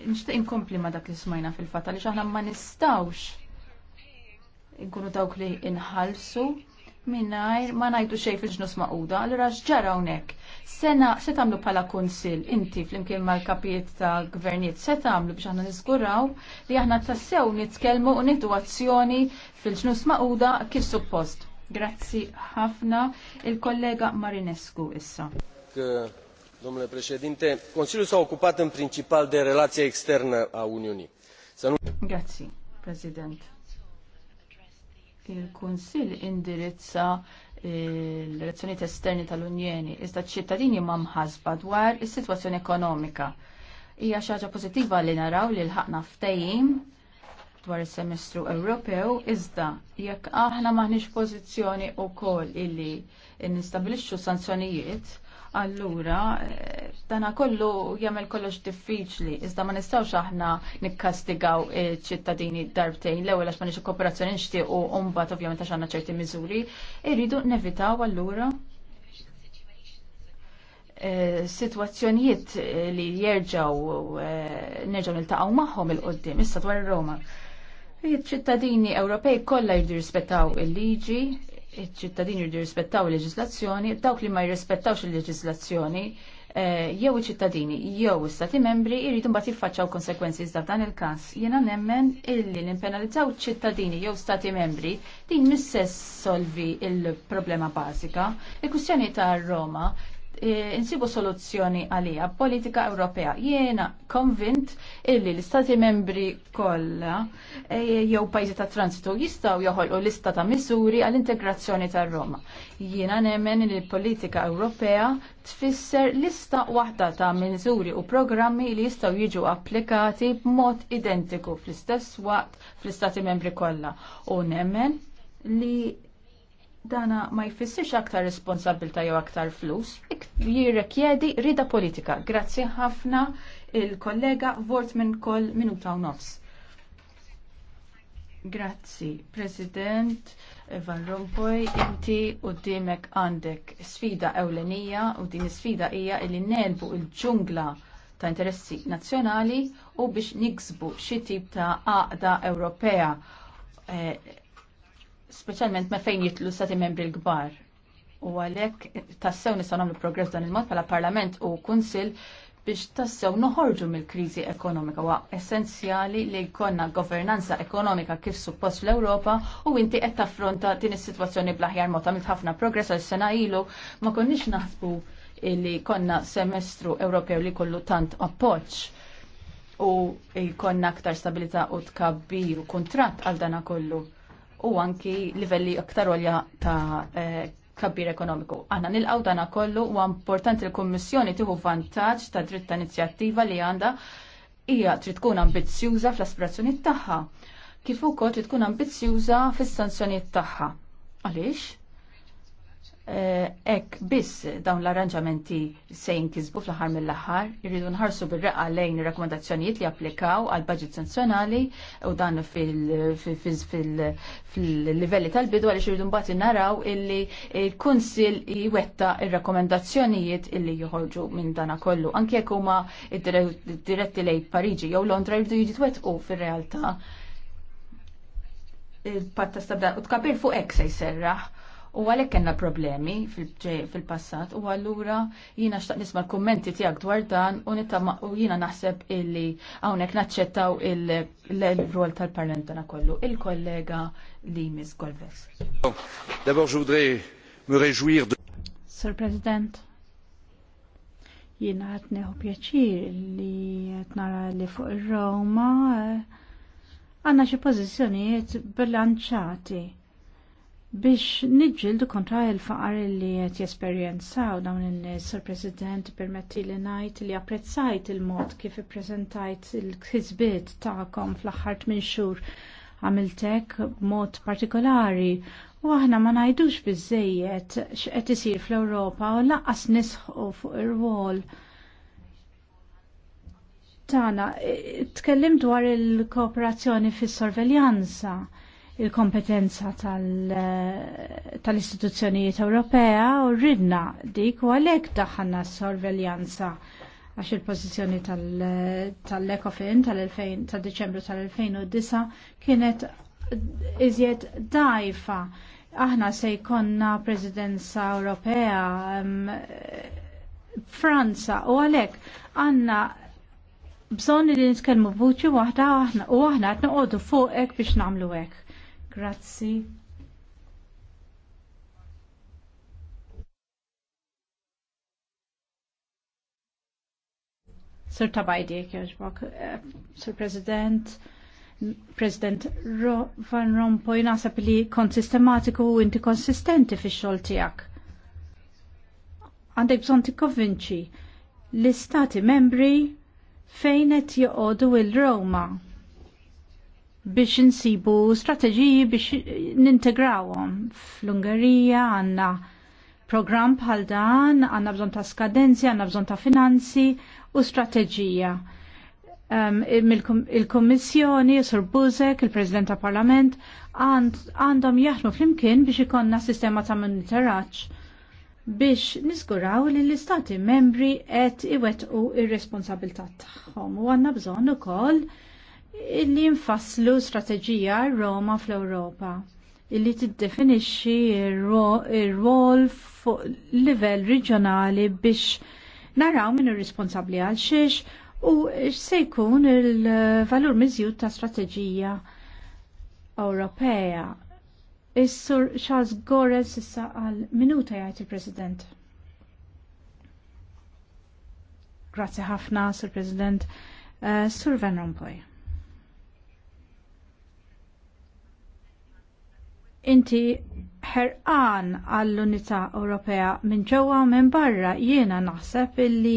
Nishtiq inkompli ma dak li smajna fil-fatta li xaħna ma nistawx nkunu dawk li inħalsu minnajr ma najdu xej fil-ġnus maquda, allura xġara unek. Sena, se tamlu pala konsil, inti fl-imkien mal kapijiet ta' gvernijiet, se tamlu biex aħna nizguraw li aħna tassew nitkelmu u nitu azzjoni fil-ġnus maquda kif suppost. Grazzi ħafna il-kollega Marinescu issa. Consiliul s-a ocupat în principal de relația externă a Uniunii. Să nu... Grazie, President. Il-Kunsill indirizza eh, l-relazzjonijiet esterni tal-Unjoni, iżda ċ-ċittadini ma mħasba dwar is-sitwazzjoni ekonomika. Hija xi ħaġa pożittiva li naraw li l-ħaqna ftehim dwar is-semestru Ewropew, iżda jekk aħna maħniex pożizzjoni wkoll illi nistabilixxu sanzjonijiet, allura dana kollu jagħmel kollox diffiċli, iżda ma nistgħux aħna nikkastigaw ċittadini darbtejn l-ewwel għax ma nix kooperazzjoni nixtiequ u mbagħad ovvjament għax għandna ċerti miżuri, irridu nevitaw allura e, situazzjonijiet li jerġaw e, nerġaw niltaqgħu magħhom il-qoddim issa dwar Roma. Iċ-ċittadini Ewropej kollha jridu jirrispettaw il-liġi, iċ-ċittadini li jirrispettaw il-leġislazzjoni, dawk li ma jirrispettawx il-leġislazzjoni, eh, jew iċ-ċittadini, jew Stati membri jridu mbagħad jiffaċċaw konsekwenzi iżda dan il-każ. Jiena nemmen illi nimpenalizzaw ċittadini jew stati membri din mhissess solvi il-problema bażika. Il-kwistjoni ta' Roma Eh, insibu soluzzjoni għalija politika Ewropea. Jiena konvint illi l-Istati membri kollha eh, jew pajjiżi ta' transitu jistgħu joħolqu lista ta' misuri għall-integrazzjoni tar-Roma. Jiena nemmen li politika Ewropea tfisser lista waħda ta' miżuri u programmi li jistgħu jiġu applikati b'mod identiku fl-istess waqt fl-Istati membri kollha. U nemmen li dana ma jfissirx aktar responsabilta jew aktar flus, jirrekjedi rida politika. Grazzi ħafna il-kollega vort minn kol minuta u nofs. Grazzi, President Van Rompuy, inti u dimek għandek sfida ewlenija u din sfida hija li nelbu il-ġungla ta' interessi nazzjonali u biex niksbu xi tip ta' għaqda Ewropea. Eh, speċjalment ma fejn jitlu stati membri l-kbar. U għalhekk tassew nistgħu nagħmlu progress dan il-mod bħala Parlament u Kunsill biex tassew noħorġu mill-kriżi ekonomika huwa essenzjali li jkollna governanza ekonomika kif suppost l ewropa u inti qed taffronta din is-sitwazzjoni bl-aħjar mod għamilt ħafna progress għal sena ilu ma konniex naħsbu li konna semestru Ewropew li kollu tant appoġġ u jkollna aktar stabilità u tkabbir u kuntratt għal dana kollu u anki livelli aktar olja ta' eh, kabbir ekonomiku. Aħna nilqaw dana kollu u importanti l-Kommissjoni tieħu vantaġġ ta' dritta inizjattiva li għandha hija trid tkun ambizzjuża fl-aspirazzjonijiet tagħha. Kif ukoll trid tkun ambizzjuża fis-sanzjonijiet tagħha. Għaliex? Eh, ek biss dawn l-arranġamenti se jinkisbu fl-ħar mill-ħar, irridu nħarsu bil-reqqa lejn rekomendazzjonijiet li applikaw għal budget sanzjonali u dan fil-livelli tal-bidu għal irridu mbagħad naraw illi il-Kunsil jwetta ir-rekomendazzjonijiet illi joħorġu minn dana kollu. Anke jekk huma diretti lejn Pariġi jew Londra jridu u fir-realtà il-patta stabda u tkabir fuq ek se jserraħ U għalhekk kena problemi fil-passat u allura jiena xtaq nisma' l-kummenti tiegħek dwar dan u jina u jiena naħseb illi hawnhekk naċċettaw il-rol tal-Parlament kollu. Il-kollega Limis Golves. D'abord je voudrais me réjouir de Sir President, jiena qed neħu pjaċir li qed nara li fuq ir-Roma eh, għandna xi pożizzjonijiet bilanċati biex nidġildu kontra il-faqar li qed jesperjenzaw dawn in-nies, il-President permetti li ngħid li apprezzajt il-mod kif ippreżentajt il-kisbiet tagħkom fl-aħħar minn xhur għamiltek b'mod partikolari u aħna ma ngħidux bizzejiet x'qed isir fl-Ewropa u lanqas nisħu fuq ir-wol tagħna. Tkellim dwar il-kooperazzjoni fis-sorveljanza il-kompetenza eh, tal-istituzzjonijiet tal Ewropea u rridna dik u għalhekk daħħalna s-sorveljanza għax il-pozizjoni tal-Ekofin tal eh, tal-Deċembru tal-2009 kienet iżjed dajfa. Aħna se jkonna Presidenza Ewropea Franza u għalek għanna bżon li nitkellmu b'vuċi waħda u aħna qed noqogħdu fuqek biex nagħmlu hekk. Grazzi. Sir Tabajdi, kjoġbok. Eh, Sir President, President Ro Van Rompuy nasab li kont sistematiku u inti konsistenti fi xol tijak. Għandek bżon ti konvinċi l-istati membri fejnet joqodu il-Roma biex insibu strateġiji biex nintegrawhom. Fl-Ungerija għandna program bħal dan, għandna bżonn ta' skadenzi, għandna bżonn ta' finanzi u strateġija. Um, Il-Kommissjoni, Sur Buzek, il-President ta' Parlament, għandhom jaħdmu flimkien biex ikonna sistema ta' monitoraġġ biex nizguraw li l-Istati membri qed iwettqu ir responsabilta tagħhom u għandna bżonn ukoll illi nfasslu strateġija Roma fl-Ewropa illi tiddefinixxi r-rol fuq livell reġjonali biex naraw min responsabbli għal xiex u se jkun il-valur miżjud ta' strateġija Ewropea. Is-sur Charles Gores issa għal minuta jgħid il-President. Grazie ħafna, Sur President. Uh, sur Van Rompuy. Inti ħerqan għall-Unità Ewropea minn ġewwa minn barra jiena naħseb illi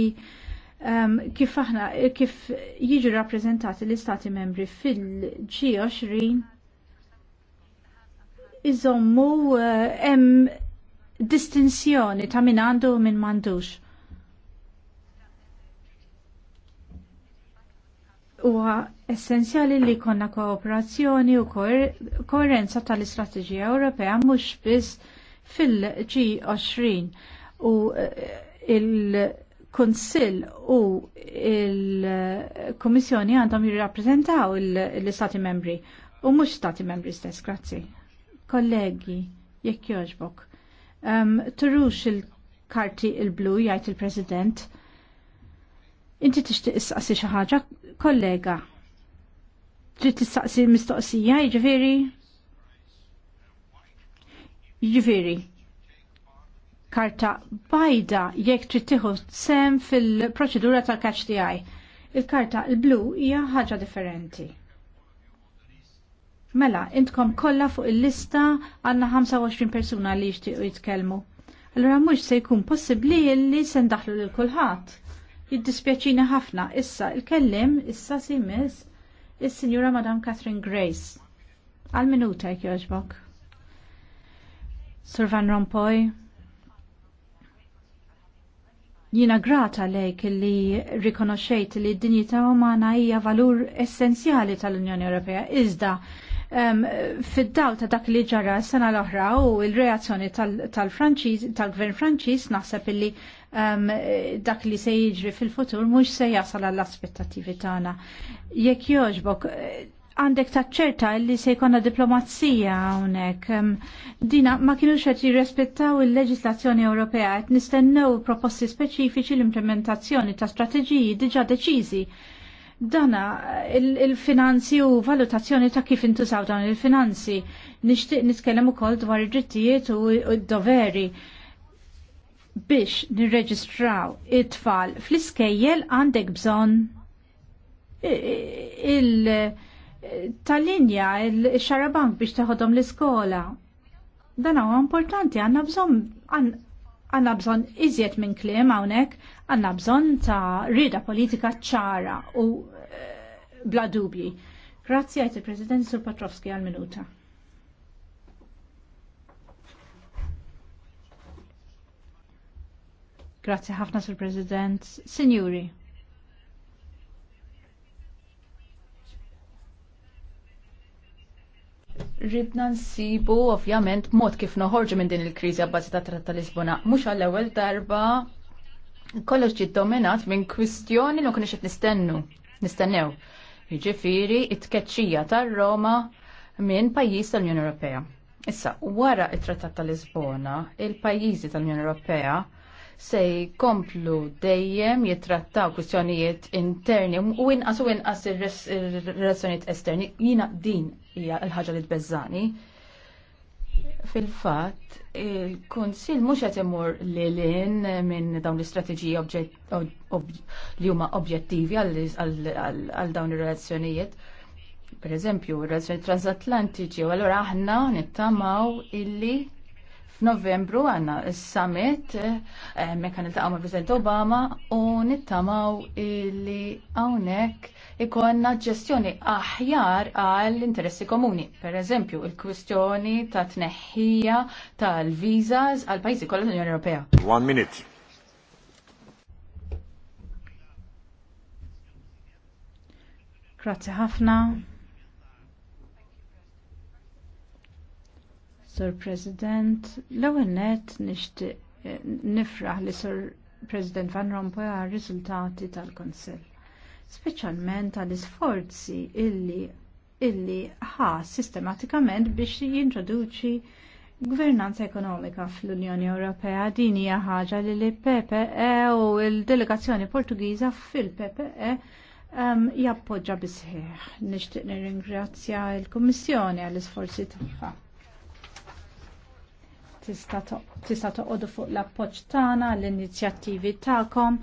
um, kif aħna kif jiġu rappreżentati l-Istati membri fil-G20 iżommu eh, hemm uh, distinzjoni ta' min għandu u min m'għandux essenzjali li konna kooperazzjoni u koerenza tal-istrateġija Ewropea mhux biss fil-G20 u eh, il-Kunsill u il-Kummissjoni għandhom jirrappreżentaw l-Istati membri u mhux Stati membri stess, grazzi. Kollegi, jekk jogħġbok. Um, turux il-karti il-blu jgħid il-President. Inti tixtieq issaqsi xi ħaġa, kollega trid tistaqsi mistoqsija, jiġifieri. Jiġifieri. Karta bajda jekk trid tieħu sem fil-proċedura tal-kaċ Il-karta l-blu hija ħaġa differenti. Mela, intkom kollha fuq il-lista għandna 25 persuna li jixtiequ jitkellmu. Allora mhux se jkun possibbli li se ndaħlu lil kulħadd. Jiddispjaċina ħafna issa il-kellim issa simis is-Sinjura Madam Catherine Grace. Għal minuta jek jogħġbok. Sur Van Rompuy, jina grata lejk li rikonoxxejt li d-dinjità umana hija valur essenzjali tal-Unjoni Ewropea. Iżda, um, fid dawl ta' dak li ġara s-sena l-oħra u il-reazzjoni tal-Gvern tal Franċiż naħseb illi um, dak li se jiġri fil-futur mhux se jasal għall-aspettattivi tagħna. Jekk jogħġbok għandek taċċerta li se jkollna diplomazija hawnhekk. Um, dina ma kinux qed jirrespettaw il-leġislazzjoni Ewropea qed nistennew proposti speċifiċi l-implementazzjoni ta' strateġiji diġà deċiżi. Dana il-finanzi il u valutazzjoni ta' kif intużaw dawn il-finanzi. Nixtieq nitkellem ukoll dwar id-drittijiet u d-doveri biex nirreġistraw it-tfal fl-iskejjel għandek bżon il tal-linja il-xarabank biex taħodhom l-iskola. Dan huwa importanti, għanna bżon għanna bżon iżjed minn kliem hawnhekk, għanna bżon ta' rida politika ċara u eh, bla dubji. Grazzi għajt il-President Sur Patrovski għal-minuta. Grazzi ħafna sur President. Signori. Ridna nsibu ovvjament mod kif noħorġu minn din il-kriżi għabbażi ta' tratta Lisbona. Mhux għall-ewwel darba kollox ġiet dominat minn kwistjoni li kienx qed nistennu, nistennew. Jiġifieri it-tkeċċija tar-Roma minn pajjiż tal-Unjoni Ewropea. Issa, wara it-Trattat ta' Lisbona, il-pajjiżi tal-Unjoni Ewropea se jkomplu dejjem jittrattaw kwistjonijiet interni u inqas u inqas ir-relazzjonijiet esterni. Jina din hija l-ħaġa li tbeżżani. Fil-fatt, il-Kunsil mhux qed imur lilin minn dawn l-istrateġiji li huma objettivi għal dawn ir-relazzjonijiet per eżempju, relazzjoni transatlantiċi, u għallura aħna nittamaw illi F'Novembru għanna s-summit eh, mekan il-taqaw ma' President Obama u nittamaw li għawnek ikonna ġestjoni aħjar għall interessi komuni. Per eżempju, il-kwistjoni ta' tneħħija tal-vizas għal pajjiżi kollha l-Unjoni Ewropea. One minute. Grazie ħafna. Sur President, l-ewwel net nixtieq eh, nifraħ li Sur President Van Rompuy għal riżultati tal konsell Speċjalment għal isforzi illi illi ħa sistematikament biex jintroduċi Gvernanza ekonomika fl-Unjoni Ewropea din hija ħaġa li l-PPE u l-delegazzjoni Portugiża fil-PPE um, ehm, jappoġġa bisħiħ. Nixtieq nirringrazzja l-Kummissjoni għall-isforzi tagħha tista' toqgħodu fuq l-appoġġ tagħna l-inizjattivi tagħkom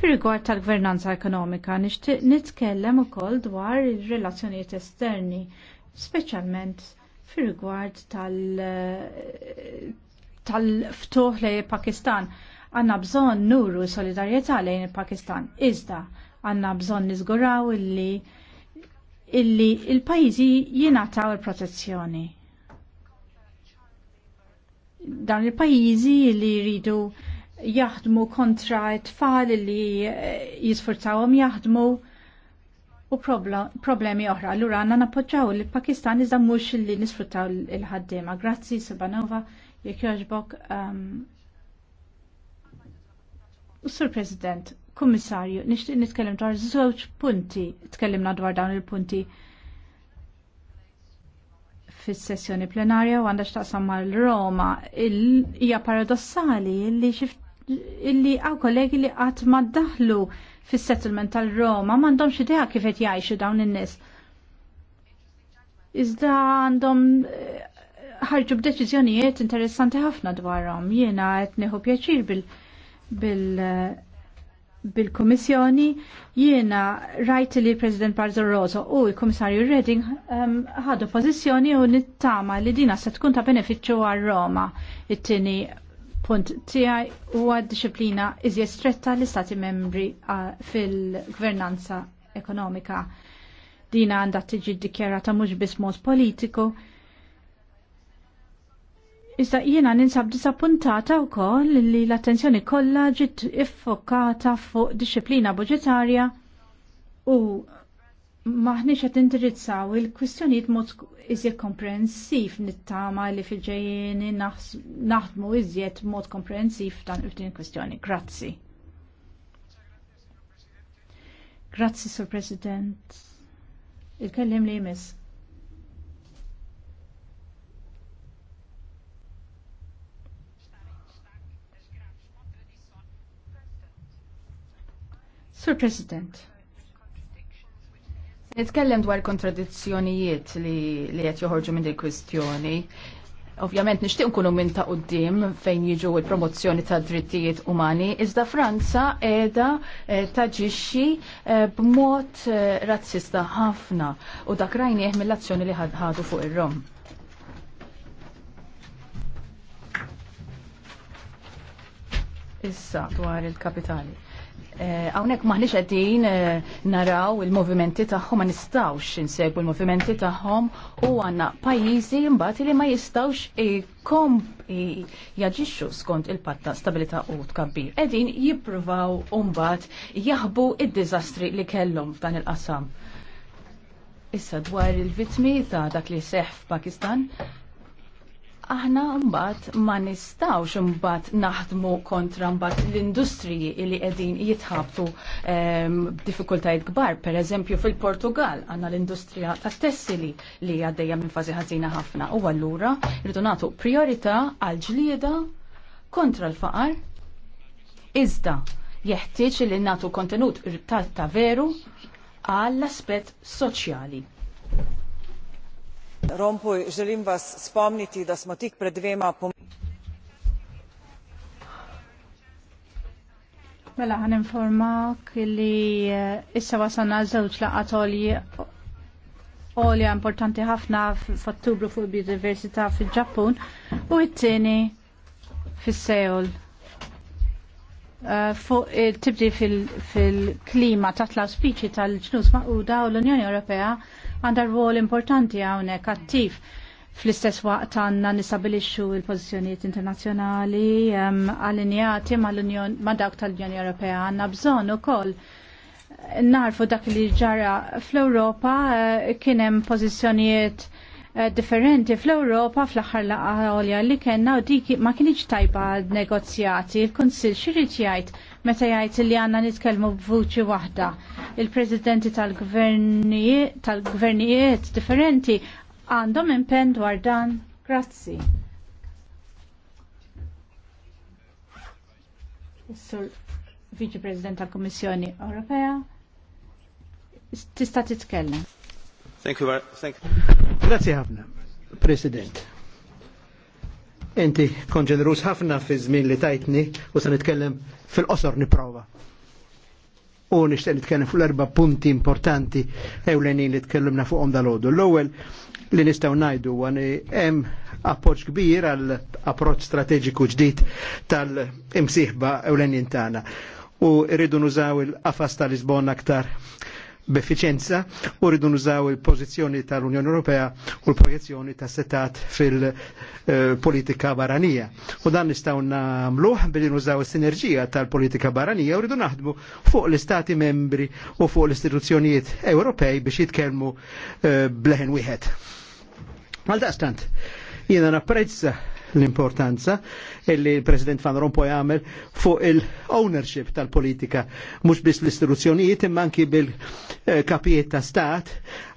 fir-rigward tal-gvernanza ekonomika. Nixtieq nitkellem ukoll dwar ir-relazzjonijiet esterni, speċjalment fir-rigward tal- tal-ftuħ lejn Pakistan. għandna bżonn nuru solidarjetà lejn il-Pakistan. Iżda għandna bżonn niżguraw illi illi il-pajjiżi jingħataw il-protezzjoni dan il-pajjiżi li jridu jaħdmu kontra t-tfal li eh, jisforzawhom jaħdmu u problemi oħra. Allura għanna nappoġġaw li pakistan iżammux mhux li nisfruttaw il-ħaddiema. Grazzi Sabanova, jekk jogħġbok. Ehm, Sur President, Kummissarju, nixtieq nitkellem dwar żewġ punti, tkellimna dwar dawn il-punti. il punti fis-sessjoni plenarja u għandha x'taqsam mal-Roma hija paradossali illi illi għaw kollegi li qatt ma daħlu fis-settlement tal-Roma m'għandhomx idea kif qed jgħixu dawn in-nies. Iżda għandhom eh, ħarġu b'deċiżjonijiet interessanti ħafna dwarhom. Jiena qed nieħu pjaċir bil, bil bil-Komissjoni jiena rajt li President Barzoroso u il-Komissarju Redding um, ħadu um, pożizzjoni u nittama li dina se tkun ta' benefiċċju għal Roma. It-tieni punt tiegħi huwa disciplina iżjed stretta l istati membri uh, fil-gvernanza ekonomika. Dina għandha tiġi ddikjarata mhux biss mod politiku, Issa jiena ninsab disappuntata wkoll li l-attenzjoni kollha ġiet iffokata fuq disciplina budgetarja u m'aħniex qed indirizzaw il-kwistjonijiet mod iżjed komprensiv nittama li fil-ġejjeni naħdmu iżjed mod komprensiv dan il kwistjoni. Grazzi. Grazzi, Sur President. Il-kellim li jmiss. Sur President, nitkellem dwar kontradizzjonijiet li li qed joħorġu minn il-kwistjoni. Ovvjament nixtieq nkunu minn ta' qudiem fejn jiġu l-promozzjoni ta' drittijiet umani, iżda Franza qiegħda eh, taġixxi eh, b'mod eh, razzista ħafna u dak rajnieh mill-azzjoni li ħadu fuq ir-Rom. Issa dwar il-kapitali. Eh, għawnek maħniċ għedin eh, naraw il-movimenti taħħom ma nistawx insegbu il-movimenti taħħom u għanna pajizi imbat li ma jistawx komp jaġixxu skont il-patta stabilita u tkabbir. Edin jipruvaw umbat jaħbu id-dizastri li kellhom f'dan il-qasam. Issa dwar il-vitmi ta' dak li seħf f'Pakistan, aħna mbagħad ma nistgħux mbagħad naħdmu kontra mbagħad l-industriji li qegħdin jitħabtu ehm, b'diffikultajiet kbar. Pereżempju fil-Portugal għandna l-industrija tat-tessili li għaddejja minn fażi ħażina ħafna u allura rridu nagħtu priorità għal ġlieda kontra l-faqar iżda jeħtieġ li nagħtu kontenut ta' veru għall-aspett soċjali rompuy želim vas spomniti da smo tik pred dvema Mela ħan informak li eh, issa wasanna żewġ laqat olja importanti ħafna f'Ottubru fuq biodiversità fil-Ġappun u t-tieni fis-Sejol. Eh, fuq tibdi fil-klima speċi tal-ġnus maquda u l-Unjoni Ewropea għandha rwol importanti hawnhekk attiv fl-istess waqt għanna nisabilixxu il-pożizzjonijiet internazzjonali ehm, allinjati mal-Unjon ma' dawk tal-Unjoni Ewropea għandna bżonn ukoll narfu dak li ġara fl-Ewropa eh, kien hemm pożizzjonijiet Eh, differenti fl-Europa fl-axar laqgħa li kellna u dik ma kienx tajba negozjati il-Kunsill xirrid jgħid meta jgħid li għandna nitkellmu b'vuċi waħda. Il-presidenti tal-gvernijiet tal-gvernijiet differenti għandhom impenn dwar dan. Grazzi. Sur Viċi President tal-Kommissjoni Ewropea tista' titkellem. Thank you. very much. Grazie ħafna, President. Enti kon ġenerus ħafna fi żmien li tajtni u se nitkellem fil-qosor niprova. U nixtieq nitkellem fl erba punti importanti ewlenin li tkellimna fuqhom dal-għodu. L-ewwel li nistgħu ngħidu għan hemm appoġġ kbir għal approċċ strateġiku ġdid tal-imsieħba ewlenin tagħna. U rridu nużaw il-qafas tal-Lisbon aktar b'effiċenza u rridu nużaw il-pożizzjoni tal-Unjoni Ewropea u l-projezzjoni ta' setat fil-politika barranija. U dan nistgħu nagħmluh billi nużaw is-sinerġija tal-politika barranija u rridu naħdmu fuq l-istati membri u fuq l-istituzzjonijiet Ewropej biex jitkellmu eh, bleħen wieħed. Għal daqstant, jiena napprezza l-importanza illi il-President Van Rompuy għamel fuq il-ownership tal-politika, mux biss l-istituzzjonijiet imma anki bil-kapijiet ta' stat,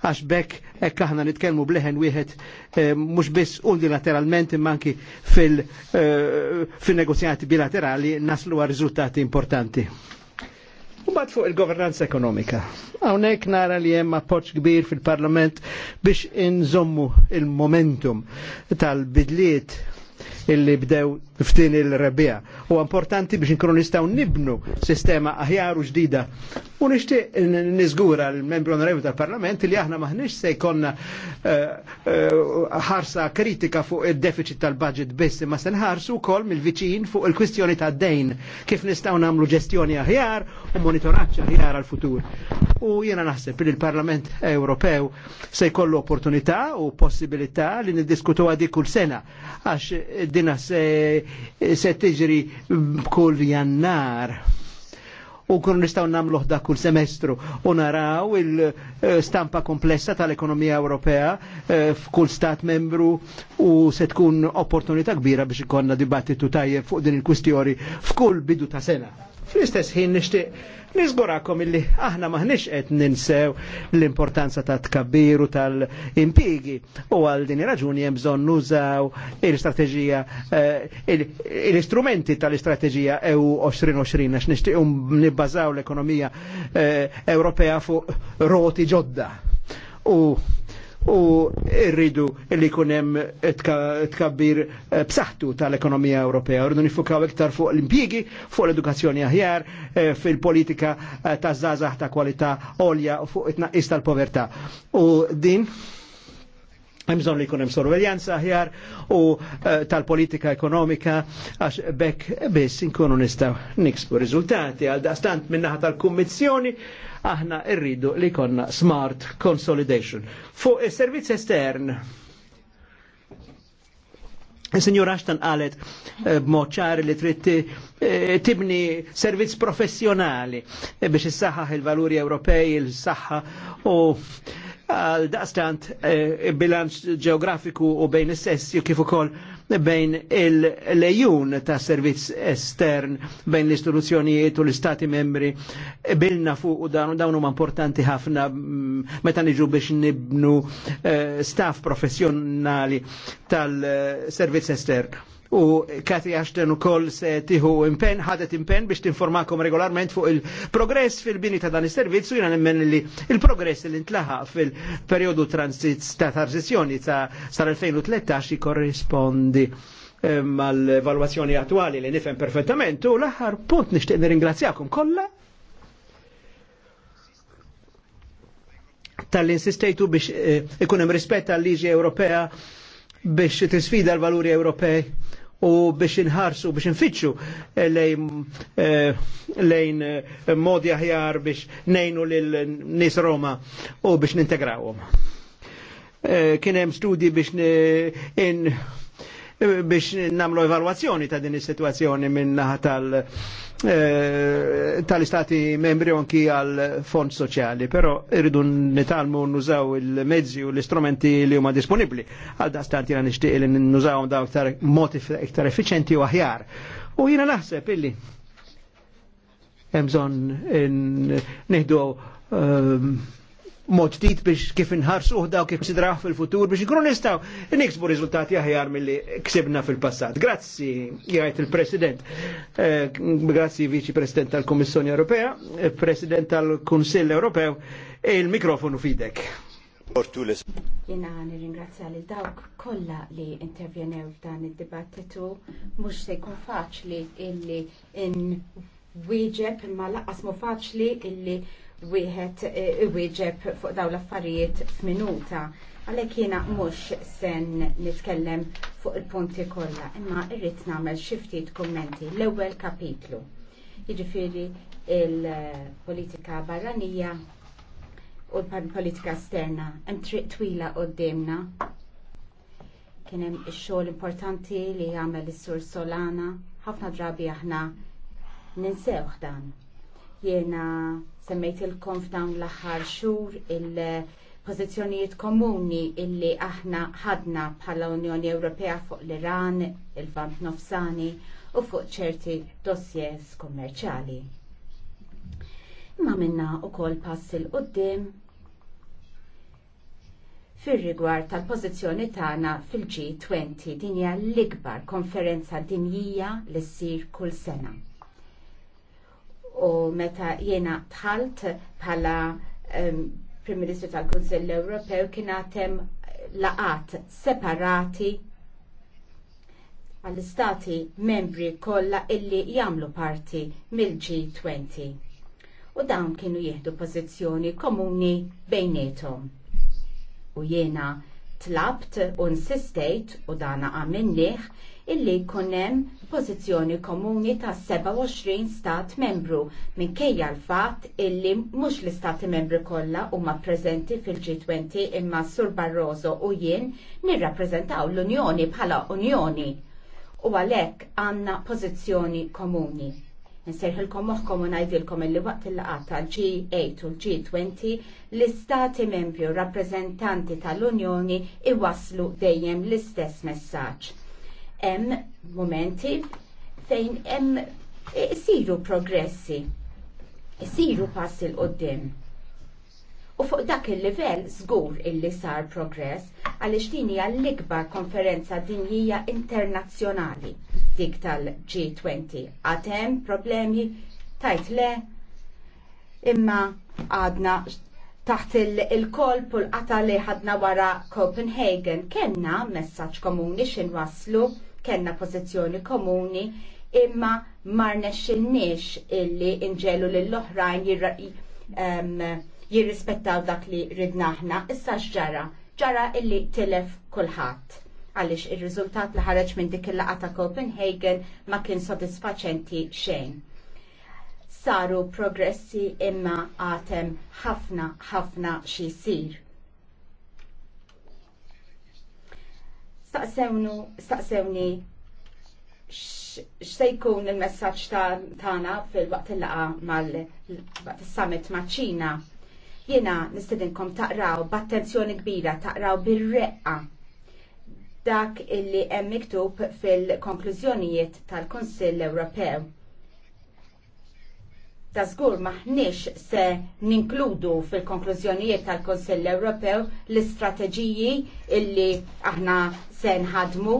għax bekk ekk aħna nitkellmu bleħen wieħed eh, mhux biss unilateralment imma anki eh, fil-negozjati bilaterali naslu għal riżultati importanti. Mbagħad fuq il-governanza ekonomika. Hawnhekk nara li hemm appoġġ kbir fil-Parlament biex inżommu il-momentum tal-bidliet illi bdew ftin il-rebija. U importanti biex nkunu nistaw nibnu sistema aħjar u ġdida. U nixtieq niżgura l-membri onorevoli tal-Parlament li aħna maħniex se jkollna eh, eh, ħarsa kritika fuq id-deficit tal-budget biss ma se nħarsu wkoll mill-viċin fuq il-kwistjoni ta' dejn kif nistgħu nagħmlu ġestjoni aħjar u monitoraġġ aħjar għal-futur. U jiena naħseb li l-Parlament Ewropew se jkollu opportunità u possibilità li niddiskutuha dik kull sena għax din se se tiġri b'kull jannar u kun nistaw namluħ da kull semestru u naraw il-stampa komplessa tal-ekonomija Ewropea eh, f'kull stat membru u se tkun opportunità kbira biex ikonna dibattitu tajjeb fuq din il-kwistjoni f'kull bidu ta' sena. Fl-istess ħin nixtieq nizgurakom illi aħna maħniex qed ninsew l-importanza ta' tkabbiru tal-impigi u għal din raġuni hemm bżonn nużaw l-istrateġija eh, l-istrumenti tal-istrateġija EU 2020 għax nixtieq nibbażaw l-ekonomija eh, Ewropea fuq roti ġodda. U u rridu li kunem tkabbir eh, b'saħħtu tal-ekonomija Ewropea. Rridu nifukaw iktar fuq l-impjigi, fuq l-edukazzjoni aħjar, eh, fil-politika eh, ta' zazax ta' kwalità olja u fuq it-naqqis tal-povertà. U din Mżon li kunem sorveljanza ħjar u eh, tal-politika ekonomika għax bekk biss inkunu nistaw niksbu rizultati għal dastant minnaħa tal-kummissjoni aħna irridu li konna smart consolidation. Fuq il-servizz estern, Signor Ashton għalet eh, b'moċar li tritti eh, tibni servizz professjonali biex issaħħaħ il-valuri Ewropej, il-saħħa u għal daqstant eh, bilanċ ġeografiku u bejn is-sessi kif ukoll bejn il-lejun ta' servizz estern bejn l-istituzzjonijiet u l-istati membri bilna fuq u dawnu dawnu dawn huma importanti ħafna mm, meta niġu biex nibnu eh, staff professjonali tal-servizz eh, estern u Kati Ashton u koll se tiħu impen, ħadet impen biex tinformakom regolarment fuq il-progress fil-bini ta' dan is-servizz u jina nemmen li il-progress li ntlaħa fil-periodu ta' transizjoni ta' sar-2013 korrispondi mal-valwazzjoni attuali li nifhem perfettament u l-aħħar punt nixtieq nirringrazzjakom kollha tal-insistejtu biex eh, ikun hemm rispett għal liġi Ewropea biex tisfida l-valuri Ewropej u biex inħarsu biex infittxu eh, lejn eh, lejn eh, modi aħjar biex nejnu lil nis Roma u biex nintegrawom. Eh, kien hemm studji biex in biex namlu evalwazzjoni ta' din is-sitwazzjoni minn tal- eh, tal-istati membri anki għal fond soċjali, però irridu nitalmu nużaw il-mezzi u l-istrumenti li huma disponibli. Għal da stanti għan nishtiq li nużaw daw iktar moti iktar effiċenti u aħjar. U jina naħseb illi hemm bżonn nieħdu ehm, mod tit biex kif inħarsu uħda u kif sidraħ fil-futur biex ikunu nistaw niksbu rizultati aħjar mill-li ksibna fil-passat. Grazzi, jgħajt il-President, eh, grazzi Viċi President tal-Kommissjoni Ewropea, eh, President tal-Kunsill Ewropew, e il-mikrofonu fidek. Jena nirringrazzja li dawk kolla li intervjenew dan id-dibattitu, mux se jkun faċli illi in wieġeb imma laqqas mu faċli illi wieħed eh, iwieġeb fuq dawn l-affarijiet f'minuta. Għalhekk jiena mhux sen nitkellem fuq il-punti kollha, imma irrid nagħmel xi ftit kummenti l-ewwel kapitlu. Jiġifieri il-politika barranija u l-politika esterna hemm triq twila qudiemna. Kien hemm ix-xogħol importanti li jagħmel is-Sur Solana ħafna drabi aħna ninsewh dan Jena semmejtilkom f'dawn l-aħħar xhur il-pożizzjonijiet komuni illi aħna ħadna bħala Unjoni Ewropea fuq l-Iran, il-Vant Nofsani u fuq ċerti dossiers kommerċali imma minna u kol pass il-qoddim fil-rigward tal-pozizjoni tagħna fil-G20 dinja l-ikbar konferenza dinjija li ssir kull sena u meta jiena tħalt bħala um, Prim Ministru tal-Kunsill Ewropew kien għatem laqat separati għall-istati membri kollha illi jagħmlu parti mill-G20. U dawn kienu jieħdu pożizzjoni komuni bejnietom. U jiena tlabt u insistejt u dana għamilniħ illi kunem pozizjoni komuni ta' 27 stat membru minkejja l-fat illi mhux l-istati membri kollha huma preżenti fil-G20 imma Sur Barroso u jien nirrappreżentaw l-Unjoni bħala Unjoni u għalhekk għandna pożizzjoni komuni. Nserħilkom moħkom u najdilkom il-li waqt il-laqat tal-G8 u g 20 l-istati membri u rappresentanti tal-Unjoni iwaslu dejjem l-istess messaġġ. Hemm momenti fejn em isiru progressi, isiru passi l-qoddim U fuq dak il-livell żgur illi sar progress għaliex din hija l-ikbar konferenza dinjija internazzjonali dik tal-G20. Għad hemm problemi tajt le imma għadna taħt il-kolp u l-qata li ħadna wara Copenhagen kellna messaġġ komuni x'inwasslu, kellna pożizzjoni komuni imma ma rnexxinniex illi nġelu lill-oħrajn jirrispettaw dak li ridna issa x'ġara, ġara illi tilef kulħadd. Għaliex ir-riżultat li ħareġ minn dik il-laqgħa ta' Copenhagen ma kien sodisfaċenti xejn. Saru progressi imma għatem ħafna ħafna xi sir. Staqsewnu, staqsewni x'se jkun il-messaġġ tagħna fil-waqt il-laqa mal-summit ma' ċina Jiena nistedinkom taqraw b'attenzjoni kbira, taqraw bir-reqqa dak illi hemm miktub fil-konklużjonijiet tal-Kunsill Ewropew. Ta' żgur maħniex se ninkludu fil-konklużjonijiet tal-Kunsill Ewropew l-istrateġiji illi aħna se nħadmu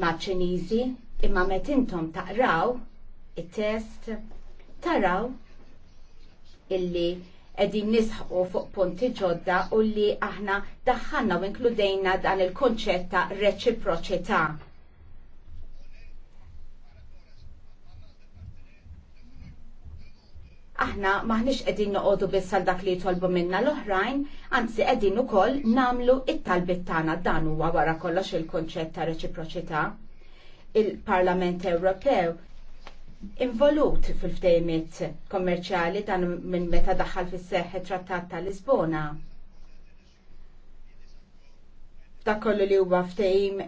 ma' Ċiniżi imma met intom taqraw it-test taraw illi edin nisħu fuq punti ġodda u li aħna daħħanna u inkludejna dan il-konċett ta' reċiproċità. Aħna maħnix edin noqodu biss għal dak li jitolbu minna l-oħrajn, anzi edin ukoll namlu it-talbit tagħna dan huwa wara kollox il-konċett ta' reċiproċità. Il-Parlament Ewropew involut fil-ftejmiet kommerċjali dan minn meta daħħal fis seħħ trattat ta' Lisbona. Dak kollu li huwa ftejim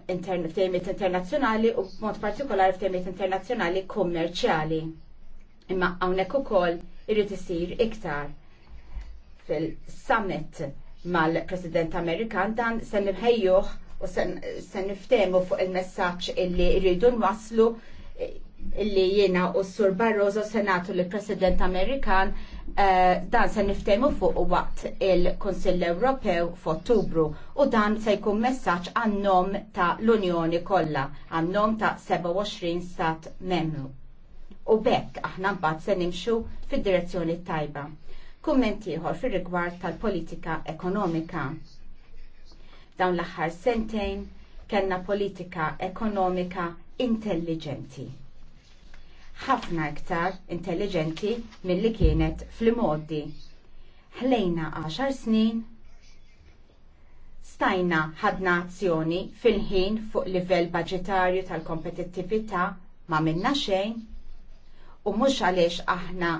ftejmiet internazzjonali u mod partikolari ftejmiet internazzjonali kommerċjali. Imma hawnhekk ukoll irid isir iktar fil-summit mal-President Amerikan dan se nibħejjuh u se niftehmu fuq il-messaġġ illi rridu nwasslu Li jiena u s-Sur Barroso Senatu li President Amerikan eh, dan se niftemu fuq waqt il-Konsill Ewropew f'Ottubru u dan se jkun messaġġ għannom ta' l-Unjoni kollha, għannom ta' 27 stat membru. U bekk aħna mbagħad se nimxu fid-direzzjoni tajba. Kumment ieħor fir-rigward tal-politika ekonomika. Dawn l-aħħar sentejn kellna politika ekonomika intelligenti ħafna iktar intelligenti milli kienet fl-modi. Ħlejna 10 snin stajna ħadna azzjoni fil-ħin fuq livell budgetarju tal-kompetittività ma minna xejn u mhux għaliex aħna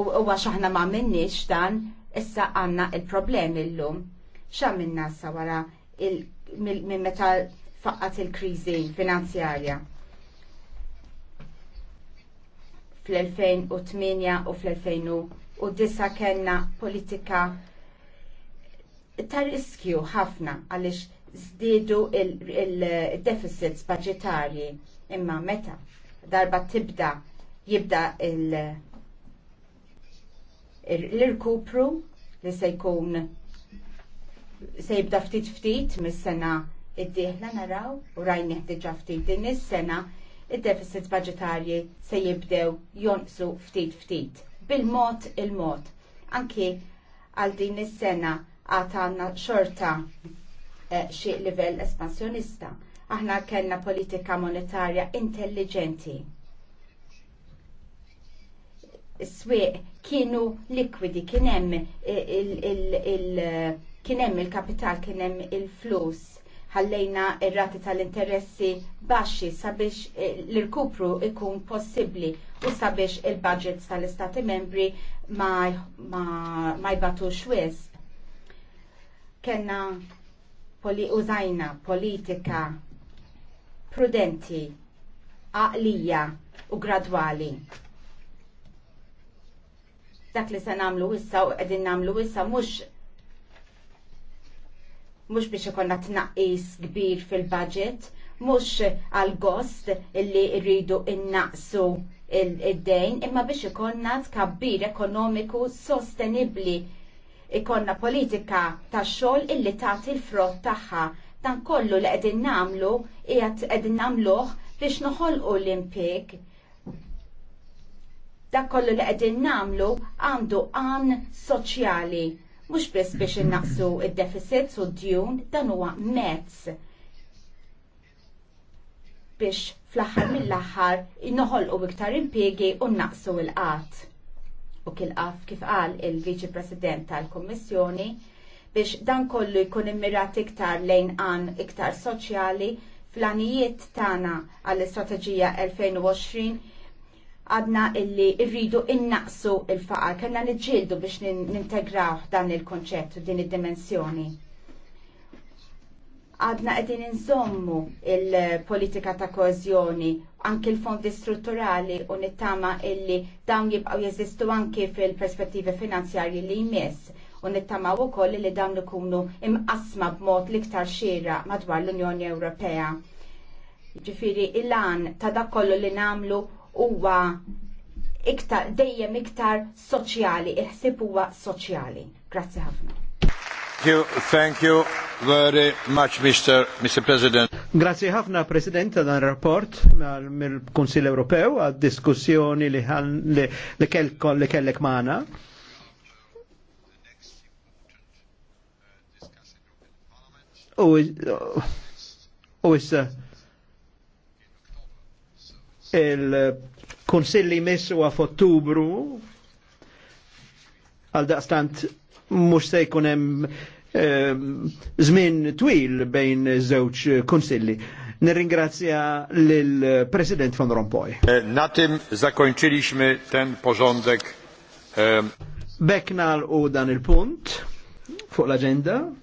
u għax aħna ma minnix dan issa għanna il-problemi l-lum. issa sa wara minn meta faqqat il-krizi finanzjarja. fl-2008 u fl-2009 kellna politika ta' riskju ħafna għaliex zdidu il-deficits il imma meta darba tibda jibda l-irkupru li se jkun se jibda ftit ftit mis-sena id-dieħla naraw u rajni diġa ftit din is-sena id-deficits budgetarji se jibdew jonqsu ftit ftit. Bil-mod il-mod. Anki għal din is-sena għatanna xorta eh, xi livell espansjonista. Aħna kellna politika monetarja intelligenti. swieq kienu likwidi, kien hemm il-kapital, kien hemm il-flus ħallejna ir-rati tal-interessi baxxi sabiex eh, l-irkupru ikun possibbli u sabiex il-budgets tal-Istati membri ma, ma, ma jbatux Kenna poli użajna politika prudenti, aqlija u gradwali dak li se namlu issa u qegħdin namlu issa mhux mhux biex ikollna tnaqqis kbir fil-budget, mhux għal gost illi rridu innaqsu id-dejn, imma biex ikollna tkabbir ekonomiku sostenibbli. Ikonna politika tax xogħol illi tagħti l-frott tagħha dan kollu li qegħdin nagħmlu qiegħed qegħdin nagħmluh biex noħolqu l-impjeg dak kollu li qegħdin nagħmlu għandu għan soċjali mhux biss biex innaqsu id deficit u d-djun, dan huwa mezz biex fl-aħħar mill-aħħar u iktar impjiegi u naqsu l-qatt. U kilqaf kif qal il-Viċi President tal-Kommissjoni biex dan kollu jkun immirat iktar lejn għan iktar soċjali fl-anijiet tagħna għall-Istrateġija 2020 għadna illi rridu innaqsu il-faqar, kellna niġġieldu biex nintegraw dan il-konċett u din id-dimensjoni. Għadna qegħdin inżommu il-politika ta' kozjoni, anki l-fondi strutturali u nittama illi dawn jibqgħu jeżistu anki fil-perspettivi finanzjarji li jmiss u nittamaw u koll li dawn ikunu imqasma b'mod liktar xira madwar l-Unjoni Ewropea. Ġifiri, il-lan ta' dakollu kollu li namlu huwa iktar dejjem iktar soċjali, iħsib huwa soċjali. Grazzi ħafna. Thank you, thank you very much, Mr. Mr. President. Grazie ħafna, President, dan rapport mill kunsil Ewropew għad diskussjoni li, li, li, kell, li kellek maħna. U issa il-konsilli messu għaf ottubru għal daqstant mux se jkunem zmin ehm, twil bejn żewġ konsilli. Nirringrazzja l-President von Rompoy. E, na tym zakończyliśmy ten porządek. Ehm, Beknal u dan il-punt fuq l-agenda.